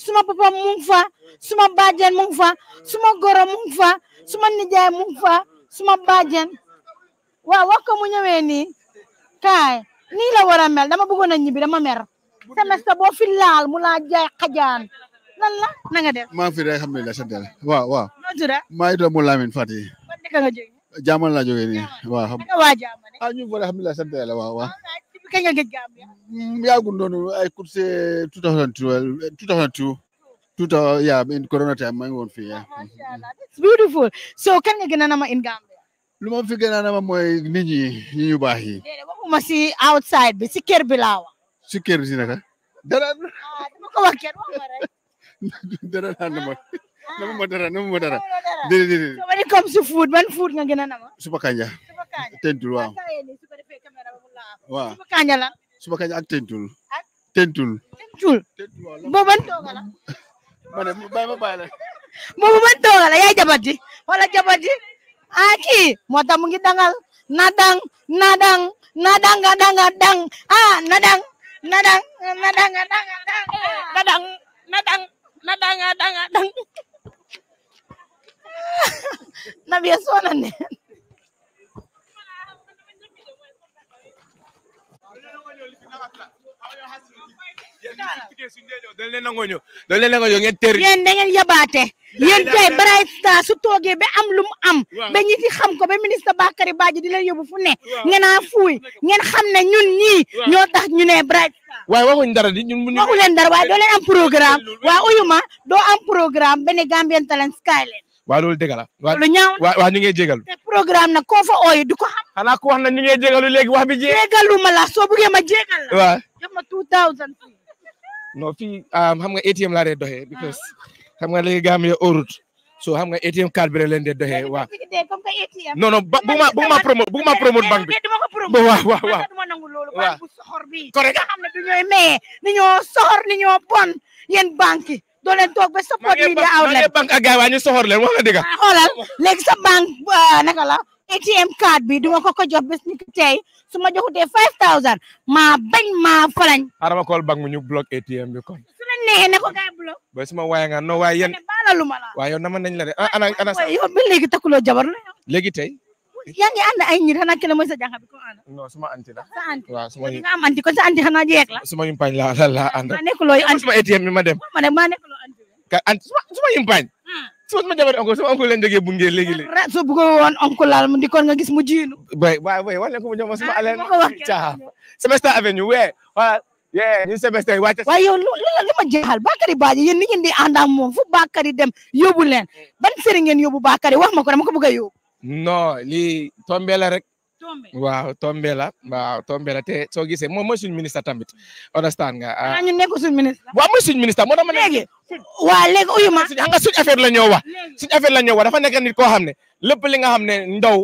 suma papa mu ngi fa suma bàjjen mu ngi fa suma goro mu ngi fa suma nijaay mu ngi fa suma bàjjen waaw wax ko mu ñewé ni kay ni la wara mel dama bëggoon a dama mer semestre bo fi laal mu la jaay xajaan nan la na nga def ma fi day xam la sant yàlla waaw waaw fatih ndika nga jaamal laa jógee nii waaw xam ah ñu bëri alhamdulilah sant yàlla waaw waaw kañ nga gëj Gambia yaagun mm, doon ay course 2012 2002 2000 yeah in corona time maa ngi woon fii it's ah, beautiful so kan nga gën a nama in Gambia lu ma fi gën a nama mooy nit ñi ñi ñu baax yi waxuma si outside bi si kër bi laa wax si kër bi si naka dara ah, dama ko wax kër wax ma rek dara naa nama ah. Nama ah. modara, nama modara. Dili dili. So when it comes to food, man food nga ginanama? kanya. Supa kanya. Tentul wow. Wow. Supa kanya lang. Supa kanya ak tentul. Ak tentul. Tentul. Tentul. Bo man toga la. Mana bay ma bay la. Mo man toga la yay jabati. Wala jabati. Aki, mau ta mungi dangal. Nadang, nadang, nadang, nadang, nadang. Ah, nadang, nadang, nadang, nadang, nadang, nadang, nadang, nadang, nadang, nadang. na biasona ne dañ leen nangoo ñëw dañ leen nangoo ñëw ngeen tër Bright Star su toogee ba am lum am be ñi ci xam ko ba ministre Bakary Badji di leen yóbbu fu ne ngeen a fuuy ngeen xam ne ñun ñii ñoo tax ñu ne Bright Star waaye waxuñ dara di ñun waxu leen dara waaye doo leen am programme waaye uyuma do am programme benn Gambian talent skyline. waa loolu dëgg la. lu ñaaw la programme nag koo fa ooyee du ko xam. xanaa ku wax na ñu ngi jégalu léegi wax bi jé. ma la soo buggee ma jégal la. waaw jox ma two um, xam nga ATM laa dee doxee. because xam nga ga Gambia óorut. so xam nga ATM card bi leen dee doxee waaw. non non bu ma bu bi. waaw waaw waaw. waaw waaw correct. nga xam ne du ñooy maye ni bon yéen banque doo leen toog ba support media outlet maa banque ak soxor leen wax nga dëgg ah, xoolal léegi sa banque euh, naka la ATM card bi du ma ko ko jox tey su ma joxutee 5000 maa bañ maa falañ arama kool banque mu ñu block ATM bi kon su la neexee ne ko gaay waaye nga no waaye yéen balaluma la nama nañ la de ah, ana ana yow ba léegi takkuloo jabar la léegi tey yangi anda ay ñir xana kila moy sa jangabi ko anda no suma anti la sa anti wa suma ni am anti ko kan sa anti xana jeek la suma yimpañ la la la anda ma nekk loy anti suma ATM mi ma dem ma ne ma nekk lo anti ka anti suma suma yimpañ hmm. suma suma jabar onko suma onko len joge bunge legi legi ra so bugo won onko lal mu dikon nga gis mu jiinu bay bay bay wala ko mu jom ah, suma alen ca semester avenue we wala yeah ñu semester yi wàcce waaye yow lu lu ma jeexal Bakary Badji yéen ni ngeen di ànd ak moom fu Bakary dem yóbbu leen hmm. ban sëriñ ngeen yóbbu Bakary wax ma dama ko bëgg a non lii tombé la rek. waaw tombé la waaw tombé la te soo gisee moom mooy suñu tamit understand nga. ah ñu nekkul suñu ministre. waaw mooy suñu ministre moo tax ma. léegi waaw léegi uyu ma. xam nga suñu affaire la ñoo wax. suñu affaire la ñoo wax dafa nekk nit koo xam ne lépp li nga xam ne ndaw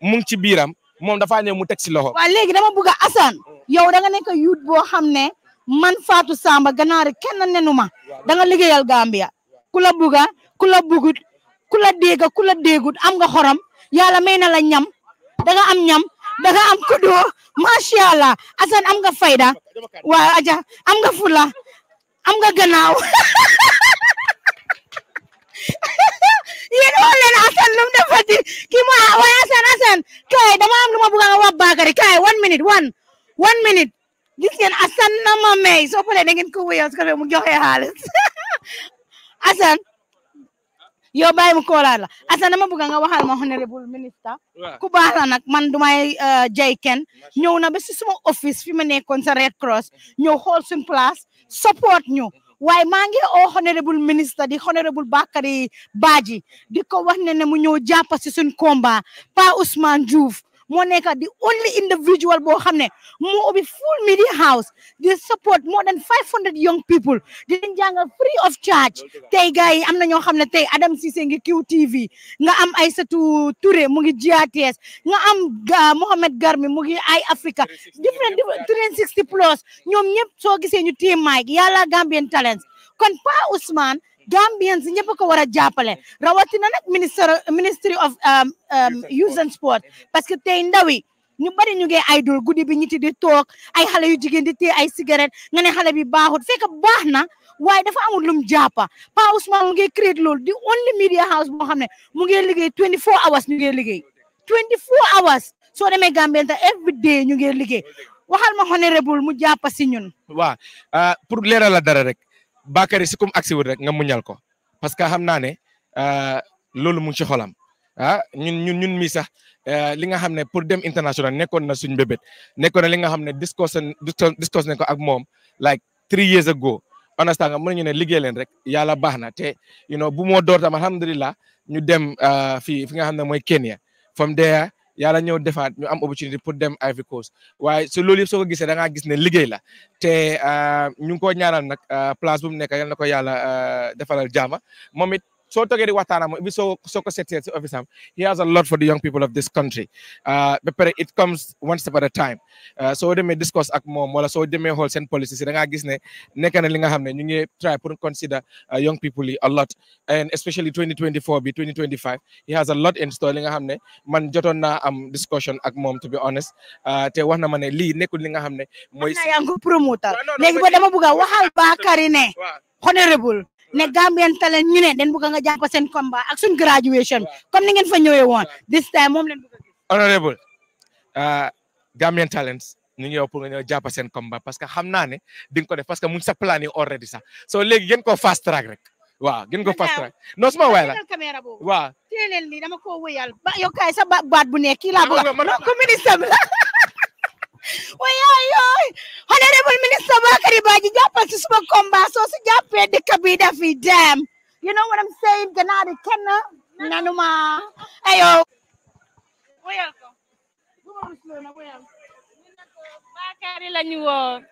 mu ngi ci biiram moom dafa ñëw mu teg si loxo. waaw léegi dama bëgg a Assane yow da nga nekk youth boo ne man Fatou Samba gannaari kenn nenuma da nga liggéeyal Gambia ku la bëgg a ku la bëggut ku am nga yalla may na la ñam nga am ñam nga am kudo, macha allah am nga fayda wa aja am nga fula am nga gannaaw yéen wax asan Assane lu dafa di ki mo wa asan asan kay dama am luma ma bëgg a wax kay one minute one one minute gis ngeen asan na ma may soo paree da ngeen ko wuyal ko mu joxe halis asan yo bàyyi mu koolaat la Assane dama bëgg nga waxal ma honorable minister ku baax la nag man du may euh, jay kenn ñëw na ba si suma office fi ma nekkoon sa Red Cross mhm. ñëw xool suñu place support ñu mhm. waaye maa ngi oo honorable minister di honorable Bakary Badji mhm. di ko wax ne ne mu ñëw jàpp si suñu combat Pa Ousmane Diouf moo nekk the only individual boo xam ne moo ubbi full media house di support more than 500 young people di leen jàngal free of charge tey gars yi am na ñoo xam ne tey Adam Cissé ngi QTV nga am ay Aïssatou Touré mu ngi GRTS nga am Mohamed Garmi mu ngi Eye Africa different 360 plus ñoom ñëpp soo gisee ñu téye mic Yala Gambian Talents kon Pa Ousman Gambians ñëpp ko war a jàppale rawatina nag ministre ministry of um, um, youth and sport parce que tey ndaw yi ñu bari ñu ngi idol guddi bi ñiti di toog ay xale yu jigéen di téye ay cigarette nga ne xale bi baaxut fekk baax na waaye dafa amul lum jàppa Pa Ousmane mu ngi créé loolu di only media house boo xam ne mu ngi liggéey 24 hours ñu ngi liggéey 24 hours soo demee Gambien ta every day ñu ngi liggéey waxal ma honorable mu jàppa si ñun. waaw ah, pour leeral la dara rek. Bakary si kum agsi wul rek nga muñal ko parce que xam naa ne euh, loolu mu ci xolam ah ñun ñun ñun mii sax euh, li nga xam ne pour dem international nekkoon na suñu bébét nekon na li nga xam ne discours discours ne ko ak moom like three years ago understand nga mën ñu ne liggéey leen rek yàlla baax na te you know bu moo door tam alhamdulilah ñu dem euh, fii fi nga xam ne mooy Kenya yàlla ñëw defaat ñu am opportunité pour dem Ivory Coast waaye su loolu yëpp soo gisee da gis ne liggéey la te euh, ñu ngi ko ñaanal nag euh, place bu mu nekk yal na ko yàlla euh, defalal jaama moom it soo toogee di waxtaan ak moom soo soo ko seet si office am he has a lot for the young people of this country uh, ba pare it uh, soo demee discuss ak moom wala soo demee xool seen policies da ngaa gis ne nekk na li nga xam ne ñu ngi try pour consider uh, young people yi a lot and especially 2024 bi 2025 he has a lot in store li ne man jotoon discussion ak moom to be honest te wax na lii nekkul li nga xam ne mooy. yaa ngi ko promoter léegi ba dama waxal Bakary ne honorable ne Gambian talent ñu ne dañ bëgg nga ko seen combat ak suñ graduation comme ni ngeen fa ñëwé woon this time mom leen bëgg a gis. honorable ah, Gambian Talents ñu ñëw pour ñëw jàpp seen combat parce que xam naa ne di nga ko def parce que muñ sa plan yi already sax so léegi gën ko fast track rek waaw gën ko fast track non suma way la waaw téléel ni dama ko wëyal ba yow kay sa baat bu nekk kii laa bëgg non ko ministre la Honorable Minister Bakari Baji, Japasisma Kombaso, Japan, the You know what I'm saying? Ganadi Kenna, Nanuma. Ayo. Welcome. Bakari Lanyuo.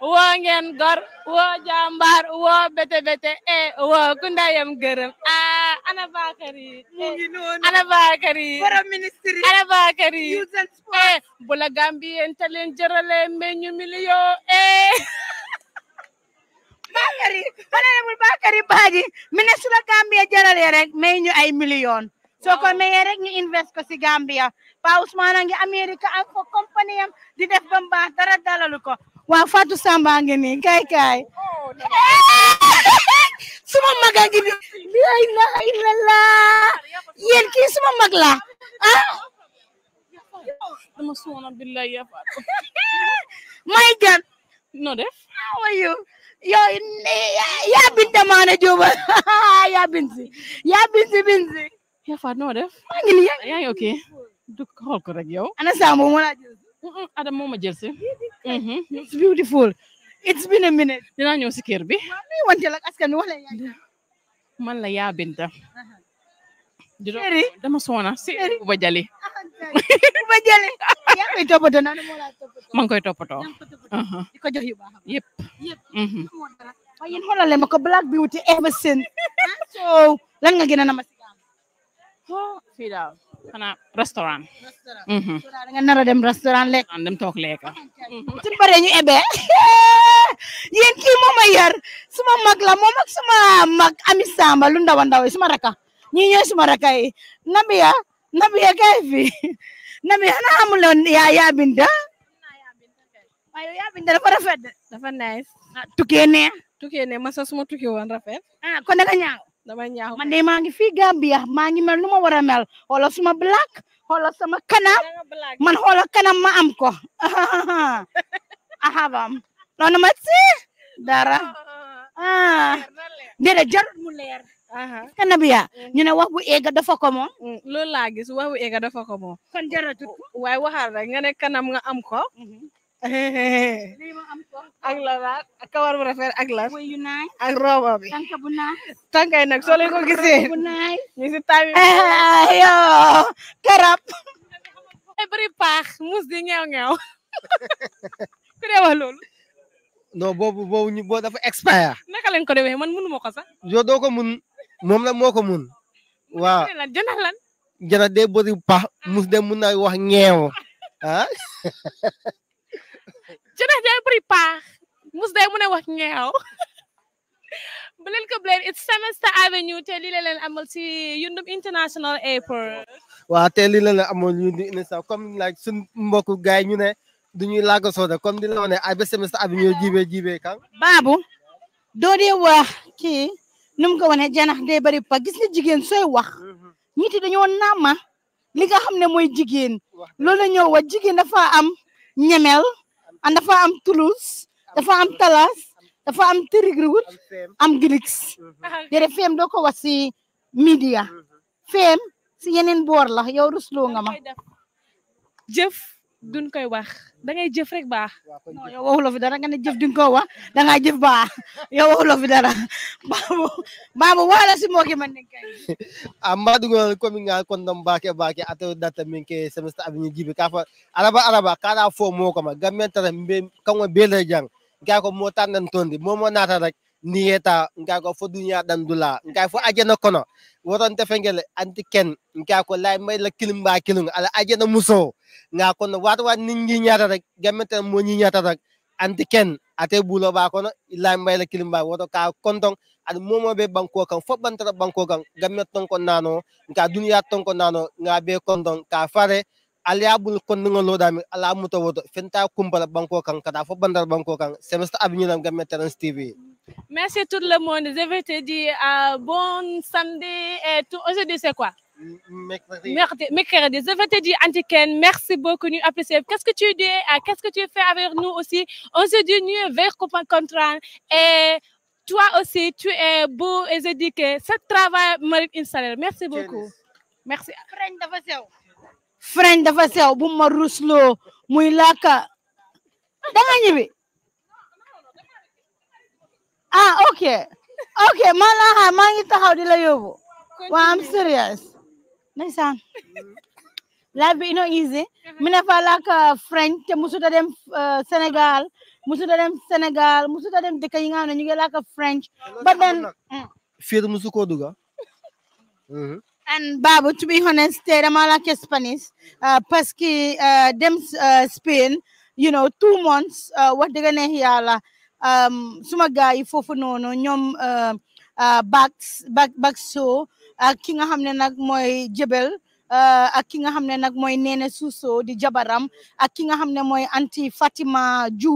wo ngeen gor wo jambar wo bete bete e eh, wo kundayam geureum gërëm ah, a ana bakari eh, mu ngi noonu ana bakari borom ministre ana bakari e eh, bu la Gambien te leen jërale meñu milio e bakari honorable Bakary mul bakari baaji ministre Gambia jërale rek meñu ay million So ko mayee rek ñu invest ko si Gambia Pa Ousmane a ngi Amérique am compagnie am di def ba dara dalalu ko waaw Fatou Samba ngi nii kaay suma mag a ngi nii ay la ay la la suma mag la ah dama suwoon na billahi ya Fatou binta maana jooba ya binti ya binti binti ya Fatou no def maa ngi yaa ngi ok du xool la jël Adam moo ma jël si. Mm-hmm. it's beautiful. it's been a minute. dinaa ñëw si kër bi. man la yaa Binta. dama soona si Uba Jali. Uba Jali. yaa ngi koy toppatoo naan koy toppatoo. di ko jox yu baax. yëpp. Mm-hmm. waaye ko Black Beauty ever since. so lan nga a nama si. Oh, fii daal. karena restoran, hmm da nga nar dem restaurant lek, dem toog lekk suñ oh, mhm. paree ñu ebee yéen kii moom yar suma mag la mom ak suma mag ami samba lu ndaw ndaw suma raka ñi ñoy suma raka yi e. nabiya nabiya kay fi nabiya xanaa amul ya, ya binda yaa binda ay yow yaa binda dafa rafet dafa nice né ne né ne masa suma tuké won rafet ah kon nga ñaaw namanya Mande mangi figa biya mangi mel numa wara mel holos ma black holos sama kanam man holos kanam ma am ko ahabam lo namat si dara ah dia jarut mu leer kana biya ñu ne wax bu ega dafa ko moom loolu laa gis wax bu dafa ko moom kon jaratut waaye waxal rek nga ne kanam nga am ko ak la laat ak kawar bu rafet ak las ak roba bi tànka yi nag soo leen ko gisee ñu si taami yo karab ay bëri paax mus di ngeew ngeew ku dee wax loolu non boobu boobu ñu boo dafa expire naka lañ ko demee man mënu ma ko sax yo doo ko mun moom la moo ko mun waaw jënax lan jënax dee bëri paax mus de mun na wax ngeew ah jeunesse day bëri paax mus day mën a wax ñeew bu leen ko bleen it's Semester Avenue te lii la leen amal si Yundum International Airport waaw te lii la leen amal Yundum International comme like suñ mbokku gaay ñu ne duñuy laaga sooda comme di la wax ne ay ba Semester Avenue jibe jibe kan baabu doo dee wax kii nu mu ko wane janax day bëri paax gis nga jigéen sooy wax ñiti dañoo naama li nga xam ne mooy jigéen loolu la ñoo wax jigéen dafa am ñemel an dafa am Toulouse dafa am Talas dafa am Tirigirwut am Gilix mhm. dere feem doo ko wax si media feem mhm. si yeneen boor la yow rusloo nga ma jëf dun koy wax da ngay jëf rek baax yow waxu waxuloo fi dara nga ne jëf duñ ko wax da nga jëf baax yow waxuloo fi dara babu babu wala si ki man ne kay amma ah, ko mi nga kondom baake ke ato data mi ke semester abini jibi kafa araba araba da fo moko ma gamen tara mbe kanwa bele jang ga ko mo tan nan tondi momo nata rek niyeta nka ko fo dan dula nka fo ajana kono woronte fengel anti ken nka ko lay may la kilim ba kilung ala ajana muso nga ko no wat wat nit ñi ñata rek gamete mo ñi ñata rek anti ken ate bulo ba kono lay may la woto ka kontong ad momo be banko kan fo bantara banko kan gamet ton ko nano nka dunya ton ko nano nga be kontong ka fare aliabul kon nga lo dami ala muto woto fenta kumpala banko kan kata fo bandar banko kan semester abinyu nam gamete trans Merci tout le monde. Je vais te dire euh, bon samedi et tout. Aujourd'hui, c'est quoi Mercredi. Mercredi. Je vais te dire, Antiken, merci beaucoup. Nous apprécions. Qu'est-ce que tu dis euh, Qu'est-ce que tu fais avec nous aussi Aujourd'hui, nous vers contre. et toi aussi, tu es beau et je dis que ce travail mérite une salaire. Merci beaucoup. Merci. Friend dafa sew bu ma rusloo muy Laka. da nga ñibbi Ah, okay. Okay, malaha, ita how did I Well, I'm serious. Nisan. Mm-hmm. Life be no easy. Mina mm-hmm. fa like French, musuda uh, dem Senegal, musuda dem Senegal, musuda dem deka yinga na nyuge French. But then mm. fear musu ko duga. Mm-hmm. And Babu, to be honest, they la like Spanish. Uh, Paski, uh, dem uh, Spain, you know, two months, uh, what they're gonna hear. Um, suma gars yi foofu noonu ñoom back back so ki nga xam ne nag mooy jëbel uh, ak ki nga xam ne nag mooy Nene Suso di jabaram ak ki nga xam ne mooy anti Fatima Ju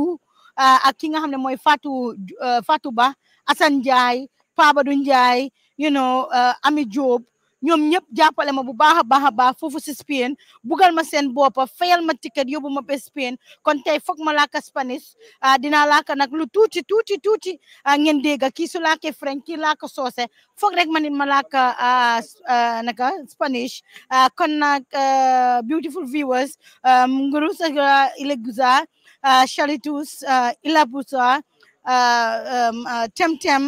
uh, ak ki nga xam ne mooy Fatou uh, Fatou Ba Assane Ndiaye Pabadou Ndiaye you know Ami Diop ñom ñep jappalé ma bu baaxa baaxa baax fofu ci Spain bugal ma sen boppa fayal ma ticket yobu ma be Spain kon tay fokk ma Spanish ah, dinaa laaka nak lu tuti tuuti tuuti ah, ngeen dega ki su laakee French kii laaka sosé fokk rek ma nit ma laaka ah, naka Spanish kon nag beautiful viewers ngurusa ileguza chalitus ilabusa temtem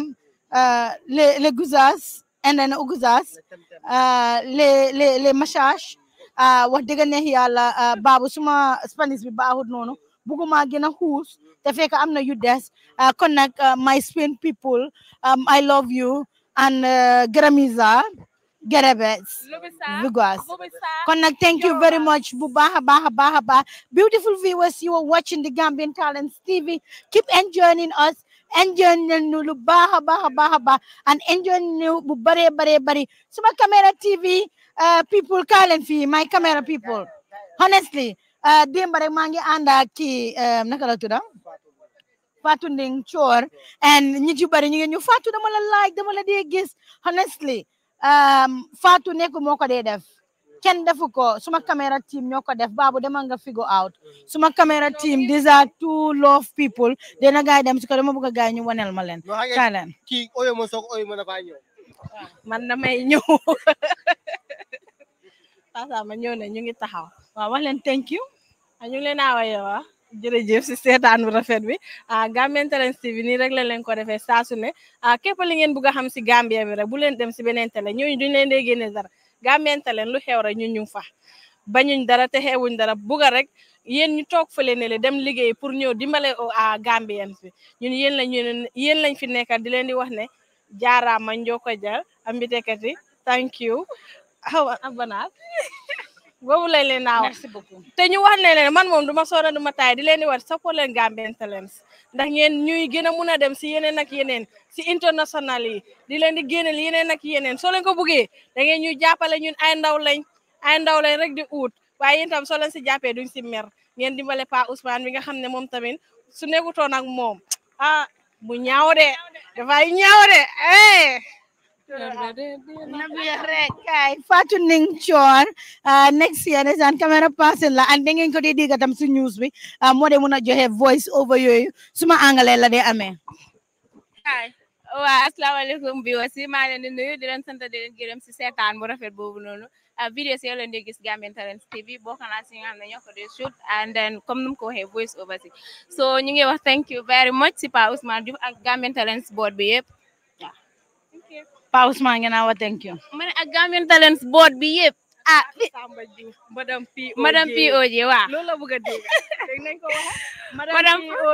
guzas And then uguzas le le عندنا قزاز لمشاش وحدة نهي على بابو سما سبانيس بباهود نونو buguma gina who's te fek amna you des uh, connect uh, my spain people um, i love you and uh, gramiza Gerebets, Lugas. Connect, thank you very much. baha, baha, baha. Beautiful viewers, you are watching the Gambian Talents TV. Keep enjoying us. Engine, enjoy nulu baha baha baha baha and engine, nu bare bare bare so my camera tv uh, people calling fi my camera people honestly uh, dem bare mangi anda ki um, naka la tudam Fatu Nding Chor and ñi ci bari ñu ñu Fatu dama la like dama la dee gis honestly um Fatu nekku moka ko def Ken defu ko suma camera team ñoko def babu dama nga figure out mm. suma camera team these are two love people na gay dem ci ko dama bëgg gay ñu wonel ma len ka leen kii oyo mo sok oyo na fa ñew man ñew ñëw sa ma ñew na ñu ngi taxaw wa wax len thank you ñu leen wa jere jeuf ci setan bu rafet bi Gambian Talents TV ni rek la len ko defé sa su ne kepp li ngeen bëgg xam ci Gambia bi rek bu len dem si beneen télé ñooñu duñ len dee génne dara Gambian Talents lu xew rek ñu ñu fa bañuñ dara te xewuñ dara buga rek yéen ñu toog fële ne le dem liggéey pour ñëw dimbale a Gambien fi ñun yéen lañ yéen lañ fi nekkal di leen di wax ne jaaraama njoko ja ambitekati thank you aw abanaat boobu lañ leen naa wax te ñu wax ne leen man moom du ma soora du ma di leen di war support leen Gambian Talents ndax ngeen ñuy gën a mun a dem si yeneen ak yeneen si international yi di leen di génneel yeneen ak yeneen soo leen ko buggee da ngeen ñuy jàppale ñun ay ndaw lañ ay ndaw lañ rek di uut waaye yéen tam soo leen si jàppee duñ si mer ngeen dimbale Pa Ousmane bi nga xam ne moom tamit su nekkutoon nag moom ah bu ñaaw de dafay ñaaw de eh kay Fatou Ning Thion ah, next year ndeysaan camera person la and ngeen ko dee dégg tam si news bi ah, moo dee mun a joxe voice over yooyu suma anglais la dee amee ay waa asalaamaaleykum bi wasi maa leen di nuyu di leen sant de leen gërëm si seetaan bu rafet boobu noonu ah, vidéo si yow leen gis Gambian Talents TV bokk si nga ne ñoo ko dee and then comme nu mu ko waxee voice over si so ñu ngi wax thank you very much si Pa Ousmane Diouf ak Gambian Talents board bi yëpp Pa Ousmane Ngenawa thank you man ak Gambian boot bi yëpp ah madame POJ madame POJ waaw loolu la bëgg a dégg dégg nañ ko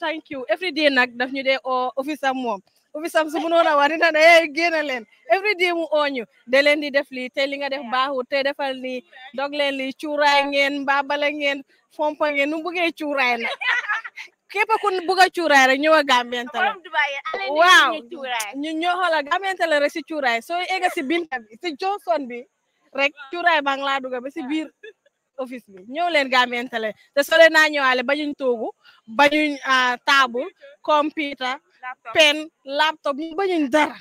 thank you every day nag daf ñu dee oo office am moom office am su mënoon a wax dina leen every day mu ooñu de leen di def lii tey li nga def baaxut te defal ni dog leen lii cuuraay ngeen mbaabale ngeen fompa ngeen nu nag képp ku bugg a cuuraay rek ñëw a Gambian ñu ñoo xoolal Gambian Talents rek si cuuraay soo egga si binta bi si Johnson bi rek cuuraay baa ngi laa dugg ba si biir office bi ñëw leen Gambian te sole leen naa ñëwaale bañuñ toogu bañuñ ah, table computer pen laptop ñu bañuñ dara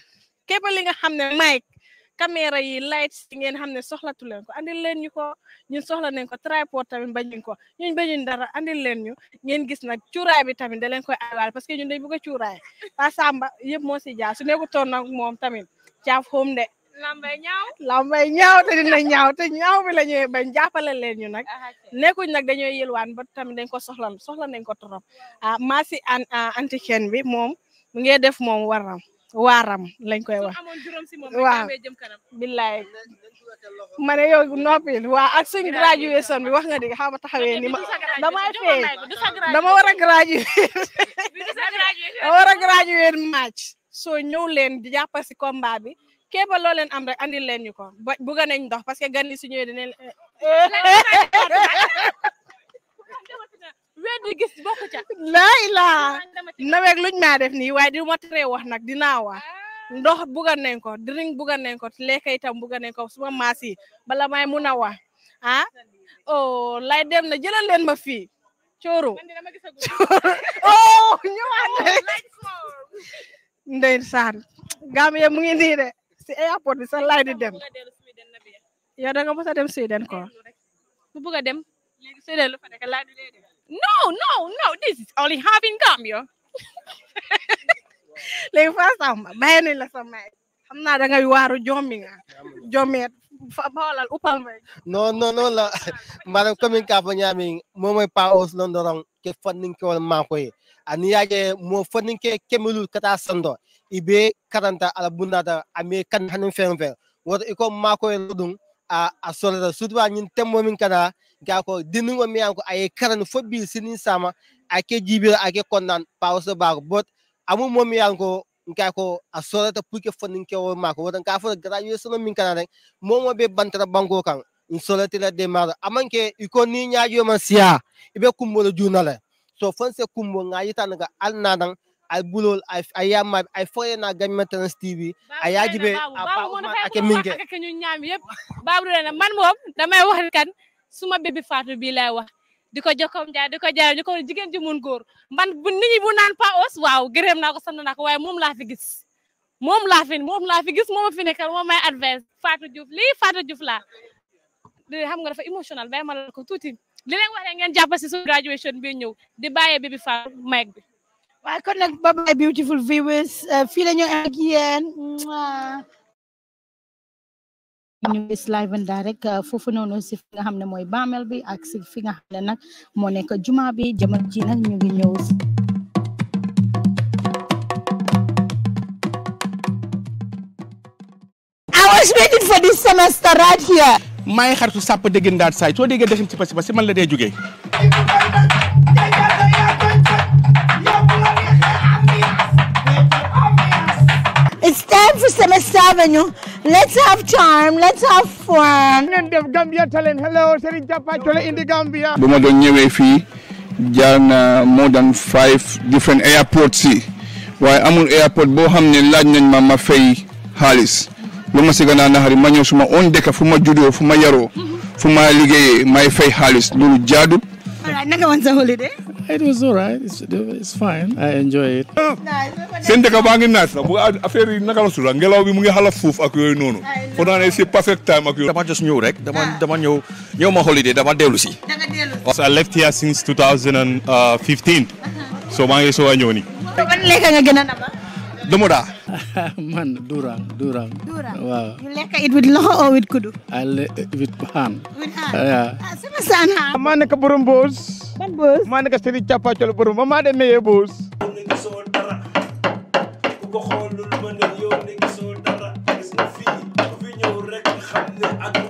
képp li nga xam ne mic caméra yi lights yi ngeen xam ne soxlatu leen ko andil leen ñu ko ñun soxla nañ ko tripod tamit bañuñ ko ba bañuñ dara andil leen ñu ngeen gis nag cuuraay bi tamit da leen koy aywaal parce que ñu dañ bëgg a cuuraay Pa Samba yëpp moo si jaar su nekkutoon nag moom tamit caaf xóom de lambay ñaaw lambay ñaaw te dina ñaaw te ñaaw bi la ñuy bañ jàppale leen ñu nag nekkuñ nag dañoo yëlwaan ba tamit dañ ko soxla soxla nañ ko trop a ah, maa si an ah, bi moom mu ngi def moom waram waaram lañ koy wax waaw billaay ma ne yow noppil waaw ak suñ graduation bi wax nga dëgg xaw ma taxawee ni ma damay feeñ dama war a dama war a graduate match soo ñëw leen di jàppa si combat bi képp leen am rek andil leen ñu ko ba ñu nañ ndox parce que gan yi su weer bi gis bokku ca laa ilaa naweeg luñ maa def di ma teree wax nag dinaa wax ah. ndox bugan nañ ko drink bugan nañ ko lekk itam bugan nañ ko suma maas bala may wax ah oh lay dem na jëlal leen ma oh ñëwaat oh, ndeysaan Gambia mu ngi nii de si airport bi sax di dem yow da nga mos dem Sweden ko bu bugg dem Sweden lu fa du dem No, no, no. This is only having cambio. léegi fa sama bàyyi nañ la sama xam naa da ngay waaru jommi nga jommeet fa xoolal upal may No, no, no. la madam coming ka fo ñaami mo pa os non dorong ke fannin ke wal ma koy ani yaje mo fannin ke kemulu kata sando ibe karanta ala bundata ame kan hanin fen fen wata iko ma koy dum a a solata sutwa ñin temmo min kada kako dinngo miyanko aye karani fo bil sinin sama ake jibira ake konnan pawso bako bot amu mo miyanko kako a sorata puke fonin kewo mako wotan ka fo graduation no min kana rek momo be bantara banko kan in sorati la demar amanke iko ni nyaajo man siya ibe kumbo lo junala so fonse kumbo ngayi tan ga alnadan ay bulol ay ay yamma ay foye na gam maintenance tv ay yajibe a pa ak minge babu na man mom damay wax kan suma bébé Fatou bii laay wax di ko jokkoom jaay di ko jaay ko jigéen ji mun góor man bu nit ñi bu naan Pa Ous waaw gërëm naa ko sant naa ko waaye moom laa fi gis moom laa fi moom laa fi gis moom a fi nekkal moom may advice Fatou Diouf lii Fatou Diouf laa xam nga dafa émotionnel bay ma la ko tuuti li leen wax ne ngeen jàpp si su graduation bi ñëw di bàyyee bébé Fatou mic bi waaye kon nag ba beautiful viewers eh, fii la ñu ak ñu live and direct euh, fi nga bi ak fi nga juma bi ji ñu ngi ñëw I was waiting for this semester right here. maa ngi xaritu sàpp dégg daat saay soo déggee dexim si pasi pasi man la dee jógee. It's time for Semester Avenue. let's have charm let's have fun. ngeen def Gambia Talents hello Serigne Japa Chole indi Gambia. bu ma doon ñëwee fii jaar na more than five different airports si waaye amul airport boo xam ne laaj nañ ma ma fay xaalis lu ma si gën a naxari ma ñëw suma own dëkk fu ma juddoo fu ma yaroo fu ma liggéeye may fay xaalis loolu jaadut. All right, naka sa holiday? It was all right. I enjoy it. seen dëkk baa ngi naat na bu affaire yi naka la su ngelaw bi mu ngi xala fuuf ak yooyu noonu. foo naa ne c'est perfect time ak yooyu. dama just ñëw rek dama ah. dama ñëw ñëw ma holiday dama dellu si. dama dellu si. I left here since 2015. Uh, uh-huh. so maa ngi soog a ñëw a nama. Dumoda. Man, Durang, Durang. Durang. Wow. You like it with loho or with kudu? I like it with pan. With hand. Uh, ah, yeah. Ah, sama sana. Mana ke burung bus? Man, bus. Mana ke sini capa col burung? Mama ada meye bus. Aku